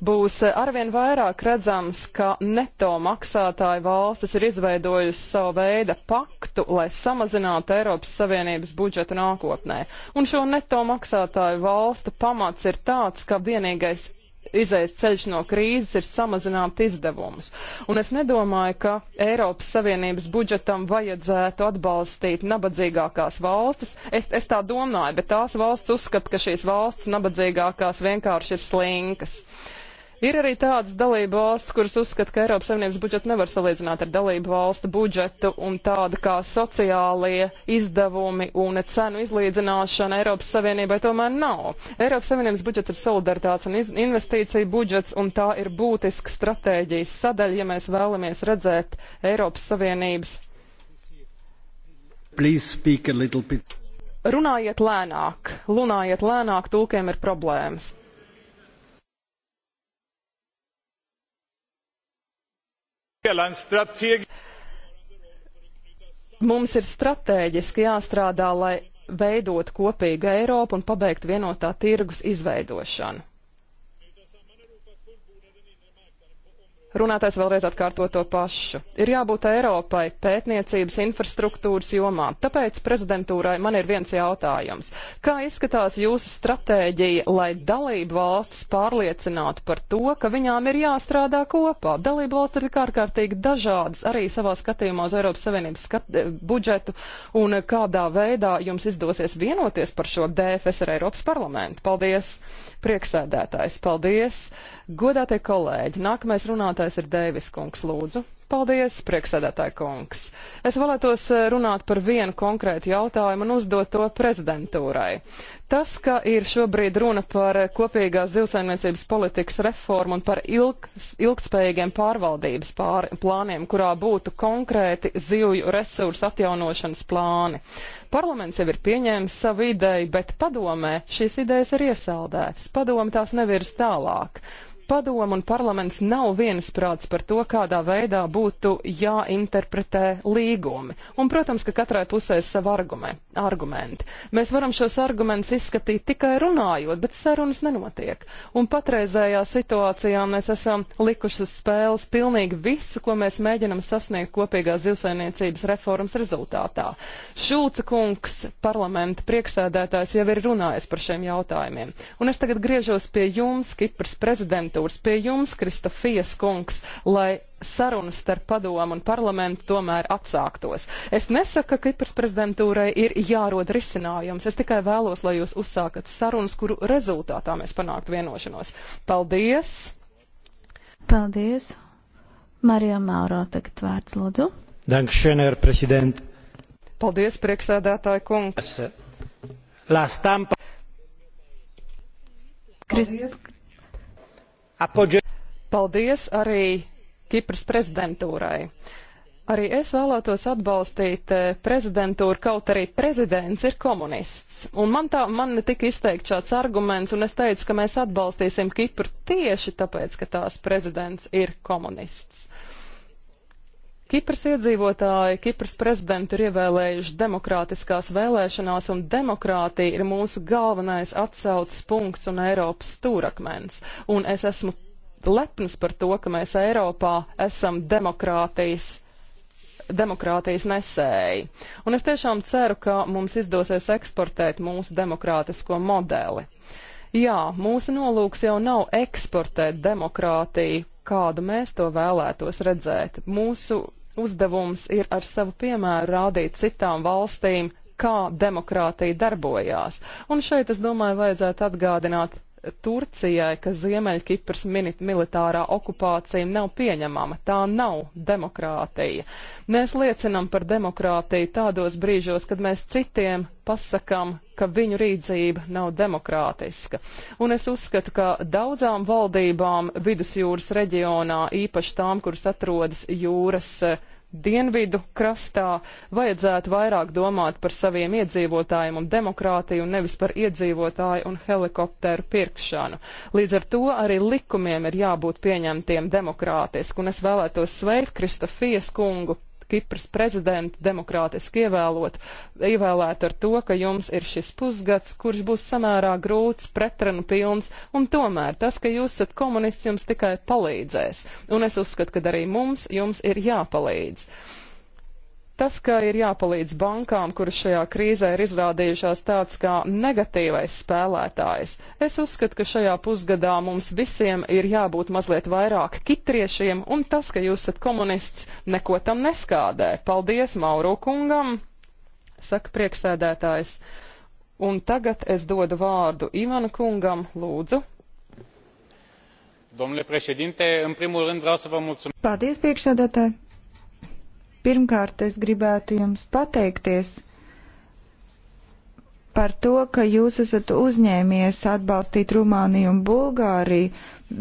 būs arvien vairāk redzams, ka neto maksātāju valstis ir izveidojusi savu veidu paktu, lai samazinātu Eiropas Savienības budžetu nākotnē. Un šo neto maksātāju valstu pamats ir tāds, ka vienīgais izējas ceļš no krīzes ir samazināt izdevumus. Un es nedomāju, ka Eiropas Savienības budžetam vajadzētu atbalstīt nabadzīgākās valstis. Es, es tā domāju, bet tās valsts uzskata, ka šīs valsts nabadzīgākās vienkārši ir slinkas. Uh, Ir arī tādas dalība valsts, kuras uzskata, ka Eiropas Savienības budžetu nevar salīdzināt ar dalību valstu budžetu, un tāda kā sociālie izdevumi un cenu izlīdzināšana Eiropas Savienībai tomēr nav. Eiropas Savienības budžets ir solidaritātes un investīcija budžets, un tā ir būtiska stratēģijas sadaļa, ja mēs vēlamies redzēt Eiropas Savienības. Runājiet lēnāk, runājiet lēnāk, tūkiem ir problēmas. spela en strategisk Mums ir strateģiski jāstrādā, lai veidot kopīgu Eiropu un pabeigt vienotā tirgus izveidošanu. Runātais vēlreiz atkārto to pašu. Ir jābūt Eiropai pētniecības infrastruktūras jomā. Tāpēc prezidentūrai man ir viens jautājums. Kā izskatās jūsu stratēģija, lai dalību valstis pārliecinātu par to, ka viņām ir jāstrādā kopā? Dalību valstis ir ārkārtīgi dažādas arī savā skatījumā uz Eiropas Savienības skat eh, budžetu un eh, kādā veidā jums izdosies vienoties par šo DFS ar Eiropas parlamentu. Paldies, prieksēdētājs. Paldies. Uh, Godātie kolēģi, nākamais runātājs ir Dēvis Kungs, lūdzu. Paldies, priekšsēdētāji kungs. Es vēlētos eh, runāt par vienu konkrētu jautājumu un uzdot to prezidentūrai. Tas, ka ir šobrīd runa par eh, kopīgās zivsaimniecības politikas reformu un par ilg, ilgspējīgiem pārvaldības pār, plāniem, kurā būtu konkrēti zivju resursu atjaunošanas plāni. Parlaments jau ir pieņēmis savu ideju, bet padomē šīs idejas ir iesaldētas. Padome tās nevirs tālāk. Padoma un parlaments nav viensprāts par to, kādā veidā būtu jāinterpretē līgumi. Un, protams, ka katrai pusē ir savi argumenti. Mēs varam šos argumentus izskatīt tikai runājot, bet sarunas nenotiek. Un patreizējā situācijā mēs esam likuši uz spēles pilnīgi visu, ko mēs mēģinam sasniegt kopīgās zivsainiecības reformas rezultātā. Šulca kungs, parlamenta priekšsēdētājs, jau ir runājis par šiem jautājumiem. Un es tagad griežos pie jums, Kipras prezidenta prezidentūras pie jums, Kristofijas kungs, lai sarunas starp padomu un parlamentu tomēr atsāktos. Es nesaku, ka Kipras prezidentūrai ir jārod risinājums. Es tikai vēlos, lai jūs uzsākat sarunas, kuru rezultātā mēs panāktu vienošanos. Paldies! Paldies! Marija Mauro, tagad vārds lūdzu. Dankšēn, er prezident. Paldies, priekšsēdētāji kungs. La stampa. Krist... Paldies. Appoģi... Paldies arī Kipras prezidentūrai. Arī es vēlētos atbalstīt eh, prezidentūru, kaut arī prezidents ir komunists. Un man tā, man tika izteikt šāds arguments, un es teicu, ka mēs atbalstīsim Kipru tieši tāpēc, ka tās prezidents ir komunists. Uh, Kipras iedzīvotāji Kipras prezidentu ir ievēlējuši demokrātiskās vēlēšanās, un demokrātija ir mūsu galvenais atsaucas punkts un Eiropas stūrakmens. Un es esmu lepns par to, ka mēs Eiropā esam demokrātijas demokrātijas nesēji. Un es tiešām ceru, ka mums izdosies eksportēt mūsu demokrātisko modeli. Jā, mūsu nolūks jau nav eksportēt demokrātiju, kādu mēs to vēlētos redzēt. Mūsu uzdevums ir ar savu piemēru rādīt citām valstīm, kā demokrātija darbojās. Un šeit, es domāju, vajadzētu atgādināt Turcijai, ka Ziemeļkipras militārā okupācija nav pieņemama. Tā nav demokrātija. Mēs liecinam par demokrātiju tādos brīžos, kad mēs citiem pasakam, ka viņu rīdzība nav demokrātiska. Un es uzskatu, ka daudzām valdībām vidusjūras reģionā, īpaši tām, kuras atrodas jūras eh, dienvidu krastā, vajadzētu vairāk domāt par saviem iedzīvotājiem un demokrātiju un nevis par iedzīvotāju un helikopteru pirkšanu. Līdz ar to arī likumiem ir jābūt pieņemtiem demokrātiski, un es vēlētos sveikt Kristofijas kungu Kipras prezidenta demokrātiski ievēlot, ievēlēt ar to, ka jums ir šis pusgads, kurš būs samērā grūts, pretrunu pilns, un tomēr tas, ka jūs esat komunists, jums tikai palīdzēs. Un es uzskatu, ka arī mums jums ir jāpalīdz. Uh, Tas, ka ir jāpalīdz bankām, kuras šajā krīzē ir izrādījušās tāds kā negatīvais spēlētājs, es uzskatu, ka šajā pusgadā mums visiem ir jābūt mazliet vairāk kitriešiem, un tas, ka jūs esat komunists, neko tam neskādē. Paldies Mauro kungam, saka priekšsēdētājs. Un tagad es dodu vārdu Ivana kungam, lūdzu. Domnule președinte, în primul rând vreau să vă mulțumesc. Paldies, priekšsēdētāji. Pirmkārt, es gribētu jums pateikties par to, ka jūs esat uzņēmies atbalstīt Rumāniju un Bulgāriju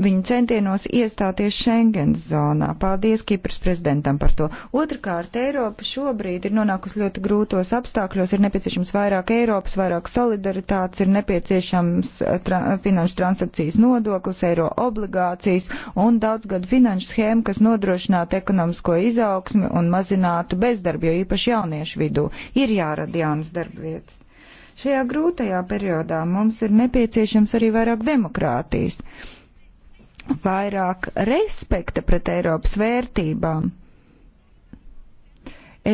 viņu centienos iestāties Schengens zonā. Paldies Kipras prezidentam par to. Otrakārt, Eiropa šobrīd ir nonākusi ļoti grūtos apstākļos, ir nepieciešams vairāk Eiropas, vairāk solidaritātes, ir nepieciešams eh, tra finanšu transakcijas nodoklis, eiro obligācijas un daudzgadu finanšu schēmu, kas nodrošinātu ekonomisko izaugsmi un mazinātu bezdarbu, jo īpaši jauniešu vidū ir jārada jaunas darba vietas. Šajā grūtajā periodā mums ir nepieciešams arī vairāk demokrātijas, vairāk respekta pret Eiropas vērtībām.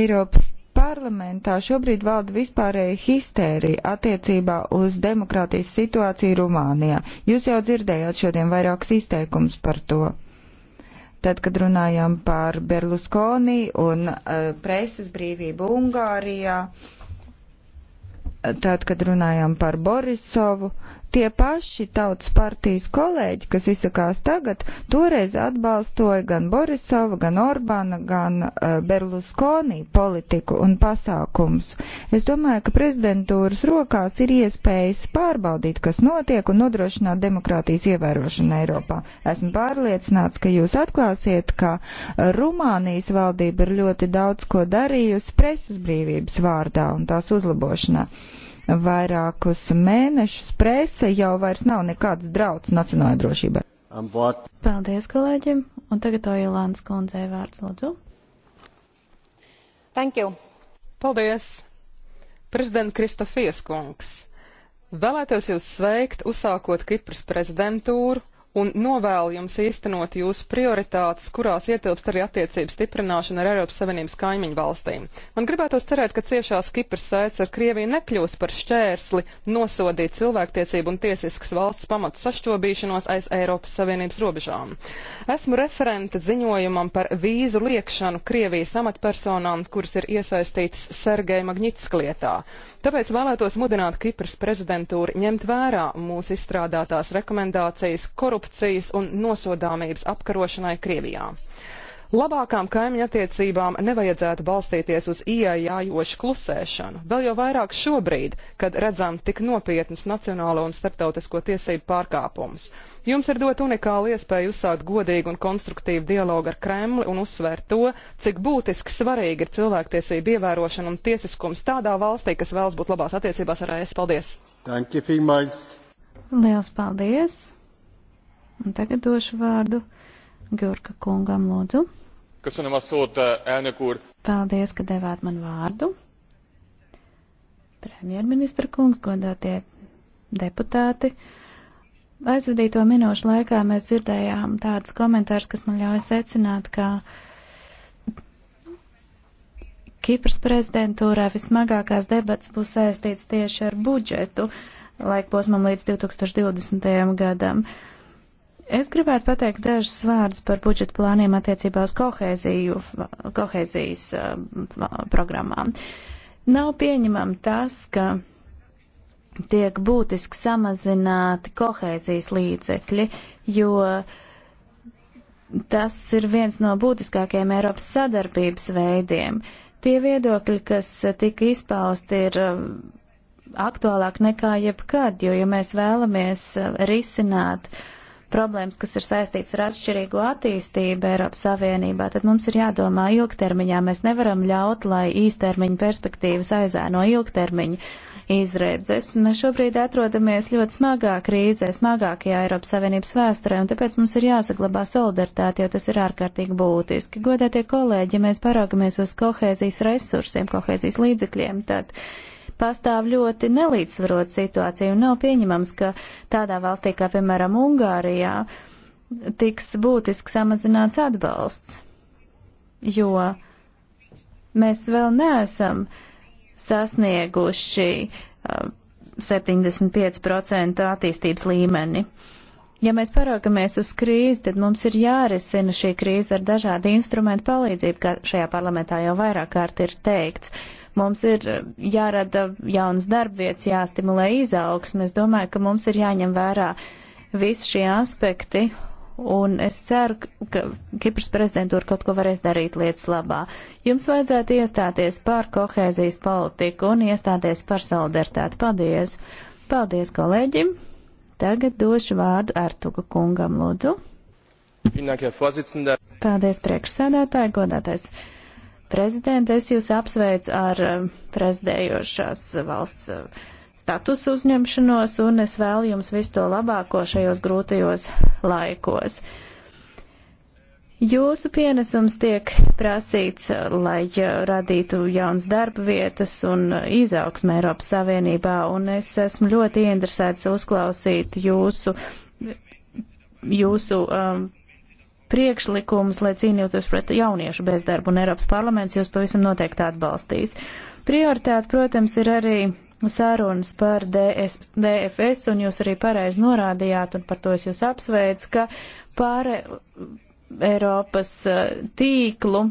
Eiropas parlamentā šobrīd valda vispārēja histērija attiecībā uz demokrātijas situāciju Rumānijā. Jūs jau dzirdējāt šodien vairākus izteikumus par to. Tad, kad runājām par Berluskoni un uh, preses brīvību Ungārijā, uh, Tad, kad runājām par Borisovu, Tie paši tautas partijas kolēģi, kas izsakās tagad, toreiz atbalstoja gan Borisova, gan Orbāna, gan uh, eh, Berluskoni politiku un pasākums. Es domāju, ka prezidentūras rokās ir iespējas pārbaudīt, kas notiek un nodrošināt demokrātijas ievērošanu Eiropā. Esmu pārliecināts, ka jūs atklāsiet, ka Rumānijas valdība ir ļoti daudz ko darījusi preses brīvības vārdā un tās uzlabošanā vairākus mēnešus prese jau vairs nav nekāds drauds nacionālajai drošībai. Paldies, kolēģim. Un tagad to Ilānas kundzei vārds lūdzu. Thank you. Paldies. Prezident Kristofijas kungs. Vēlētos jūs sveikt, uzsākot Kipras prezidentūru un novēlu jums īstenot jūsu prioritātes, kurās ietilpst arī attiecības stiprināšana ar Eiropas Savienības kaimiņu valstīm. Man gribētos cerēt, ka ciešās Kipras saites ar Krieviju nekļūs par šķērsli nosodīt cilvēktiesību un tiesiskas valsts pamatu sašķobīšanos aiz Eiropas Savienības robežām. Esmu referente ziņojumam par vīzu liekšanu Krievijas amatpersonām, kuras ir iesaistītas Sergeja Magnitska lietā. Tāpēc vēlētos mudināt Kipras prezidentūru ņemt vērā mūsu izstrādātās rekomendācijas korupcijas korupcijas un nosodāmības apkarošanai Krievijā. Labākām kaimiņu attiecībām nevajadzētu balstīties uz ieejājošu klusēšanu, vēl jau vairāk šobrīd, kad redzam tik nopietnas nacionālo un starptautisko tiesību pārkāpumus. Jums ir dot unikāla iespēja uzsākt godīgu un konstruktīvu dialogu ar Kremli un uzsvērt to, cik būtiski svarīgi ir cilvēktiesība ievērošana un tiesiskums tādā valstī, kas vēlas būt labās attiecībās ar AS. Paldies! Danke vielmals! Liels paldies! Un tagad došu vārdu Gjurka kungam lūdzu. Köszönöm a szót, elnök úr. Paldies, ka devāt man vārdu. Premjerministra kungs, godātie deputāti. Aizvadīto minūšu laikā mēs dzirdējām tādus komentārus, kas man ļauj secināt, ka Kipras prezidentūrā vismagākās debats būs saistīts tieši ar budžetu laikposmam līdz 2020. gadam. Uh, Es gribētu pateikt dažus vārdus par budžeta plāniem attiecībā uz kohēziju, kohēzijas uh, programmām. Nav pieņemam tas, ka tiek būtiski samazināti kohēzijas līdzekļi, jo tas ir viens no būtiskākajiem Eiropas sadarbības veidiem. Tie viedokļi, kas tika izpausti, ir um, aktuālāk nekā jebkad, jo, ja mēs vēlamies uh, risināt uh, problēmas, kas ir saistīts ar atšķirīgu attīstību Eiropas Savienībā, tad mums ir jādomā ilgtermiņā. Mēs nevaram ļaut, lai īstermiņa perspektīvas aizēno ilgtermiņu izredzes. Mēs šobrīd atrodamies ļoti smagā krīzē, smagākajā Eiropas Savienības vēsturē, un tāpēc mums ir jāsaglabā solidaritāte, jo tas ir ārkārtīgi būtiski. Godētie kolēģi, ja mēs paraugamies uz kohēzijas resursiem, kohēzijas līdzekļiem, tad pastāv ļoti nelīdzsvarot situācija un nav pieņemams, ka tādā valstī kā, piemēram, Ungārijā tiks būtiski samazināts atbalsts, jo mēs vēl neesam sasnieguši 75% uh, attīstības līmeni. Ja mēs paraugamies uz krīzi, tad mums ir jārisina šī krīze ar dažādu instrumentu palīdzību, kā šajā parlamentā jau vairāk kārt ir teikts. Uh, Mums ir eh, jārada jaunas darbvietas, jāstimulē izaugsme. Es domāju, ka mums ir jāņem vērā visi šie aspekti. Un es ceru, ka Kipras prezidentūra kaut ko varēs darīt lietas labā. Jums vajadzētu iestāties par kohēzijas politiku un iestāties par solidaritāti. Paldies! Paldies kolēģim! Tagad došu vārdu Artuga kungam, lūdzu. Paldies, priekšsēdētāji, godātais prezidenta, es jūs apsveicu ar eh, prezidējošās eh, valsts eh, statusu uzņemšanos un es vēlu jums visu to labāko šajos grūtajos laikos. Jūsu pienesums tiek prasīts, lai radītu jauns darba vietas un izaugsmē Eiropas Savienībā, un es esmu ļoti interesēts uzklausīt jūsu, jūsu um, priekšlikumus, lai cīnītos pret jauniešu bezdarbu, un Eiropas parlaments jūs pavisam noteikti atbalstīs. Prioritāte, protams, ir arī sarunas par DS, DFS, un jūs arī pareizi norādījāt, un par to es jūs apsveicu, ka pāre Eiropas eh, tīklu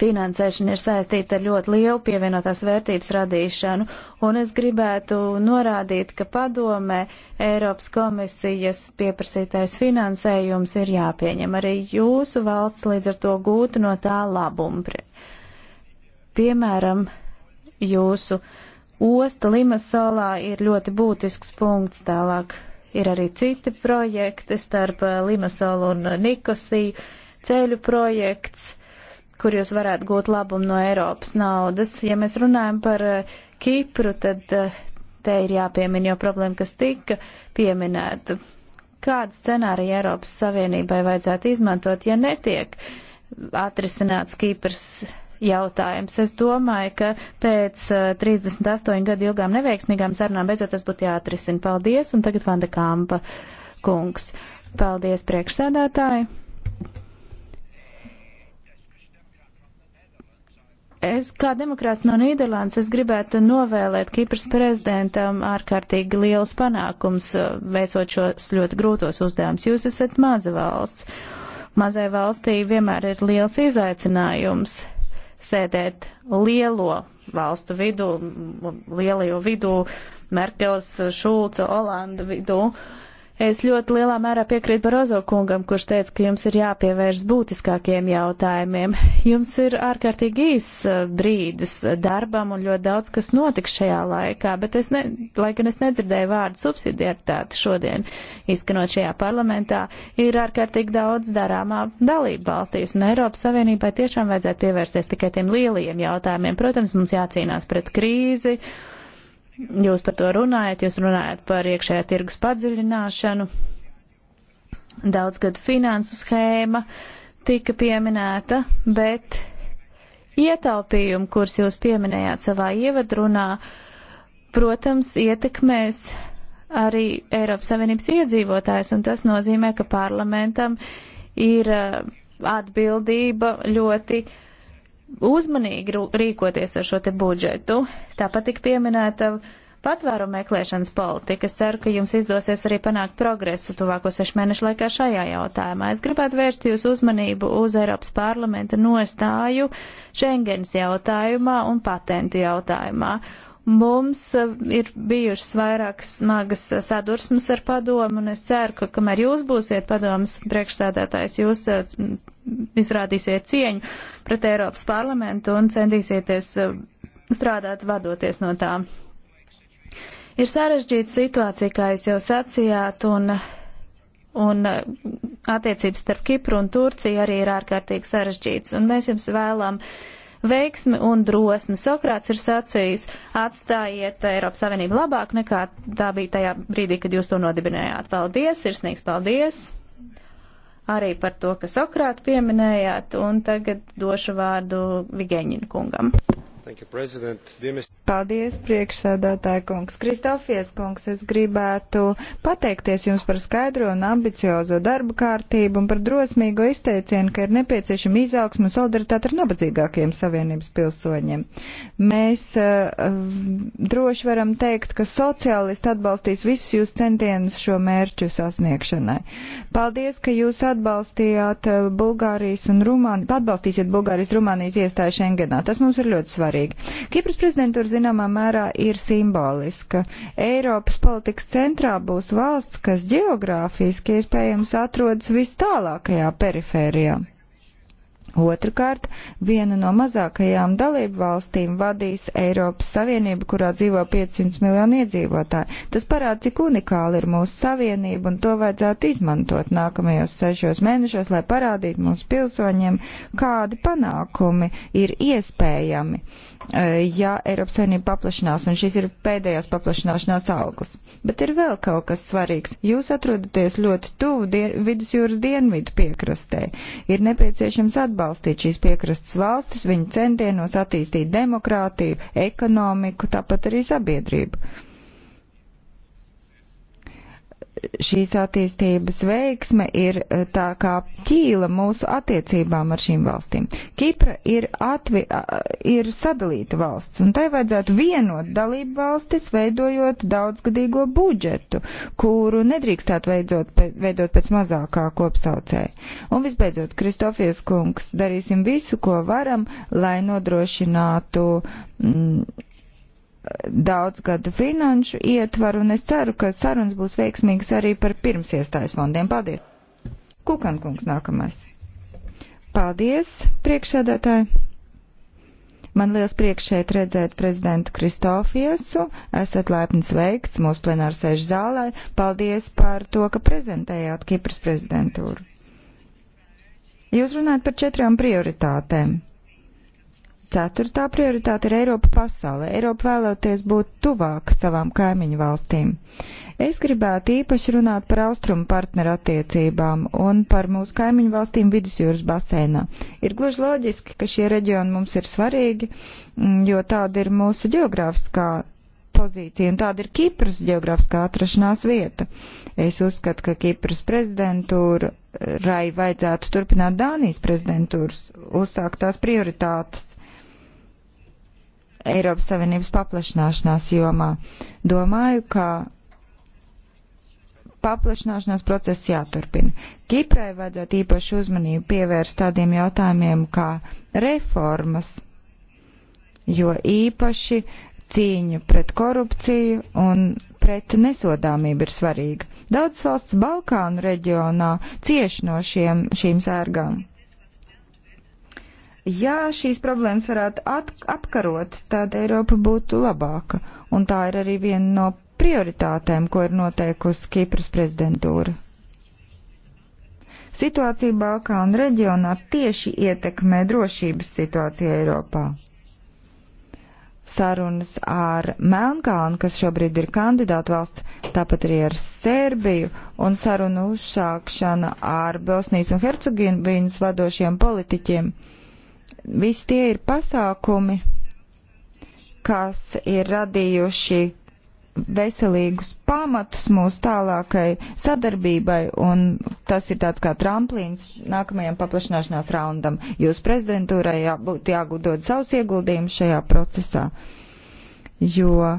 finansēšana ir saistīta ar ļoti lielu pievienotās vērtības radīšanu, un es gribētu norādīt, ka padomē Eiropas komisijas pieprasītais finansējums ir jāpieņem. Arī jūsu valsts līdz ar to gūtu no tā labumu. Piemēram, jūsu osta Limasolā ir ļoti būtisks punkts tālāk. Ir arī citi projekti starp Limasolu un Nikosiju, ceļu projekts kur jūs varētu gūt labumu no Eiropas naudas. Ja mēs runājam par eh, Kipru, tad eh, te ir jāpiemina jau problēma, kas tika pieminēta. Kādu scenāriju Eiropas Savienībai vajadzētu izmantot, ja netiek atrisināts Kipras jautājums. Es domāju, ka pēc 38 eh, gadu ilgām neveiksmīgām sarunām beidzot tas būtu jāatrisina. Paldies, un tagad Vanda Kampa kungs. Paldies, priekšsēdētāji! Es kā demokrāts no Nīderlandes, es gribētu novēlēt Kipras prezidentam ārkārtīgi liels panākums, eh, veicot šos ļoti grūtos uzdevumus. Jūs esat maza valsts. Mazai valstī vienmēr ir liels izaicinājums sēdēt lielo valstu vidū, lielajo vidū, Merkels, Šulca, Olanda vidū. Uh, Es ļoti lielā mērā piekrītu Barozo kungam, kurš teica, ka jums ir jāpievērš būtiskākiem jautājumiem. Jums ir ārkārtīgi īs eh, brīdis darbam un ļoti daudz, kas notiks šajā laikā, bet es, ne, lai gan es nedzirdēju vārdu subsidiaritāti šodien, izskanot šajā parlamentā, ir ārkārtīgi daudz darāmā dalība valstīs, un Eiropas Savienībai tiešām vajadzētu pievērsties tikai tiem lielajiem jautājumiem. Protams, mums jācīnās pret krīzi. Uh, Jūs par to runājat, jūs runājat par iekšējā tirgus padziļināšanu, daudzgadu finansu schēma tika pieminēta, bet ietaupījumi, kurus jūs pieminējāt savā ievadrunā, protams, ietekmēs arī Eiropas Savienības iedzīvotājs, un tas nozīmē, ka parlamentam ir eh, atbildība ļoti uh, uzmanīgi rīkoties ar šo te budžetu. Tāpat tik pieminēta patvērumu meklēšanas politika. Es ceru, ka jums izdosies arī panākt progresu tuvāko sešu mēnešu laikā šajā jautājumā. Es gribētu vērst jūs uzmanību uz Eiropas parlamenta nostāju Schengens jautājumā un patentu jautājumā. Mums eh, ir bijušas vairākas smagas eh, sadursmes ar padomu, un es ceru, ka kamēr jūs būsiet padomas priekšsēdētājs, jūs eh, izrādīsiet cieņu pret Eiropas parlamentu un centīsieties strādāt vadoties no tām. Ir sarežģīta situācija, kā jūs jau sacījāt, un un attiecības starp Kipru un Turciju arī ir ārkārtīgi sarežģītas. Un mēs jums vēlam veiksmi un drosmi. Sokrāts ir sacījis, atstājiet Eiropas Savienību labāk nekā tā bija tajā brīdī, kad jūs to nodibinājāt. Paldies, sirsnīgs paldies arī par to, ka Sokrātu pieminējāt, un tagad došu vārdu Vigēņina kungam. Paldies, priekšsēdētāja kungs. Kristofies kungs, es gribētu pateikties jums par skaidro un ambiciozo darbu kārtību un par drosmīgo izteicienu, ka ir nepieciešama izaugsma un solidaritāte ar nabadzīgākiem savienības pilsoņiem. Mēs uh, droši varam teikt, ka sociālisti atbalstīs visus jūs centienus šo mērķu sasniegšanai. Paldies, ka jūs atbalstījāt eh, Bulgārijas un Rumānijas, atbalstīsiet Bulgārijas un Rumānijas iestāju Schengenā. Tas mums ir ļoti svarīgi vispārīgi. Kipras prezidentūra zināmā mērā ir simboliska. Eiropas politikas centrā būs valsts, kas geogrāfiski iespējams atrodas vis tālākajā perifērijā. Otrakārt, viena no mazākajām dalību valstīm vadīs Eiropas Savienību, kurā dzīvo 500 miljoni iedzīvotāji. Tas parāda, cik unikāli ir mūsu savienība, un to vajadzētu izmantot nākamajos sešos mēnešos, lai parādītu mūsu pilsoņiem, kādi panākumi ir iespējami Eh, ja Eiropas Savienība paplašinās, un šis ir pēdējās paplašināšanās auglis. Bet ir vēl kaut kas svarīgs. Jūs atrodaties ļoti tuvu dien vidusjūras dienvidu piekrastē. Ir nepieciešams atbalstīt šīs piekrastes valstis, viņu centienos attīstīt demokrātiju, ekonomiku, tāpat arī sabiedrību šīs attīstības veiksme ir e, tā kā ķīla mūsu attiecībām ar šīm valstīm. Kipra ir, atvi, ir sadalīta valsts, un tai vajadzētu vienot dalību valstis, veidojot daudzgadīgo budžetu, kuru nedrīkstētu veidot, veidot pēc mazākā kopsaucēja. Un visbeidzot, Kristofies kungs, darīsim visu, ko varam, lai nodrošinātu. Mm, daudz gadu finanšu ietvaru, un es ceru, ka sarunas būs veiksmīgas arī par pirms iestājas fondiem. Paldies! Kukankungs nākamais. Paldies, priekšsēdētāji! Man liels prieks šeit redzēt prezidentu Kristofiesu. Esat laipni sveikts mūsu plenāru sēžu zālē. Paldies par to, ka prezentējāt Kipras prezidentūru. Jūs runājat par četrām prioritātēm Ceturtā prioritāte ir Eiropa pasaulē. Eiropa vēloties būt tuvāk savām kaimiņu valstīm. Es gribētu īpaši runāt par austrumu partneru attiecībām un par mūsu kaimiņu valstīm vidusjūras basēnā. Ir gluži loģiski, ka šie reģioni mums ir svarīgi, mm, jo tāda ir mūsu geogrāfiskā pozīcija un tāda ir Kipras geogrāfiskā atrašanās vieta. Es uzskatu, ka Kipras prezidentūra eh, rai vajadzētu turpināt Dānijas prezidentūras uzsāktās prioritātes Eiropas Savienības paplašināšanās jomā. Domāju, ka paplašināšanās process jāturpina. Kiprai vajadzētu īpašu uzmanību pievērst tādiem jautājumiem kā reformas, jo īpaši cīņa pret korupciju un pret nesodāmību ir svarīga. Daudz valsts Balkānu reģionā cieš no šiem, šīm sērgām. Ja šīs problēmas varētu apkarot, tad Eiropa būtu labāka. Un tā ir arī viena no prioritātēm, ko ir noteikusi Kipras prezidentūra. Situācija Balkānu reģionā tieši ietekmē drošības situāciju Eiropā. Sarunas ar Melnkalnu, kas šobrīd ir kandidāta valsts, tāpat arī ar Sērbiju un sarunu uzsākšana ar Bosnijas un Hercegovinas vadošiem politiķiem Visi tie ir pasākumi, kas ir radījuši veselīgus pamatus mūsu tālākai sadarbībai, un tas ir tāds kā tramplīns nākamajam paplašināšanās raundam. Jūs prezidentūrai būtu jāgūdot savus ieguldījumus šajā procesā, jo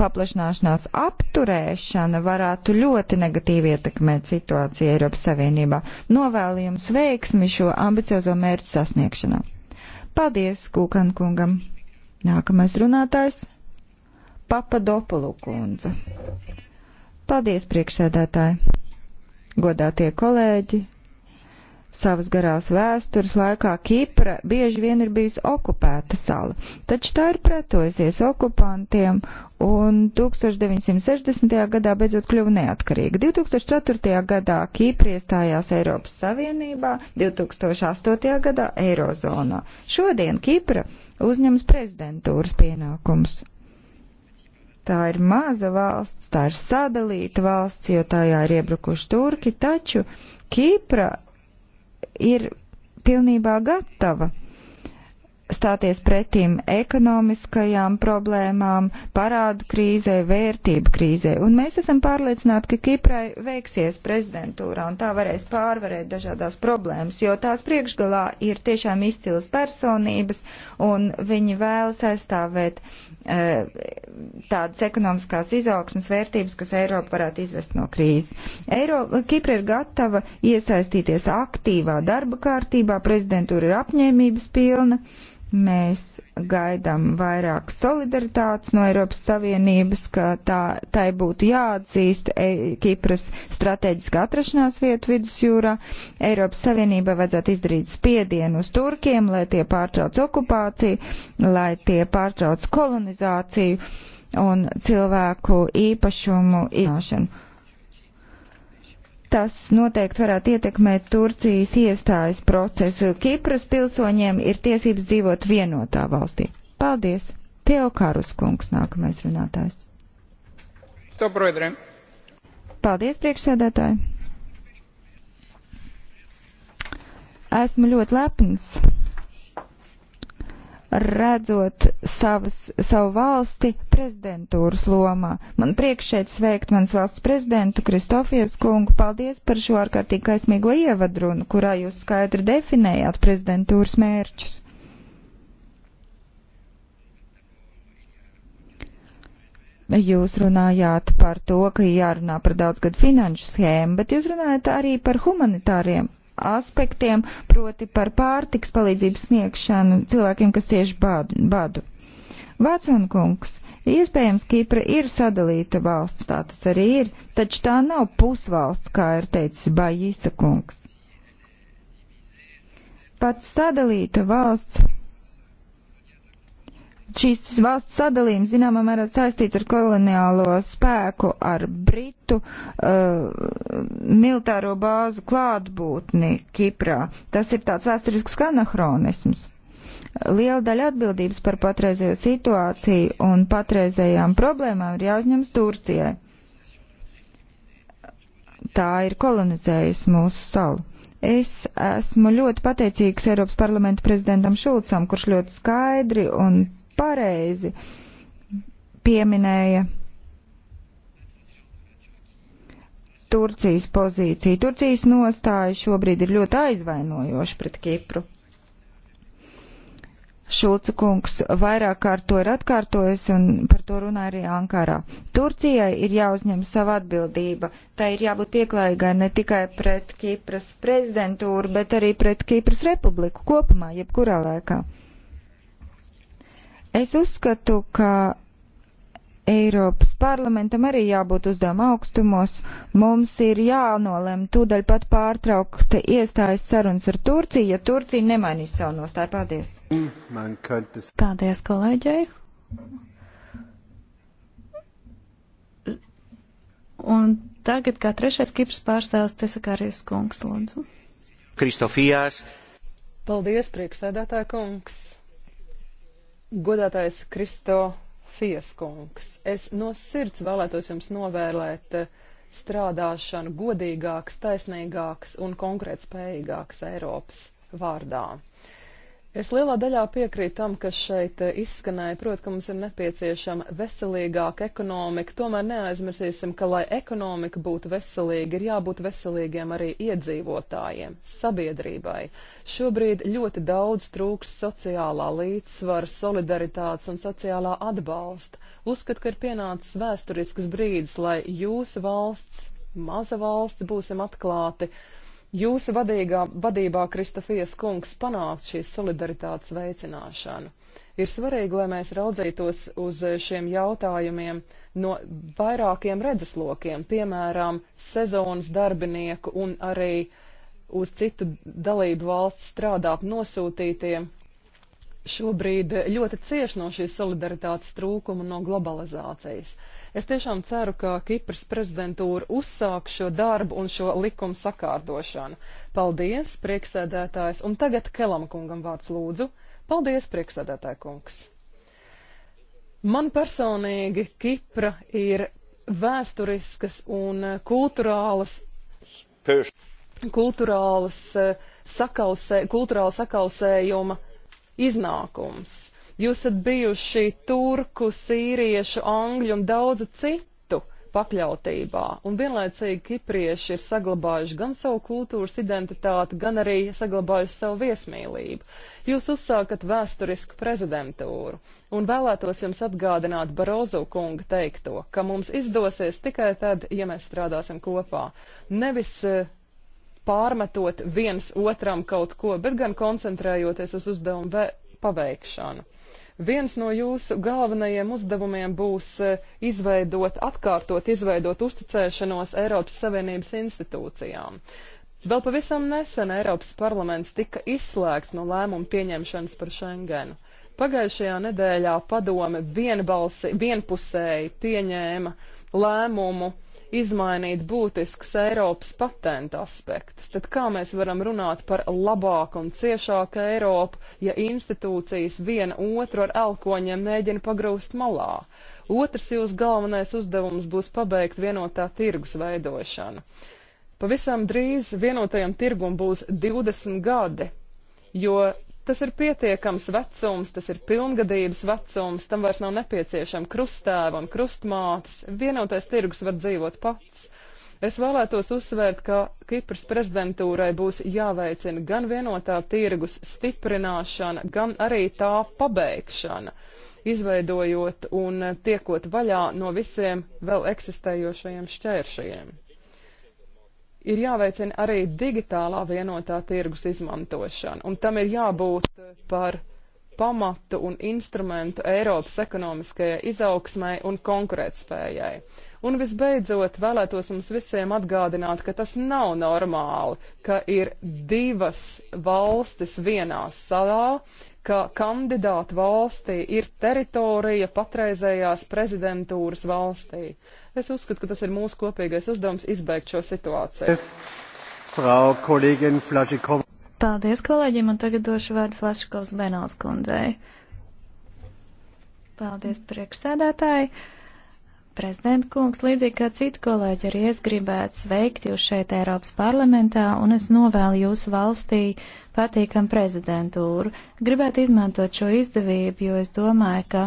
paplašināšanās apturēšana varētu ļoti negatīvi ietekmēt situāciju Eiropas Savienībā. Novēlu jums veiksmi šo ambiciozo mērķu sasniegšanā. Paldies Kūkan kungam. Nākamais runātājs - Papadopulu kundze. Paldies priekšsēdētāji, godātie kolēģi. Savas garās vēstures laikā Kipra bieži vien ir bijusi okupēta sala, taču tā ir pretojusies okupantiem un 1960. gadā beidzot kļuva neatkarīga. 2004. gadā Kīpri iestājās Eiropas Savienībā, 2008. gadā Eirozonā. Šodien Kipra uzņems prezidentūras pienākums. Tā ir maza valsts, tā ir sadalīta valsts, jo tajā ir iebrukuši turki, taču Kipra ir pilnībā gatava stāties pretīm ekonomiskajām problēmām, parādu krīzē, vērtību krīzē. Un mēs esam pārliecināti, ka Kiprai veiksies prezidentūrā un tā varēs pārvarēt dažādās problēmas, jo tās priekšgalā ir tiešām izcils personības un viņi vēlas aizstāvēt e, tādas ekonomiskās izaugsmas vērtības, kas Eiropa varētu izvest no krīzes. Eiro, Kipra ir gatava iesaistīties aktīvā darba kārtībā, prezidentūra ir apņēmības pilna. Mēs gaidām vairāk solidaritātes no Eiropas Savienības, ka tā, tai būtu jāatzīst e Kipras strateģiska atrašanās vieta vidusjūrā. Eiropas Savienībai vajadzētu izdarīt spiedienu uz Turkiem, lai tie pārtrauc okupāciju, lai tie pārtrauc kolonizāciju un cilvēku īpašumu iznāšanu tas noteikti varētu ietekmēt Turcijas iestājas procesu. Kipras pilsoņiem ir tiesības dzīvot vienotā valstī. Paldies! Teokārus kungs nākamais runātājs. To, broidre. Paldies, priekšsēdētāji! Esmu ļoti lepns redzot savas, savu valsti prezidentūras lomā. Man prieks šeit sveikt mans valsts prezidentu Kristofijas kungu. Paldies par šo ārkārtīgi kaismīgo ievadrunu, kurā jūs skaidri definējāt prezidentūras mērķus. Jūs runājāt par to, ka jārunā par daudzgad finanšu schēmu, bet jūs runājat arī par humanitāriem aspektiem, proti par pārtiks palīdzības sniegšanu cilvēkiem, kas cieši badu. badu. Vatsonkungs, iespējams, Kipra ir sadalīta valsts, tā tas arī ir, taču tā nav pusvalsts, kā ir teicis Bajisa kungs. Pat sadalīta valsts šīs valsts sadalījums zināmā mērā saistīts ar koloniālo spēku, ar britu uh, militāro bāzu klātbūtni Kiprā. Tas ir tāds vēsturisks anahronisms. Liela daļa atbildības par patreizējo situāciju un patreizējām problēmām ir jāuzņems Turcijai. Tā ir kolonizējusi mūsu salu. Es esmu ļoti pateicīgs Eiropas parlamenta prezidentam Šulcam, kurš ļoti skaidri un pareizi pieminēja Turcijas pozīciju. Turcijas nostāja šobrīd ir ļoti aizvainojoša pret Kipru. Šulca kungs vairāk kārt to ir atkārtojis un par to runā arī Ankarā. Turcijai ir jāuzņem sava atbildība. Tā ir jābūt pieklājīgai ne tikai pret Kipras prezidentūru, bet arī pret Kipras republiku kopumā, jebkurā laikā. Es uzskatu, ka Eiropas parlamentam arī jābūt uzdevuma augstumos. Mums ir jānolem tūdaļ pat pārtraukt iestājas sarunas ar Turciju, ja Turcija nemainīs savu nostāju. Paldies! Paldies kolēģei! Un tagad kā trešais Kipras pārstāvis Tesakārijas kungs, lūdzu. Kristofijas. Paldies, priekšsēdētāja kungs. Godātais Kristo Fieskungs, es no sirds vēlētos jums novēlēt eh, strādāšanu godīgāks, taisnīgāks un konkrētspējīgāks Eiropas vārdā. Es lielā daļā piekrītu tam, kas šeit eh, izskanēja, proti, ka mums ir nepieciešama veselīgāka ekonomika. Tomēr neaizmirsīsim, ka, lai ekonomika būtu veselīga, ir jābūt veselīgiem arī iedzīvotājiem, sabiedrībai. Šobrīd ļoti daudz trūks sociālā līdzsvara, solidaritātes un sociālā atbalsta. Uzskat, ka ir pienācis vēsturisks brīdis, lai jūsu valsts, maza valsts, būsim atklāti Jūsu vadīgā, vadībā, Kristofijas kungs, panākt šīs solidaritātes veicināšanu. Ir svarīgi, lai mēs raudzītos uz šiem jautājumiem no vairākiem redzeslokiem, piemēram, sezonas darbinieku un arī uz citu dalību valsts strādāt nosūtītiem šobrīd ļoti cieš no šīs solidaritātes trūkuma, no globalizācijas. Es tiešām ceru, ka Kipras prezidentūra uzsāks šo darbu un šo likumu sakārdošanu. Paldies, prieksēdētājs, un tagad Kelam kungam vārds lūdzu. Paldies, prieksēdētāja kungs. Man personīgi Kipra ir vēsturiskas un kulturālas, kulturālas eh, sakausē, kulturāla sakausējuma iznākums. Jūs esat bijuši turku, sīriešu, angļu un daudzu citu pakļautībā, un vienlaicīgi kiprieši ir saglabājuši gan savu kultūras identitāti, gan arī saglabājuši savu viesmīlību. Jūs uzsākat vēsturisku prezidentūru, un vēlētos jums atgādināt Barozu kunga teikto, ka mums izdosies tikai tad, ja mēs strādāsim kopā. Nevis eh, pārmetot viens otram kaut ko, bet gan koncentrējoties uz uzdevumu paveikšanu. Viens no jūsu galvenajiem uzdevumiem būs e, izveidot, atkārtot, izveidot uzticēšanos Eiropas Savienības institūcijām. Vēl pavisam nesen Eiropas parlaments tika izslēgts no lēmumu pieņemšanas par Schengenu. Pagājušajā nedēļā padome vienbalsi, vienpusēji pieņēma lēmumu izmainīt būtiskus Eiropas patentu aspektus, tad kā mēs varam runāt par labāku un ciešāku Eiropu, ja institūcijas viena otru ar elkoņiem mēģina pagrūst malā? Otrs jūsu galvenais uzdevums būs pabeigt vienotā tirgus veidošanu. Pavisam drīz vienotajam tirgum būs 20 gadi, jo Tas ir pietiekams vecums, tas ir pilngadības vecums, tam vairs nav nepieciešama krustēva un krustmātes. Vienotais tirgus var dzīvot pats. Es vēlētos uzsvērt, ka Kipras prezidentūrai būs jāveicina gan vienotā tirgus stiprināšana, gan arī tā pabeigšana, izveidojot un tiekot vaļā no visiem vēl eksistējošajiem šķēršiem ir jāveicina arī digitālā vienotā tirgus izmantošana, un tam ir jābūt eh, par pamatu un instrumentu Eiropas ekonomiskajai izaugsmai un konkurētspējai. Un visbeidzot, vēlētos mums visiem atgādināt, ka tas nav normāli, ka ir divas valstis vienā salā, ka kandidāta valstī ir teritorija patreizējās prezidentūras valstī. Es uzskatu, ka tas ir mūsu kopīgais uzdevums izbeigt šo situāciju. Frau kolēģin Flašikov. Paldies, kolēģi, man tagad došu vārdu Flašikovs Benovs kundzei. Paldies, priekšsēdētāji. Uh, Prezidenta kungs, līdzīgi kā citi kolēģi, arī es gribētu sveikt jūs šeit Eiropas parlamentā un es novēlu jūsu valstī patīkam prezidentūru. Gribētu izmantot šo izdevību, jo es domāju, ka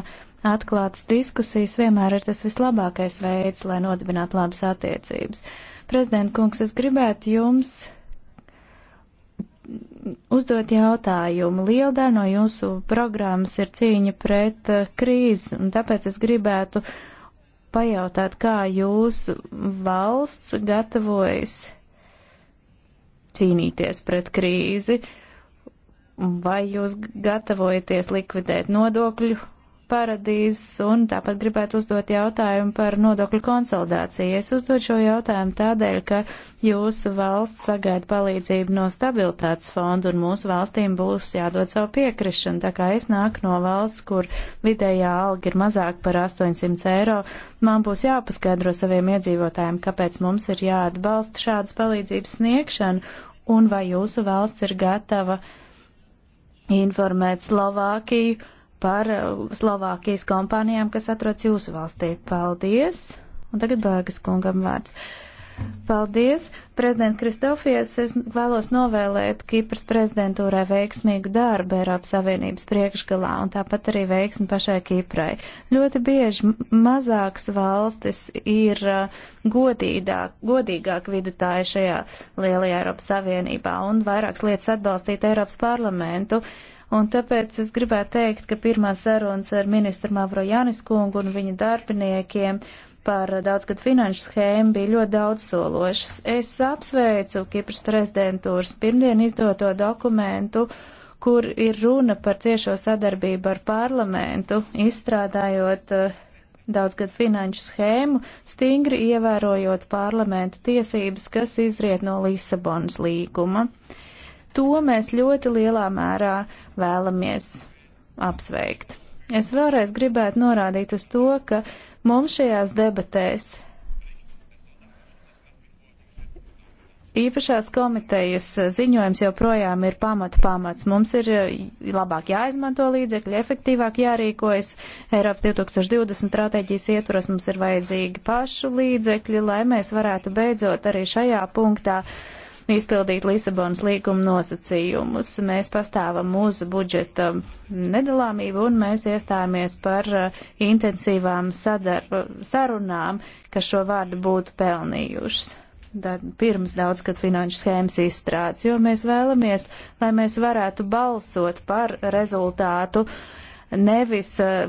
atklātas diskusijas vienmēr ir tas vislabākais veids, lai nodibinātu labas attiecības. Prezidenta kungs, es gribētu jums uzdot jautājumu. Liela daļa no jūsu programmas ir cīņa pret eh, krīzi, un tāpēc es gribētu pajautāt, kā jūsu valsts gatavojas cīnīties pret krīzi, vai jūs gatavojaties likvidēt nodokļu paradīzes, un tāpat gribētu uzdot jautājumu par nodokļu konsolidāciju. Es uzdot šo jautājumu tādēļ, ka jūsu valsts sagaida palīdzību no stabilitātes fonda, un mūsu valstīm būs jādod savu piekrišanu. Tā kā es nāku no valsts, kur vidējā alga ir mazāk par 800 eiro, man būs jāpaskaidro saviem iedzīvotājiem, kāpēc mums ir jāatbalsta šādas palīdzības sniegšanu, un vai jūsu valsts ir gatava informēt Slovākiju, par uh, Slovākijas kompānijām, kas atrodas jūsu valstī. Paldies! Un tagad Bēgas kungam vārds. Paldies! Prezident Kristofies, es vēlos novēlēt Kipras prezidentūrai veiksmīgu darbu Eiropas Savienības priekšgalā un tāpat arī veiksmi pašai Kiprai. Ļoti bieži mazāks valstis ir uh, godīdāk, godīgāk vidutāji šajā lielajā Eiropas Savienībā un vairākas lietas atbalstīt Eiropas parlamentu. Uh, Un tāpēc es gribētu teikt, ka pirmā sarunas ar ministru Mavro Janis kungu un viņa darbiniekiem par daudzgad finanšu schēmu bija ļoti daudzsološas. Es apsveicu Kipras prezidentūras pirmdien izdoto dokumentu, kur ir runa par ciešo sadarbību ar parlamentu, izstrādājot eh, daudzgad finanšu schēmu, stingri ievērojot parlamenta tiesības, kas izriet no Lisabonas līguma. Uh, To mēs ļoti lielā mērā vēlamies apsveikt. Es vēlreiz gribētu norādīt uz to, ka mums šajās debatēs īpašās komitejas ziņojums joprojām ir pamata pamats. Mums ir eh, labāk jāizmanto līdzekļi, efektīvāk jārīkojas. Eiropas 2020 stratēģijas ietvaros mums ir vajadzīgi pašu līdzekļi, lai mēs varētu beidzot arī šajā punktā uh, izpildīt Lisabonas līguma nosacījumus. Mēs pastāvam uz budžeta nedalāmību un mēs iestājāmies par uh, intensīvām sadarba, sarunām, kas šo vārdu būtu pelnījušas. Tad pirms daudz, kad finanšu schēmas izstrādes, jo mēs vēlamies, lai mēs varētu balsot par rezultātu, nevis uh,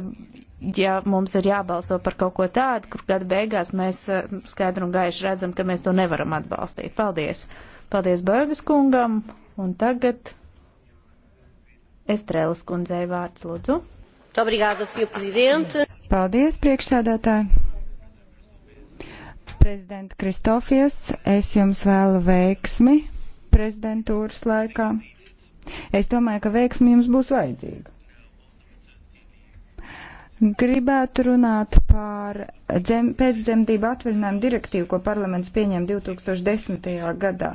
ja mums ir jābalso par kaut ko tādu, kur gada beigās mēs uh, skaidru un gaišu redzam, ka mēs to nevaram atbalstīt. Paldies! Paldies Bērgas kungam, un tagad Estrēlas kundzei vārds lūdzu. Obrigada, Sr. Presidente. Paldies, priekšsēdētāji. Prezidenta Kristofies, es jums vēlu veiksmi prezidentūras laikā. Es domāju, ka veiksmi jums būs vajadzīga. Gribētu runāt par dzem, pēcdzemdību atvaļinājumu direktīvu, ko parlaments pieņēma 2010. gadā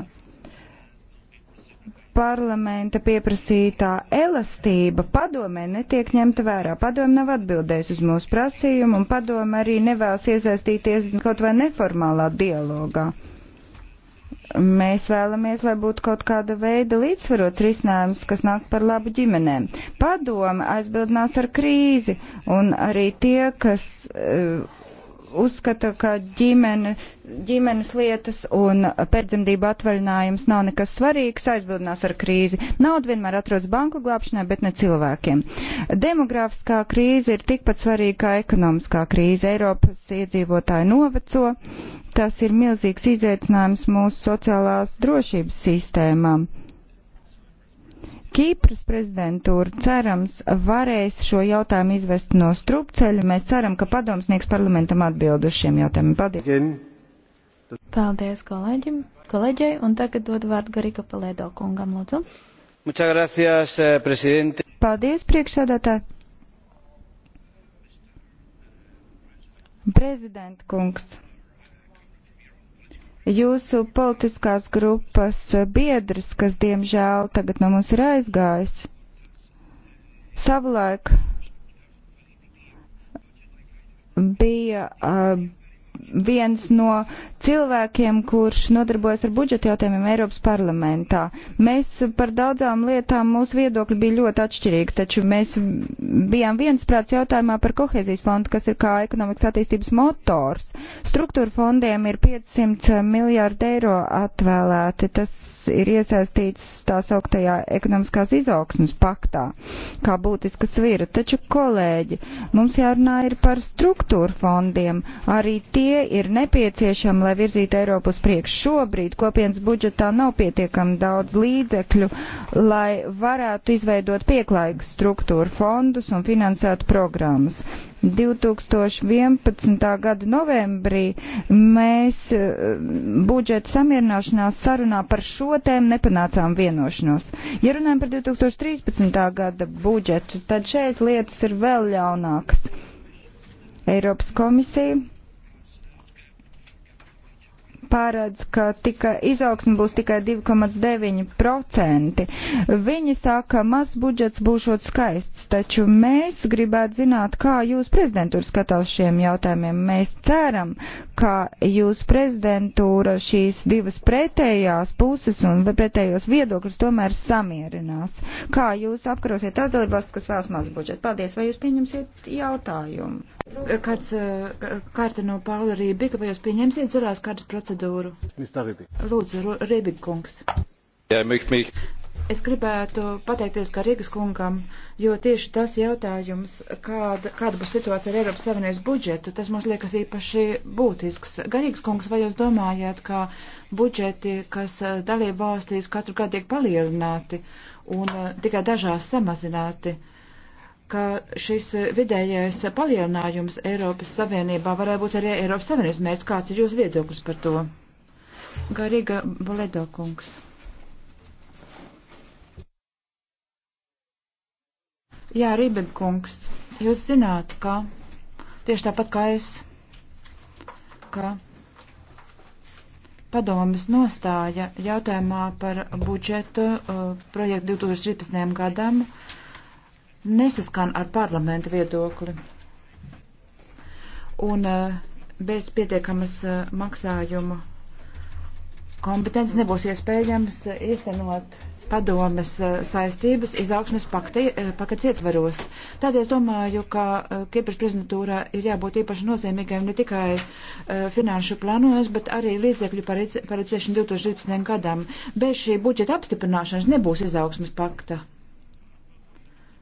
parlamenta pieprasītā elastība padomē netiek ņemta vērā. Padome nav atbildējusi uz mūsu prasījumu, un padome arī nevēlas iesaistīties kaut vai neformālā dialogā. Mēs vēlamies, lai būtu kaut kāda veida līdzsvarots risinājums, kas nāk par labu ģimenēm. Padome aizbildinās ar krīzi, un arī tie, kas uh, uzskata, ka ģimene, ģimenes lietas un pēcdzemdību atvaļinājums nav nekas svarīgs, aizbildinās ar krīzi. Nauda vienmēr atrodas banku glābšanai, bet ne cilvēkiem. Demogrāfiskā krīze ir tikpat svarīga kā ekonomiskā krīze. Eiropas iedzīvotāji noveco. Tas ir milzīgs izaicinājums mūsu sociālās drošības sistēmām Kīpras prezidentūra cerams varēs šo jautājumu izvest no strupceļa. Mēs ceram, ka padoms sniegs parlamentam atbildu uz šiem jautājumiem. Paldies! Paldies kolēģim, kolēģei, un tagad dod vārdu Garika Palēdo kungam, lūdzu. Muchas gracias, eh, presidente. Paldies, priekšsēdētāji. Prezidenta kungs jūsu politiskās grupas biedrs, kas diemžēl tagad no mums ir aizgājis, savulaik bija uh, viens no cilvēkiem, kurš nodarbojas ar budžeta jautājumiem Eiropas parlamentā. Mēs par daudzām lietām mūsu viedokļi bija ļoti atšķirīgi, taču mēs bijām viensprāts jautājumā par kohēzijas fondu, kas ir kā ekonomikas attīstības motors. Struktūra fondiem ir 500 miljārdi eiro atvēlēti. Tas ir iesaistīts tā sauktajā ekonomiskās izaugsmas paktā, kā būtiska svira. Taču, kolēģi, mums jārunā ir par struktūra fondiem. Arī tie ir nepieciešami, lai virzītu Eiropu uz priekšu. Šobrīd kopienas budžetā nav pietiekami daudz līdzekļu, lai varētu izveidot pieklājīgus struktūra fondus un finansētu programmas. 2011. gada novembrī mēs eh, budžeta samierināšanās sarunā par šo tēmu nepanācām vienošanos. Ja runājam par 2013. gada budžetu, tad šeit lietas ir vēl ļaunākas. Eiropas komisija pārēdz, ka tika izaugsme būs tikai 2,9%. Viņi saka, ka maz budžets būšot skaists, taču mēs gribētu zināt, kā jūs prezidentūra skatās šiem jautājumiem. Mēs ceram, ka jūs prezidentūra šīs divas pretējās puses un pretējos viedokļus tomēr samierinās. Kā jūs apkarosiet tās dalībvalstis, kas vēlas maz budžetu? Paldies, vai jūs pieņemsiet jautājumu? Kāds, eh, kārta no Paula Rībika, vai jūs pieņemsiet zilās kārtas procedūru? procedūru. Lūdzu, Rībīgkungs. Es gribētu pateikties kā Rīgas kungam, jo tieši tas jautājums, kāda, kāda būs situācija ar Eiropas Savienības budžetu, tas mums liekas īpaši būtisks. Garīgs kungs, vai jūs domājat, ka budžeti, kas eh, dalību valstīs katru gadu tiek palielināti un eh, tikai dažās samazināti, uh, ka šis vidējais palielinājums Eiropas Savienībā varētu būt arī Eiropas Savienības mērķis. Kāds ir jūsu viedoklis par to? Garīga Boledo kungs. Jā, Rībed kungs, jūs zināt, ka tieši tāpat kā es, ka padomas nostāja jautājumā par budžetu uh, projektu 2013. gadam. Uh, nesaskan ar parlamenta viedokli. Un eh, bez pietiekamas eh, maksājuma kompetences nebūs iespējams eh, īstenot padomes saistības izaugsmes pakets ietvaros. Tādēļ es domāju, ka Kipras prezidentūrā ir jābūt īpaši nozīmīgiem ne tikai uh, finanšu plānojas, bet arī līdzekļu paredzēšanu 2012. gadam. Bez šī budžeta apstiprināšanas nebūs izaugsmes pakta.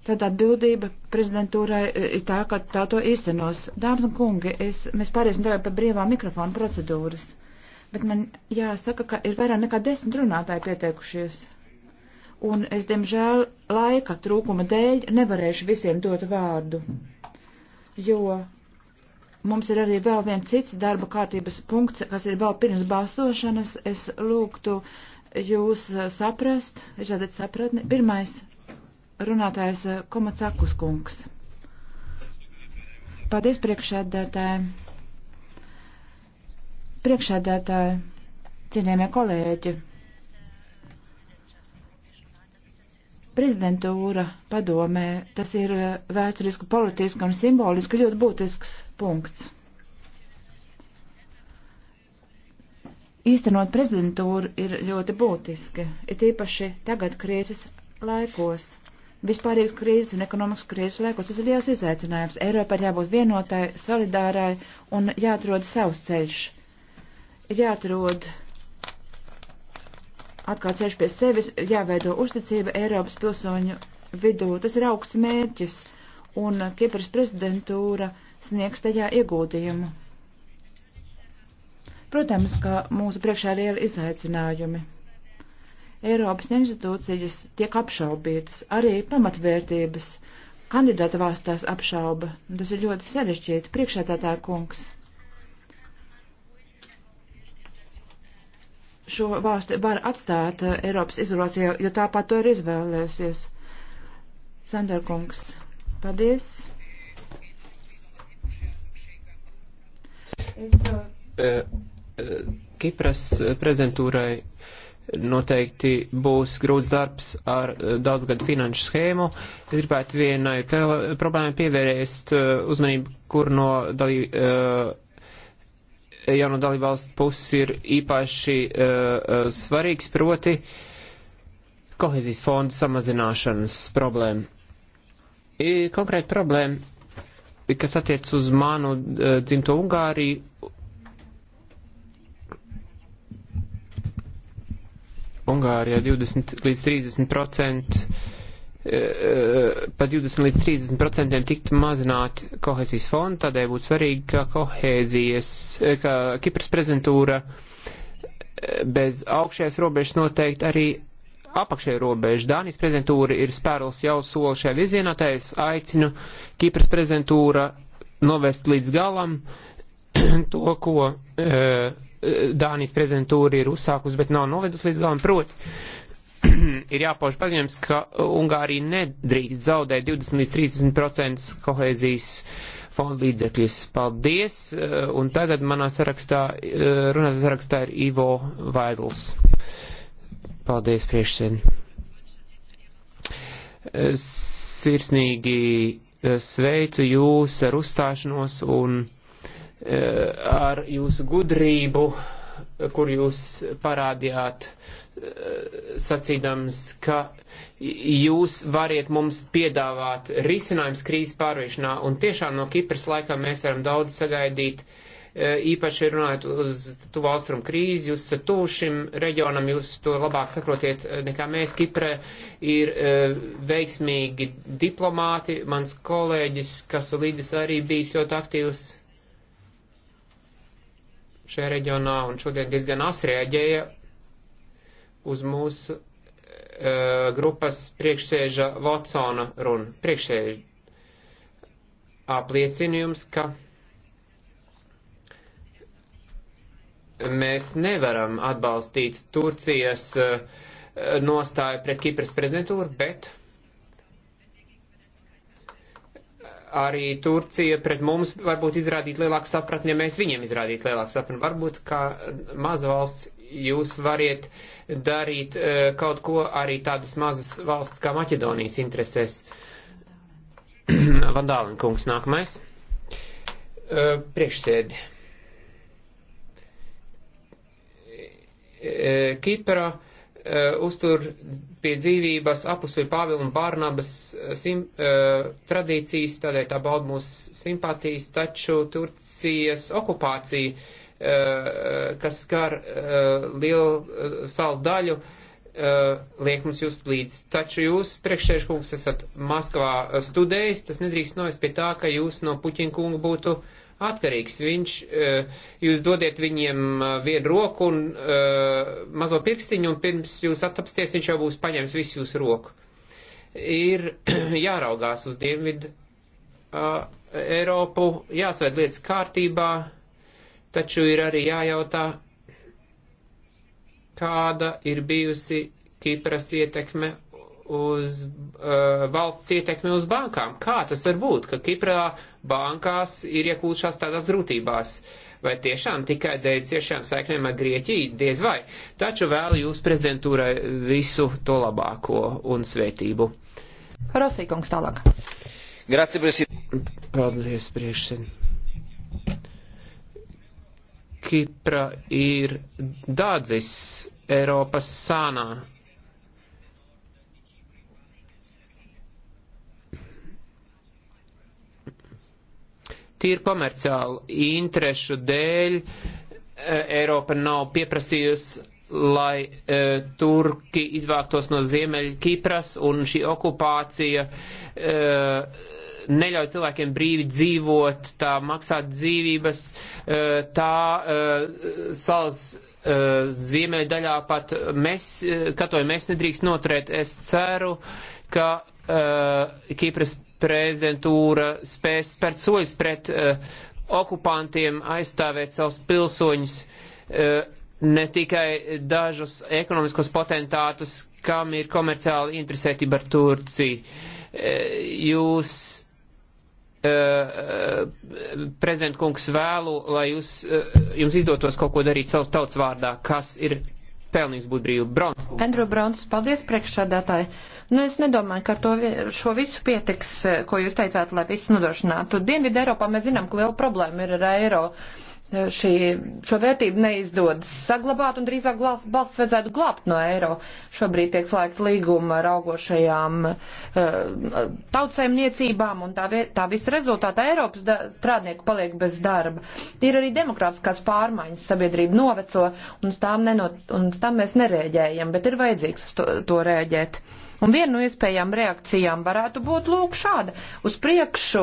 Tad atbildība prezidentūrai e, ir tā, ka tā to īstenos. Dāmas un kungi, es, mēs pāriesim tagad par brīvā mikrofona procedūras. Bet man jāsaka, ka ir vairāk nekā desmit runātāji pieteikušies. Un es, diemžēl, laika trūkuma dēļ nevarēšu visiem dot vārdu. Jo mums ir arī vēl viens cits darba kārtības punkts, kas ir vēl pirms balsošanas. Es lūgtu jūs e, saprast, es atvedu sapratni. Pirmais runātājs eh, Komacakus kungs. Paldies priekšēdētāji. Priekšēdētāji, cienījamie kolēģi. Prezidentūra padomē, tas ir eh, vēsturiski, politiski un simboliski ļoti būtisks punkts. Īstenot prezidentūru ir ļoti būtiski, ir tīpaši tagad krīzes laikos vispārīgas krīzes un ekonomikas krīzes laikos. Tas ir liels izaicinājums. Eiropai jābūt vienotai, solidārai un jāatrod savs ceļš. Ir jāatrod atkal ceļš pie sevis, jāveido uzticība Eiropas pilsoņu vidū. Tas ir augsts mērķis, un Kipras prezidentūra sniegs tajā ieguldījumu. Protams, ka mūsu priekšā ir liela izaicinājumi. Eiropas institūcijas tiek apšaubītas, arī pamatvērtības. Kandidāta valsts tās apšauba. Tas ir ļoti sarežģīti. Priekšētātā kungs. Šo valsti var atstāt eh, Eiropas izolācijā, jo tāpat to ir izvēlējusies. Sandarkungs, paldies. Es, uh... Kipras prezidentūrai noteikti būs grūts darbs ar eh, daudzgadu finanšu schēmu. Es gribētu vienai problēmai pievērst eh, uzmanību, kur no dalību. Eh, jauno dalībvalstu puses ir īpaši uh, svarīgs, proti kohezijas fondu samazināšanas problēma. Konkrēta problēma, kas attiec uz manu uh, dzimto Ungāriju, Ungārijā 20 līdz 30 procenti e, e, pa 20 līdz 30 procentiem tiktu mazināt kohēzijas fondu, tādēļ būtu svarīgi, ka kohēzijas, e, ka Kipras prezentūra bez augšējās robežas noteikti arī apakšēju robežu. Dānijas prezentūra ir spērls jau soli šajā virzienā, tā es aicinu Kipras prezentūra novest līdz galam [CLEARS THROAT] to, ko. E, Dānijas prezidentūra ir uzsākusi, bet nav novedus līdz galam. Proti, [CLEARS THROAT] ir jāpauž paziņojums, ka Ungārija nedrīkst zaudēt 20 līdz 30% kohēzijas fonda līdzekļus. Paldies! Eh, un tagad manā sarakstā, eh, runātā sarakstā ir Ivo Vaidls. Paldies, priekšsēdē. Eh, sirsnīgi sveicu jūs ar uzstāšanos un Eh, ar jūsu gudrību, kur jūs parādījāt, eh, sacīdams, ka jūs variet mums piedāvāt risinājums krīzes pārvēršanā, un tiešām no Kipras laikam mēs varam daudz sagaidīt, eh, īpaši runājot uz tuvu austrumu krīzi, jūs esat tuvu šim reģionam, jūs to labāk saprotiet nekā mēs. Kipra ir veiksmīgi diplomāti, mans kolēģis Kasulīdis arī bijis ļoti aktīvs šajā reģionā un šodien diezgan asrēģēja uz mūsu e, grupas priekšsēža Watsona runu. Priekšsēža apliecinu jums, ka mēs nevaram atbalstīt Turcijas e, nostāju pret Kipras prezidentūru, bet arī Turcija pret mums varbūt izrādīt lielāku sapratni, ja mēs viņiem izrādītu lielāku sapratni. Varbūt kā maza valsts jūs variet darīt eh, kaut ko arī tādas mazas valsts kā Maķedonijas interesēs. [CLEARS THROAT] Vandālin kungs nākamais. Eh, priekšsēdi. Eh, Kipra Uh, uztur pie dzīvības apusturi Pāvila un Bārnabas uh, sim, uh, tradīcijas, tādēļ tā bauda mūsu simpātijas, taču Turcijas okupācija, uh, kas skar uh, lielu uh, salas daļu, uh, liek mums just līdz. Taču jūs, priekšsēžkungs, esat Maskavā studējis, tas nedrīkst novest pie tā, ka jūs no Puķinkunga būtu uh, atkarīgs. Viņš, eh, jūs dodiet viņiem eh, vienu roku un eh, mazo pirkstiņu, un pirms jūs atapsties, viņš jau būs paņēmis visu jūsu roku. Ir [CLEARS THROAT] jāraugās uz Dienvidu Eiropu, jāsvērt lietas kārtībā, taču ir arī jājautā, kāda ir bijusi Kipras ietekme uz uh, valsts ietekmi uz bankām. Kā tas var būt, ka Kiprā bankās ir iekūšās tādās grūtībās? Vai tiešām tikai dēļ ciešām saiknēm ar Grieķiju? Diez vai. Taču vēlu jūs prezidentūrai visu to labāko un svētību. Rosīkungs tālāk. Grazie, prezident. Paldies, priekšsēdētāj. Kipra ir dādzis Eiropas sānā tīri komerciālu interešu dēļ e, Eiropa nav pieprasījusi, lai e, Turki izvāktos no Ziemeļa Kipras un šī okupācija e, neļauj cilvēkiem brīvi dzīvot, tā maksāt dzīvības, e, tā e, salas e, ziemeļdaļā pat mēs, e, katoju, mēs nedrīkst noturēt. Es ceru, ka e, Kipras prezidentūra spēs spērt soļus pret uh, okupantiem, aizstāvēt savus pilsoņus, uh, ne tikai dažus ekonomiskos potentātus, kam ir komerciāli interesētība ar Turciju. Uh, jūs, prezidentkungs, vēlu, lai jūs, jums izdotos kaut ko darīt savas tautas vārdā, kas ir pelnījis būt brīvu. Brons. Andrew Brons, paldies priekšsādātāji. Nu, es nedomāju, ka ar to šo visu pietiks, eh, ko jūs teicāt, lai visu nodrošinātu. Dienvidu Eiropā mēs zinām, ka liela problēma ir ar eiro. Eh, šī, šo vērtību neizdodas saglabāt un drīzāk balsts vajadzētu glābt no eiro. Šobrīd tiek slēgt līguma ar augošajām uh, tautsēmniecībām un tā, tā visa rezultātā Eiropas da, strādnieku paliek bez darba. Ir arī demokrātiskās pārmaiņas, sabiedrība noveco un uz tām, nenot, un uz tām mēs nereaģējam, bet ir vajadzīgs uz to, to rēģēt. Uh, Un viena no iespējām reakcijām varētu būt lūk šāda. Uz priekšu,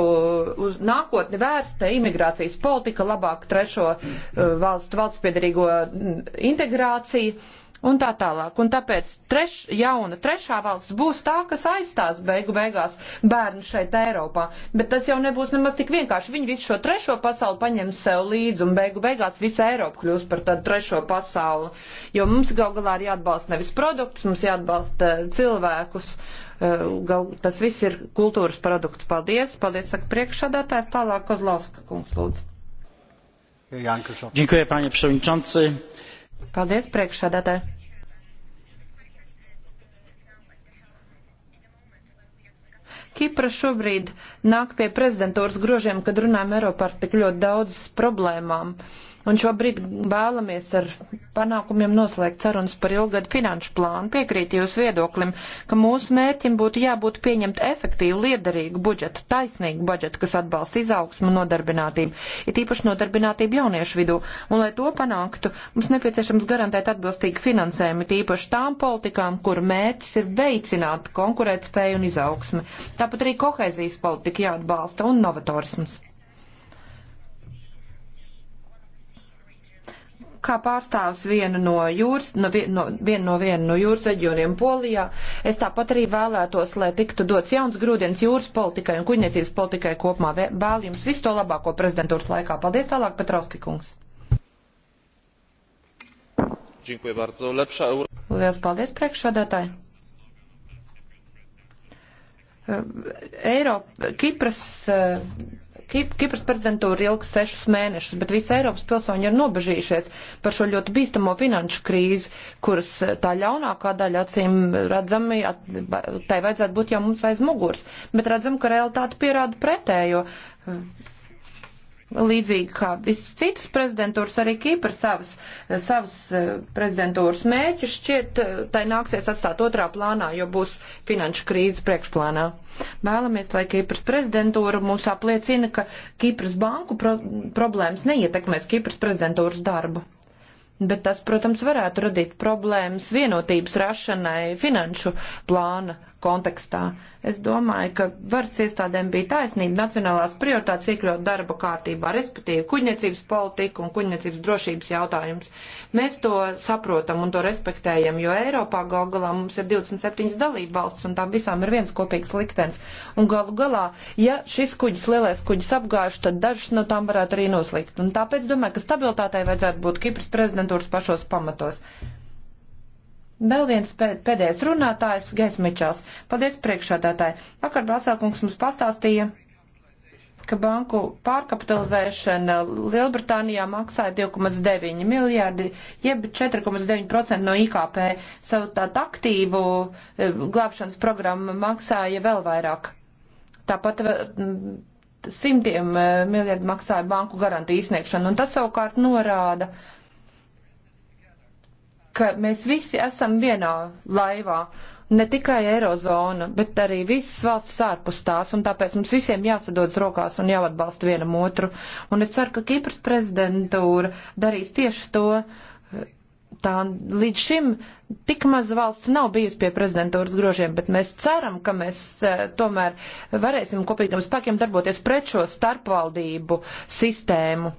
uz nākotni vērsta imigrācijas politika, labāk trešo eh, valstu valsts piedarīgo mm, integrācija un tā tālāk. Un tāpēc treš, jauna trešā valsts būs tā, kas aizstās beigu beigās bērnu šeit Eiropā. Bet tas jau nebūs nemaz tik vienkārši. Viņi visu šo trešo pasauli paņems sev līdzi un beigu beigās visa Eiropa kļūs par tādu trešo pasauli. Jo mums gal galā ir jāatbalsta nevis produktus, mums jāatbalsta eh, cilvēkus. Eh, gal, tas viss ir kultūras produkts. Paldies. Paldies, saka priekšsādātājs. Tālāk Kozlovska kungs lūdzu. Dziękuję panie przewodniczący. Paldies, priekšsādātāji. Kipra šobrīd nāk pie prezidentūras grožiem, kad runājam Eiropā ar tik ļoti daudz problēmām. Uh, un šobrīd vēlamies ar panākumiem noslēgt sarunas par ilgadu finanšu plānu. Piekrīt jūs viedoklim, ka mūsu mērķim būtu jābūt pieņemt efektīvu, liederīgu budžetu, taisnīgu budžetu, kas atbalsta izaugsmu un nodarbinātību, ir īpaši nodarbinātību jauniešu vidū. Un, lai to panāktu, mums nepieciešams garantēt atbilstīgu finansējumu, īpaši tām politikām, kur mērķis ir veicināt konkurētspēju un izaugsmi. Tāpat arī kohēzijas politika jāatbalsta un novatorisms. kā pārstāvs vienu no jūras, no, vien, no, vienu no vienu no jūras reģioniem Polijā, es tāpat arī vēlētos, lai tiktu dots jauns grūdienis jūras politikai un kuģniecības politikai kopumā. Vēl jums visu to labāko prezidentūras laikā. Paldies tālāk, Petrauski kungs. Lielas paldies, priekšsādātāji. Eiropa, Kipras. Uh, Kip, Kipras prezidentūra ilgs sešus mēnešus, bet visi Eiropas pilsoņi ir nobežījušies par šo ļoti bīstamo finanšu krīzi, kuras eh, tā ļaunākā daļa acīm redzami, at, tai vajadzētu būt jau mums aiz muguras, bet redzam, ka realitāte pierāda pretējo. Līdzīgi kā visas citas prezidentūras, arī Kipra savas, eh, savas eh, prezidentūras mēķus šķiet, eh, tai nāksies atstāt otrā plānā, jo būs finanšu krīze priekšplānā. Vēlamies, lai Kipras prezidentūra mūs apliecina, ka Kipras banku pro problēmas neietekmēs Kipras prezidentūras darbu. Bet tas, protams, varētu radīt problēmas vienotības rašanai finanšu plāna kontekstā. Es domāju, ka varas iestādēm bija taisnība nacionālās prioritātes iekļaut darba kārtībā, respektīvi kuģniecības politika un kuģniecības drošības jautājums. Uh, Mēs to saprotam un to respektējam, jo Eiropā gal galā mums ir 27 dalība valsts un tām visām ir viens kopīgs liktenis. Un galu galā, ja šis kuģis, lielais kuģis apgāž, tad dažas no tām varētu arī noslīgt. Un tāpēc domāju, ka stabilitātei vajadzētu būt Kipras prezidentūras pašos pamatos. Vēl viens pēdējais runātājs, Gaismičās. Paldies priekšādātāji. Vakar Brāsākungs mums pastāstīja ka banku pārkapitalizēšana Lielbritānijā maksāja 2,9 miljārdi, jeb 4,9% no IKP. Savukārt aktīvu e, glābšanas programma maksāja vēl vairāk. Tāpat e, simtiem e, miljardu maksāja banku garantiju izsniegšanu, un tas savukārt norāda, ka mēs visi esam vienā laivā ne tikai Eirozona, bet arī visas valstis ārpus tās, un tāpēc mums visiem jāsadodas rokās un jāatbalsta vienam otru. Un es ceru, ka Kipras prezidentūra darīs tieši to. Tā līdz šim tik maz valsts nav bijusi pie prezidentūras grožiem, bet mēs ceram, ka mēs eh, tomēr varēsim kopīgiem spēkiem darboties pret šo starpvaldību sistēmu.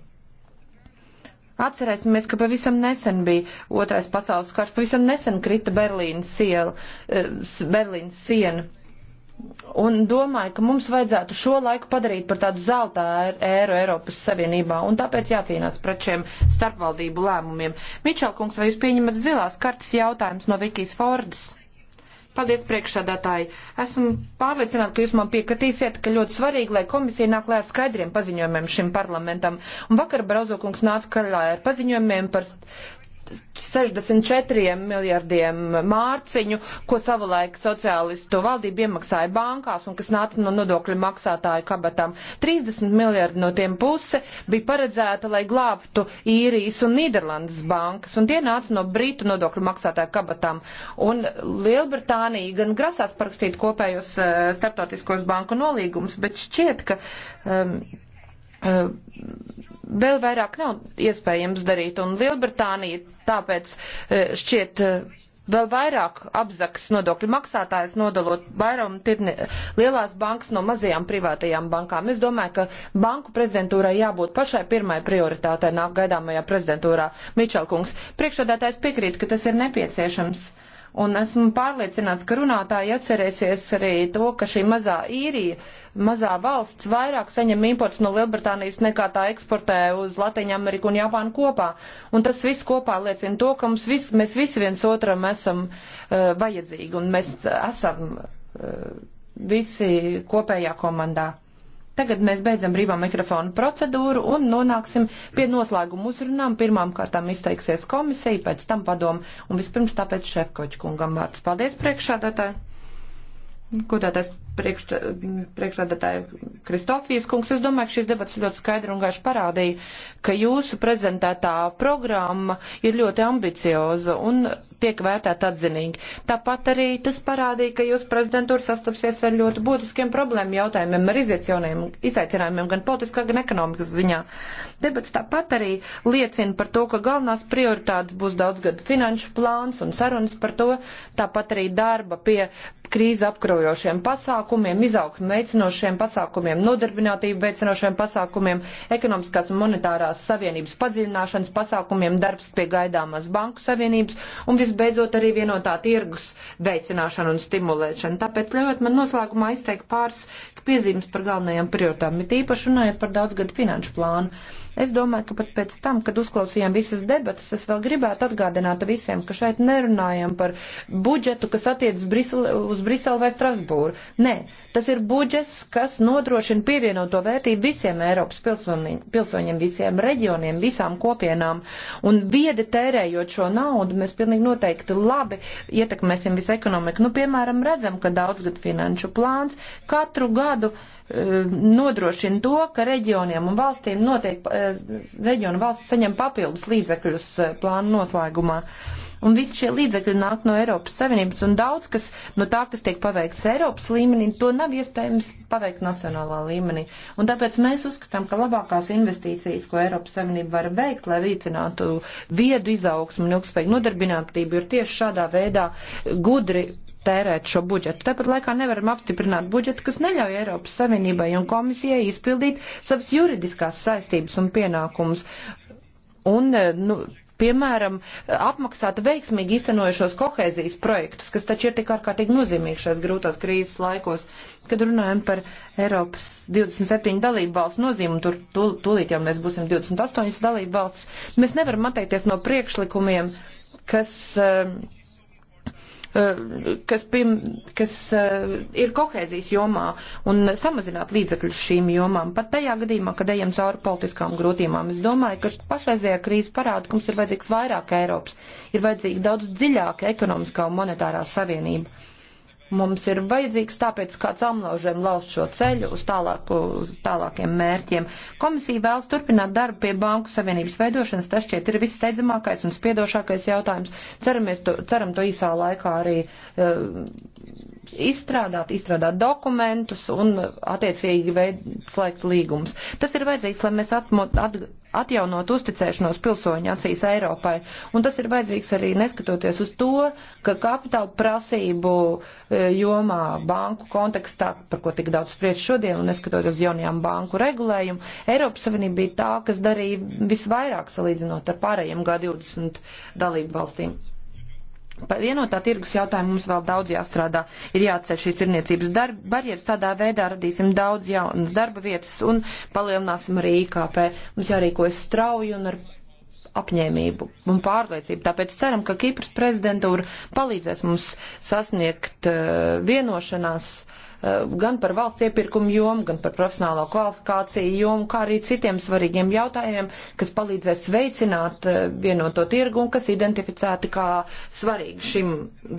Atcerēsimies, ka pavisam nesen bija otrais pasaules karš, pavisam nesen krita Berlīnas siela, eh, Berlīnas siena. Un domāju, ka mums vajadzētu šo laiku padarīt par tādu zeltā ēru Eiropas Savienībā, un tāpēc jācīnās pret šiem starpvaldību lēmumiem. Mičel kungs, vai jūs pieņemat zilās kartas jautājumus no Vikijas Fordas? Paldies, priekšsādātāji. Esmu pārliecināta, ka jūs man piekritīsiet, ka ļoti svarīgi, lai komisija nāk klāt ar skaidriem paziņojumiem šim parlamentam. Un vakar Brauzokungs nāca klāt ar paziņojumiem par 64 miljardiem mārciņu, ko savulaik sociālistu valdība iemaksāja bankās un kas nāca no nodokļu maksātāju kabatām. 30 miljardi no tiem puse bija paredzēta, lai glābtu īrijas un Nīderlandes bankas, un tie nāca no Britu nodokļu maksātāju kabatām. Un Lielbritānija gan grasās parakstīt kopējos uh, starptautiskos banku nolīgumus, bet šķiet, ka. Um, uh, vēl vairāk nav iespējams darīt, un Lielbritānija tāpēc e, šķiet e, vēl vairāk apzaks nodokļu maksātājs nodalot vairumu tirni, lielās bankas no mazajām privātajām bankām. Es domāju, ka banku prezidentūrai jābūt pašai pirmai prioritātei nāk gaidāmajā prezidentūrā. Mičelkungs, priekšsādātājs piekrīt, ka tas ir nepieciešams Un esmu pārliecināts, ka runātāji atcerēsies arī to, ka šī mazā īrija, mazā valsts vairāk saņem imports no Lielbritānijas nekā tā eksportē uz Latviju, Ameriku un Japānu kopā. Un tas viss kopā liecina to, ka vis, mēs visi viens otram esam uh, vajadzīgi un mēs esam uh, visi kopējā komandā. Tagad mēs beidzam brīvā mikrofonu procedūru un nonāksim pie noslēguma uzrunām. Pirmām kārtām izteiksies komisija, pēc tam padom un vispirms tāpēc Šefkočkungam vārds. Paldies priekšādātāji! Godātais priekšsēdētāja Kristofijas kungs. Es domāju, ka šīs debats ļoti skaidri un gaiši parādīja, ka jūsu prezentētā programma ir ļoti ambicioza un tiek vērtēta atzinīgi. Tāpat arī tas parādīja, ka jūsu prezidentūra sastapsies ar ļoti būtiskiem problēmu jautājumiem, ar izaicinājumiem gan politiskā, gan ekonomikas ziņā. Debats tāpat arī liecina par to, ka galvenās prioritātes būs daudzgada finanšu plāns un sarunas par to, tāpat arī darba pie krīze apkarojošiem pasākumiem pasākumiem, izaugsmu veicinošiem pasākumiem, nodarbinātību veicinošiem pasākumiem, ekonomiskās un monetārās savienības padziļināšanas pasākumiem, darbs pie gaidāmās banku savienības un visbeidzot arī vienotā tirgus veicināšana un stimulēšana. Tāpēc ļaujiet man noslēgumā izteikt pāris piezīmes par galvenajām prioritām, bet īpaši runājot par daudzgadu finanšu plānu. Es domāju, ka pat pēc tam, kad uzklausījām visas debatas, es vēl gribētu atgādināt visiem, ka šeit nerunājam par budžetu, kas attiecas uz Briselu vai Strasbūru. Nē, tas ir budžets, kas nodrošina pievienoto vērtību visiem Eiropas pilsoņiem, visiem reģioniem, visām kopienām. Un viedi tērējot šo naudu, mēs pilnīgi noteikti labi ietekmēsim visu ekonomiku. Nu, piemēram, redzam, ka daudzgad finanšu plāns katru gadu Eh, nodrošina to, ka reģioniem un valstīm notiek, eh, reģionu valsts saņem papildus līdzekļus eh, plānu noslēgumā. Un visi šie līdzekļi nāk no Eiropas Savienības, un daudz kas no tā, kas tiek paveikts Eiropas līmenī, to nav iespējams paveikt nacionālā līmenī. Un tāpēc mēs uzskatām, ka labākās investīcijas, ko Eiropas Savienība var veikt, lai veicinātu viedu izaugsmu un ilgspējīgu nodarbinātību, ir tieši šādā veidā gudri tērēt šo budžetu. Tāpat laikā nevaram apstiprināt budžetu, kas neļauj Eiropas Savienībai un komisijai izpildīt savas juridiskās saistības un pienākumus. Un, e, nu, piemēram, apmaksāt veiksmīgi iztenojušos kohēzijas projektus, kas taču ir tik ārkārtīgi nozīmīgi šajās grūtās krīzes laikos, kad runājam par Eiropas 27 dalību valsts nozīmu, un tur tūlīt jau mēs būsim 28 dalību valsts, mēs nevaram atteikties no priekšlikumiem, kas. Uh, Eh, kas, piem, kas eh, ir kohēzijas jomā un samazināt līdzekļus šīm jomām. Pat tajā gadījumā, kad ejam cauri politiskām grūtībām, es domāju, ka pašreizējā krīze parāda, ka mums ir vajadzīgs vairāk Eiropas, ir vajadzīga daudz dziļāka ekonomiskā un monetārā savienība mums ir vajadzīgs, tāpēc kāds amnožiem lauz šo ceļu uz, tālāku, uz tālākiem mērķiem. Komisija vēlas turpināt darbu pie Banku Savienības veidošanas, tas šķiet ir vissteidzamākais un spiedošākais jautājums. Ceramies to, ceram to īsā laikā arī uh, izstrādāt, izstrādāt dokumentus un attiecīgi veid, slēgt līgumus. Tas ir vajadzīgs, lai mēs atmot, at, atjaunot uzticēšanos pilsoņu acīs Eiropai. Un tas ir vajadzīgs arī neskatoties uz to, ka kapitāla prasību e, jomā banku kontekstā, par ko tik daudz spriež šodien, un neskatoties uz jaunajām banku regulējumu, Eiropas Savienība bija tā, kas darīja visvairāk salīdzinot ar pārējiem G20 dalību valstīm vienotā tirgus jautājumu mums vēl daudz jāstrādā. Ir jāatcer šīs irniecības darba, barjeras, tādā veidā radīsim daudz jaunas darba vietas un palielināsim arī IKP. Mums jārīkojas strauji un ar apņēmību un pārliecību. Tāpēc ceram, ka Kipras prezidentūra palīdzēs mums sasniegt uh, vienošanās uh, Eh, gan par valsts iepirkumu jomu, gan par profesionālo kvalifikāciju jomu, kā arī citiem svarīgiem jautājumiem, kas palīdzēs veicināt eh, vienoto tirgu un kas identificēti kā svarīgi šim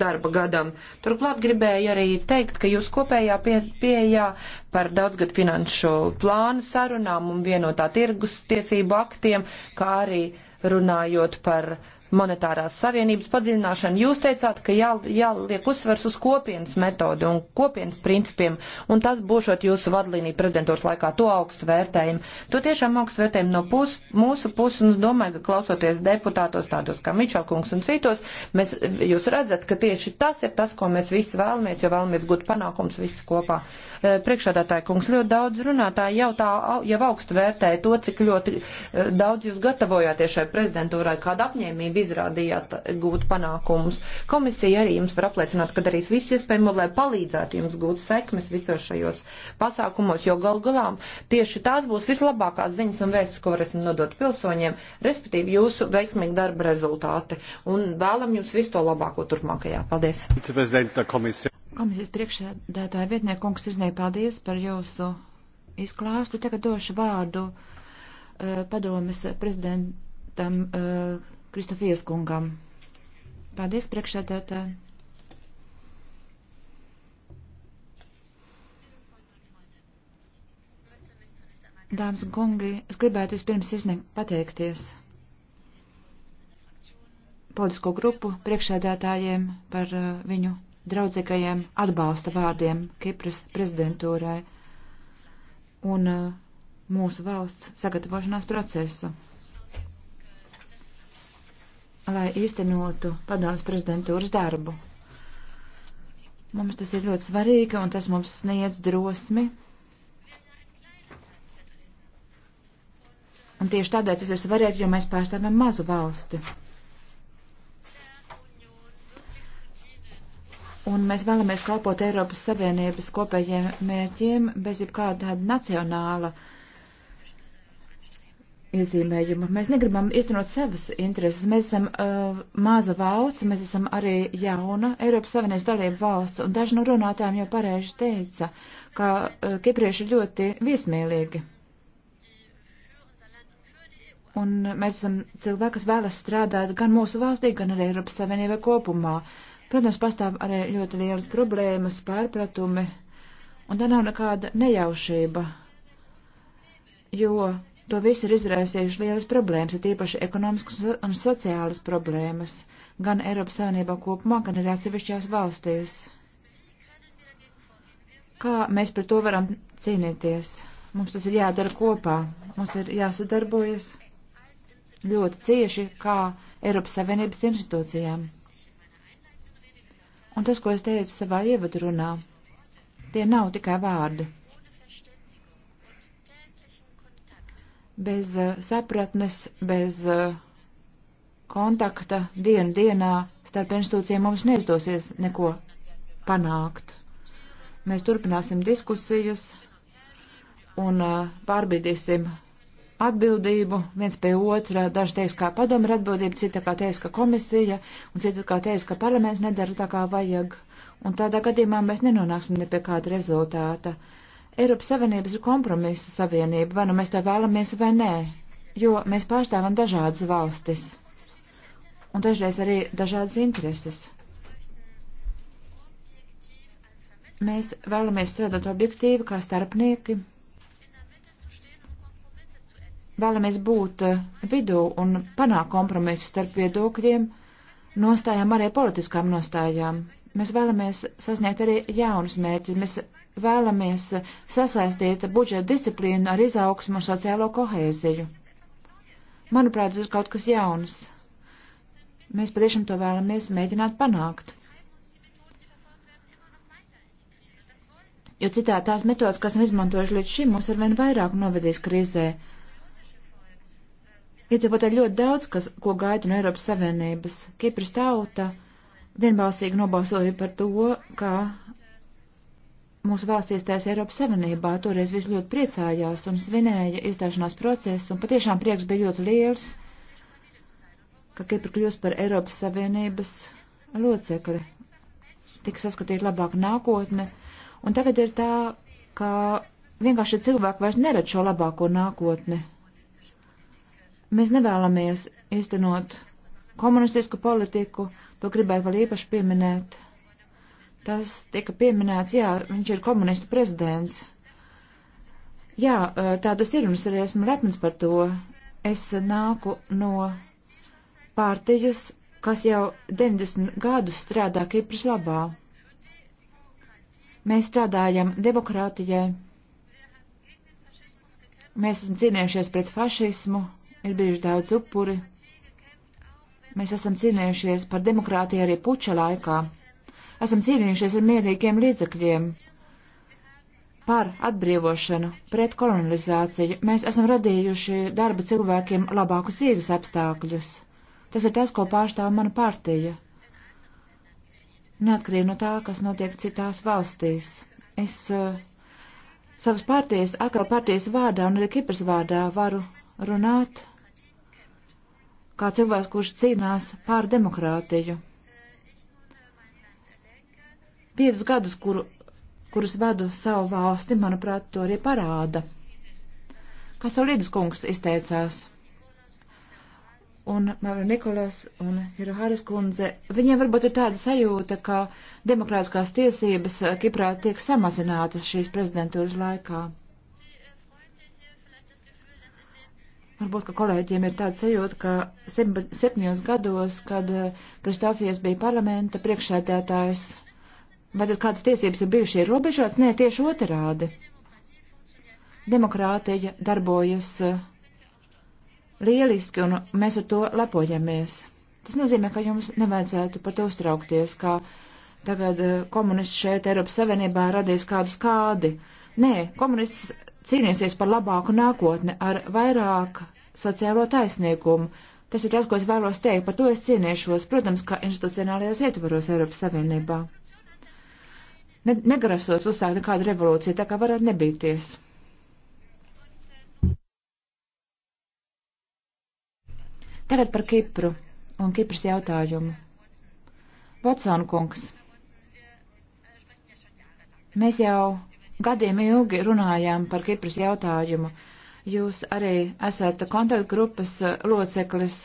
darba gadam. Turklāt gribēju arī teikt, ka jūs kopējā pie, pieejā par daudzgad finanšu plānu sarunām un vienotā tirgus tiesību aktiem, kā arī runājot par monetārās savienības padziļināšanu. Jūs teicāt, ka jā, jāliek uzsvers uz kopienas metodu un kopienas principiem, un tas būšot jūsu vadlīniju prezidentūras laikā. To augstu vērtējam. To tiešām augstu vērtējam no pus, mūsu puses, un es domāju, ka klausoties deputātos tādos kā Mičelkungs un citos, mēs, jūs redzat, ka tieši tas ir tas, ko mēs visi vēlamies, jo vēlamies gūt panākums visi kopā. E, Priekšādātāja kungs ļoti daudz runātāji jau tā, jau augstu vērtēja to, cik ļoti e, daudz jūs gatavojāties šai prezidentūrai, kāda apņēmība izrādījāt gūt panākumus. Komisija arī jums var apliecināt, ka darīs visu iespējamo, lai palīdzētu jums gūt sekmes visos šajos pasākumos, jo gal galā tieši tās būs vislabākās ziņas un vēstis, ko varēsim nodot pilsoņiem, respektīvi jūsu veiksmīgi darba rezultāti. Un vēlam jums visu to labāko turpmākajā. Paldies! Komisijas priekšsēdētāja vietnieku kungs izniegt paldies par jūsu izklāstu. Tagad došu vārdu eh, padomes prezidentam eh, Kristofijas kungam. Paldies, priekšsēdētāji. Dāmas un kungi, es gribētu vispirms izniegt pateikties politisko grupu priekšsēdētājiem par uh, viņu draudzīgajiem atbalsta vārdiem Kipras prezidentūrai un uh, mūsu valsts sagatavošanās procesu lai īstenotu padomus prezidentūras darbu. Mums tas ir ļoti svarīgi, un tas mums sniedz drosmi. Un tieši tādēļ tas ir svarīgi, jo mēs pārstāvam mazu valsti. Un mēs vēlamies kalpot Eiropas Savienības kopējiem mērķiem bez jebkāda nacionāla uh, iezīmējumu. Mēs negribam iztenot savas intereses. Mēs esam uh, maza valsts, mēs esam arī jauna Eiropas Savienības dalība valsts, un daži no runātājiem jau pareizi teica, ka uh, kiprieši ir ļoti viesmīlīgi. Un mēs esam cilvēki, kas vēlas strādāt gan mūsu valstī, gan arī Eiropas Savienībā kopumā. Protams, pastāv arī ļoti lielas problēmas, pārpratumi, un tā nav nekāda nejaušība, jo To visu ir izraisījuši lielas problēmas, ir īpaši ekonomiskas un sociālas problēmas, gan Eiropas Savienībā kopumā, gan arī atsevišķās valstīs. Kā mēs par to varam cīnīties? Mums tas ir jādara kopā, mums ir jāsadarbojas ļoti cieši kā Eiropas Savienības institūcijām. Un tas, ko es teicu savā ievadrunā, tie nav tikai vārdi. bez eh, sapratnes, bez eh, kontakta dienu dienā starp institūcijiem mums neizdosies neko panākt. Mēs turpināsim diskusijas un eh, pārbīdīsim atbildību viens pie otra. Daži teiks, kā padomu ir atbildība, cita kā teiks, ka komisija, un cita kā teiks, ka parlaments nedara tā, kā vajag. Un tādā gadījumā mēs nenonāksim ne pie kāda rezultāta. Eiropas Savienības ir kompromisa savienība, vai nu mēs tā vēlamies vai nē, jo mēs pārstāvam dažādas valstis un dažreiz arī dažādas intereses. Mēs vēlamies strādāt objektīvi kā starpnieki, vēlamies būt eh, vidū un panākt kompromisu starp viedokļiem, nostājām arī politiskām nostājām. Mēs vēlamies sasniegt arī jaunus mērķus. Mēs vēlamies sasaistīt budžeta disciplīnu ar izaugsmu un sociālo kohēziju. Manuprāt, tas ir kaut kas jauns. Mēs patiešām to vēlamies mēģināt panākt. Jo citā tās metodas, kas esam izmantojuši līdz šim, mūs arvien vairāk novedīs krīzē. Iedzīvotāji ļoti daudz, kas, ko gaida no Eiropas Savienības. Kipras tauta vienbalsīgi nobalsoja par to, ka mūsu valsts iestājas Eiropas Savienībā. Toreiz viss ļoti priecājās un svinēja iestāšanās procesu, un patiešām prieks bija ļoti liels, ka Kipra kļūst par Eiropas Savienības locekli. Tik saskatīt labāk nākotne, un tagad ir tā, ka vienkārši cilvēki vairs neredz šo labāko nākotni. Mēs nevēlamies iztenot komunistisku politiku, To gribēju vēl īpaši pieminēt. Tas tika pieminēts, jā, viņš ir komunistu prezidents. Jā, tā tas ir, un es arī esmu lepns par to. Es nāku no pārtiņas, kas jau 90 gadus strādā Kipras labā. Mēs strādājam demokrātijai. Mēs esam cīnījušies pret fašismu, ir bijuši daudz upuri. Mēs esam cīnījušies par demokrātiju arī puča laikā. Esam cīnījušies ar mierīgiem līdzekļiem par atbrīvošanu, pret kolonizāciju. Mēs esam radījuši darba cilvēkiem labākus dzīves apstākļus. Tas ir tas, ko pārstāv mana partija. Neatkarīgi no tā, kas notiek citās valstīs. Es uh, savas partijas, atkal partijas vārdā un arī Kipras vārdā varu runāt kā cilvēks, kurš cīnās pār demokrātiju. Piecus gadus, kuru, kurus vadu savu valsti, manuprāt, to arī parāda. Kā Saulīdus kungs izteicās, un Mavra Nikolas un Hiroharis kundze, viņiem varbūt ir tāda sajūta, ka demokrātiskās tiesības Kiprā tiek samazinātas šīs prezidentūras laikā. Varbūt, ka kolēģiem ir tāds sajūta, ka septiņos gados, kad eh, Kristofijas bija parlamenta priekšsēdētājs, vai tad kādas tiesības ir bijušas ierobežotas? Nē, tieši otrādi. Demokrātija darbojas eh, lieliski, un mēs ar to lepojamies. Tas nozīmē, ka jums nevajadzētu pat uztraukties, kā tagad eh, komunists šeit Eiropas Savienībā radīs kādu skādi. Nē, komunists cīnīsies par labāku nākotni ar vairāk sociālo taisnīgumu. Tas ir tas, ko es vēlos teikt, par to es cīnīšos, protams, kā institucionālajos ietvaros Eiropas Savienībā. Ne, negrasos uzsākt nekādu revolūciju, tā kā varētu nebīties. Tagad par Kipru un Kipras jautājumu. Vatsānu kungs, mēs jau gadiem ilgi runājām par Kipras jautājumu. Jūs arī esat kontaktgrupas loceklis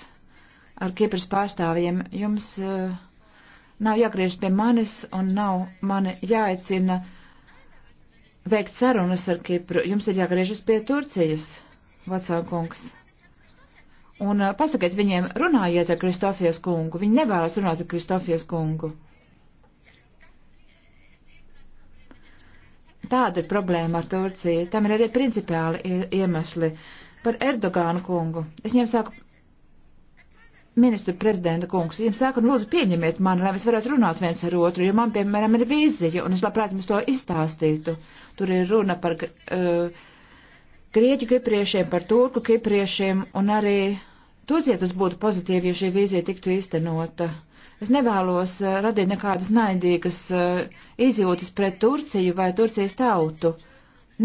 ar Kipras pārstāvjiem. Jums uh, nav jāgriež pie manis un nav mani jāicina veikt sarunas ar Kipru. Jums ir jāgriežas pie Turcijas, vecākungs. Un uh, pasakiet viņiem, runājiet ar Kristofijas kungu. Viņi nevēlas runāt ar Kristofijas kungu. Tāda ir problēma ar Turciju. Tam ir arī principiāli iemesli. Par Erdogānu kungu. Es viņiem saku, ministru prezidenta kungs, viņiem saku, nu, lūdzu, pieņemiet mani, lai mēs varētu runāt viens ar otru, jo man, piemēram, ir vīzija, un es labprāt jums to izstāstītu. Tur ir runa par uh, grieķu kipriešiem, par turku kipriešiem, un arī Turcija tas būtu pozitīvi, ja šī vīzija tiktu īstenota. Uh, Es nevēlos eh, radīt nekādas naidīgas eh, izjūtas pret Turciju vai Turcijas tautu.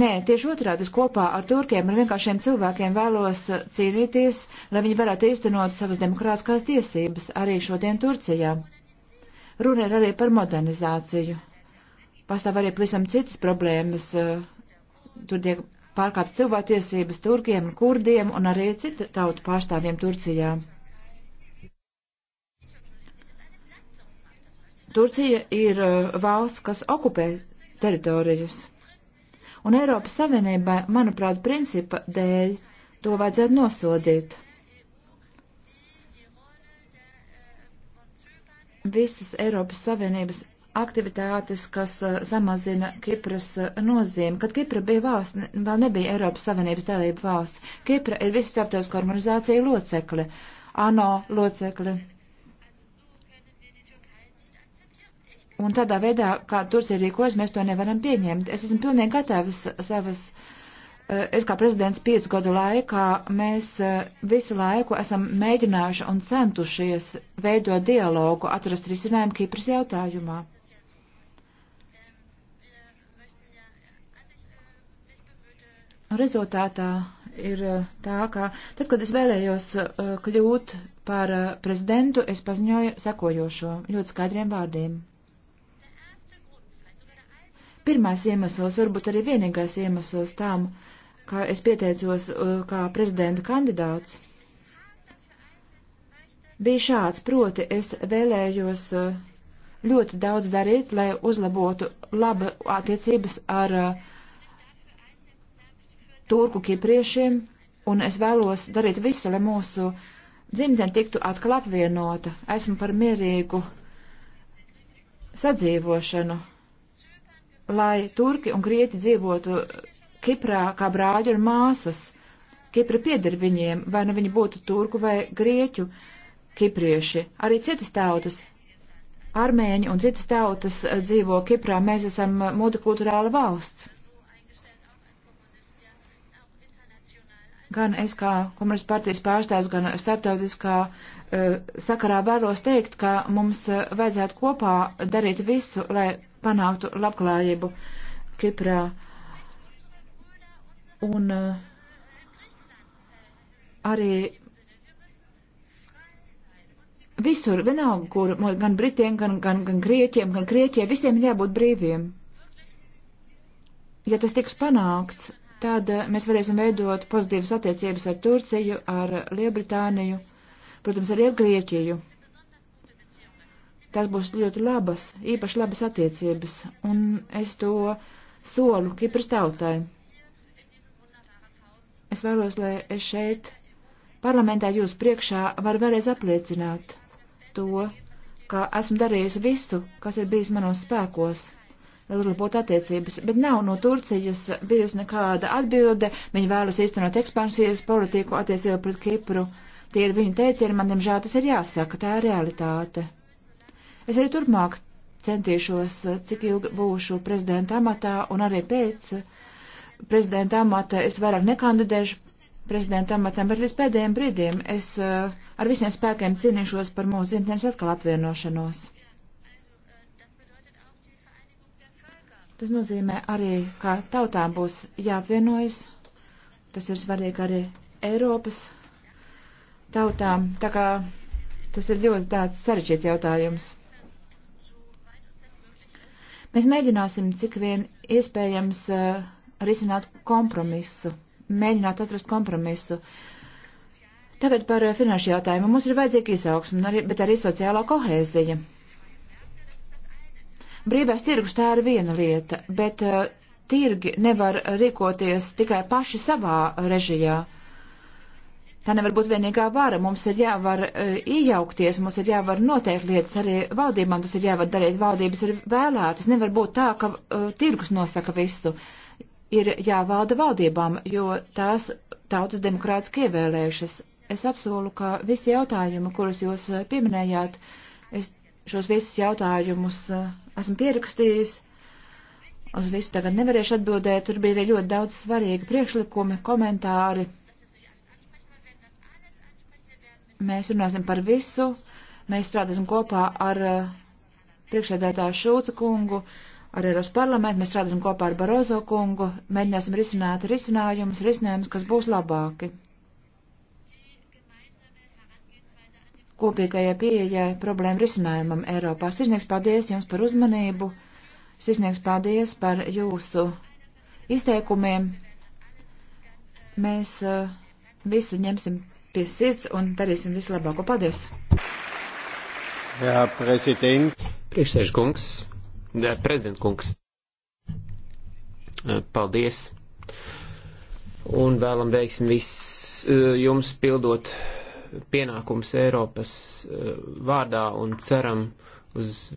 Nē, tieši otrādi, es kopā ar turkiem, ar vienkāršiem cilvēkiem vēlos eh, cīnīties, lai viņi varētu īstenot savas demokrātiskās tiesības arī šodien Turcijā. Runa ir arī par modernizāciju. Pastāv arī pavisam citas problēmas. Tur tiek pārkāptas cilvēktiesības turkiem, kurdiem un arī citu tautu pārstāvjiem Turcijā. Turcija ir uh, valsts, kas okupē teritorijas. Un Eiropas Savienībai, manuprāt, principa dēļ to vajadzētu nosodīt. Visas Eiropas Savienības aktivitātes, kas uh, samazina Kipras uh, nozīmi. Kad Kipra bija valsts, vēl nebija Eiropas Savienības dalība valsts. Kipra ir visu starptautisko organizāciju locekli, ANO locekli Un tādā veidā, kā Turcija rīkojas, mēs to nevaram pieņemt. Es esmu pilnīgi gatavs savas. Eh, es kā prezidents piecu gadu laikā mēs eh, visu laiku esam mēģinājuši un centušies veidot dialogu, atrast risinājumu Kipras jautājumā. Rezultātā ir eh, tā, ka tad, kad es vēlējos kļūt par prezidentu, es paziņoju sekojošo ļoti skaidriem vārdiem pirmais iemesls, varbūt arī vienīgais iemesls tam, kā es pieteicos uh, kā prezidenta kandidāts, bija šāds, proti es vēlējos uh, ļoti daudz darīt, lai uzlabotu laba attiecības ar uh, turku kipriešiem, un es vēlos darīt visu, lai mūsu dzimtene tiktu atkal apvienota. Esmu par mierīgu sadzīvošanu lai turki un grieķi dzīvotu Kiprā kā brāļi un māsas. Kipra pieder viņiem, vai nu viņi būtu turku vai grieķu kiprieši. Arī citas tautas, armēņi un citas tautas dzīvo Kiprā. Mēs esam multikulturāla valsts. Gan es kā komunistu partijas pārstāvs, gan starptautiskā uh, sakarā vēlos teikt, ka mums uh, vajadzētu kopā darīt visu, lai panāktu labklājību Kiprā. Un eh, arī visur, vienalga, kur gan Britiem, gan, gan, gan Grieķiem, gan Grieķiem, visiem ir jābūt brīviem. Ja tas tiks panākts, tad eh, mēs varēsim veidot pozitīvas attiecības ar Turciju, ar Lielbritāniju, protams, arī ar Grieķiju tās būs ļoti labas, īpaši labas attiecības, un es to solu Kipras tautai. Es vēlos, lai es šeit parlamentā jūs priekšā varu vēlreiz apliecināt to, ka esmu darījis visu, kas ir bijis manos spēkos lai uzlabotu attiecības, bet nav no Turcijas bijusi nekāda atbilde. Viņi vēlas īstenot ekspansijas politiku attiecībā pret Kipru. Tie ir viņu teicieni, man diemžēl tas ir jāsaka, tā ir realitāte. Es arī turpmāk centīšos, eh, cik ilgi būšu prezidenta amatā, un arī pēc eh, prezidenta amata es vairāk nekandidēšu prezidenta amatam, bet līdz pēdējiem brīdiem es eh, ar visiem spēkiem cīnīšos par mūsu dzimtenes atkal apvienošanos. Tas nozīmē arī, ka tautām būs jāapvienojas. Tas ir svarīgi arī Eiropas tautām. Tā kā tas ir ļoti tāds sarežģīts jautājums. Mēs mēģināsim cik vien iespējams uh, risināt kompromisu, mēģināt atrast kompromisu. Tagad par uh, finanšu jautājumu. Mums ir vajadzīga izaugsme, bet arī sociālā kohēzija. Brīvais tirgus tā ir viena lieta, bet uh, tirgi nevar rīkoties tikai paši savā režijā. Uh, Tā nevar būt vienīgā vara. Mums ir jāvar uh, iejaukties, mums ir jāvar noteikt lietas arī valdībām, tas ir jāvar darīt. Valdības ir vēlētas. Nevar būt tā, ka uh, tirgus nosaka visu. Ir jāvalda valdībām, jo tās tautas demokrātiski ievēlējušas. Es apsolu, ka visi jautājumi, kurus jūs e, pieminējāt, es šos visus jautājumus uh, esmu pierakstījis. Uz visu tagad nevarēšu atbildēt, tur bija arī ļoti daudz svarīgi priekšlikumi, komentāri. Mēs runāsim par visu. Mēs strādāsim kopā ar eh, priekšsēdētāju Šulca kungu, ar Eiros parlamentu, mēs strādāsim kopā ar Barozo kungu, mēģināsim risināt risinājumus, risinājumus, kas būs labāki. Kopīgajai pieejai problēmu risinājumam Eiropā. Sirsnieks paldies jums par uzmanību. Sirsnieks paldies par jūsu izteikumiem. Mēs uh, visu ņemsim pie sirds un darīsim visu labāko. Paldies! Jā, prezident. Priekšsēž kungs, prezident kungs. Eh, paldies! Un vēlam veiksim viss eh, jums pildot pienākums Eiropas eh, vārdā un ceram uz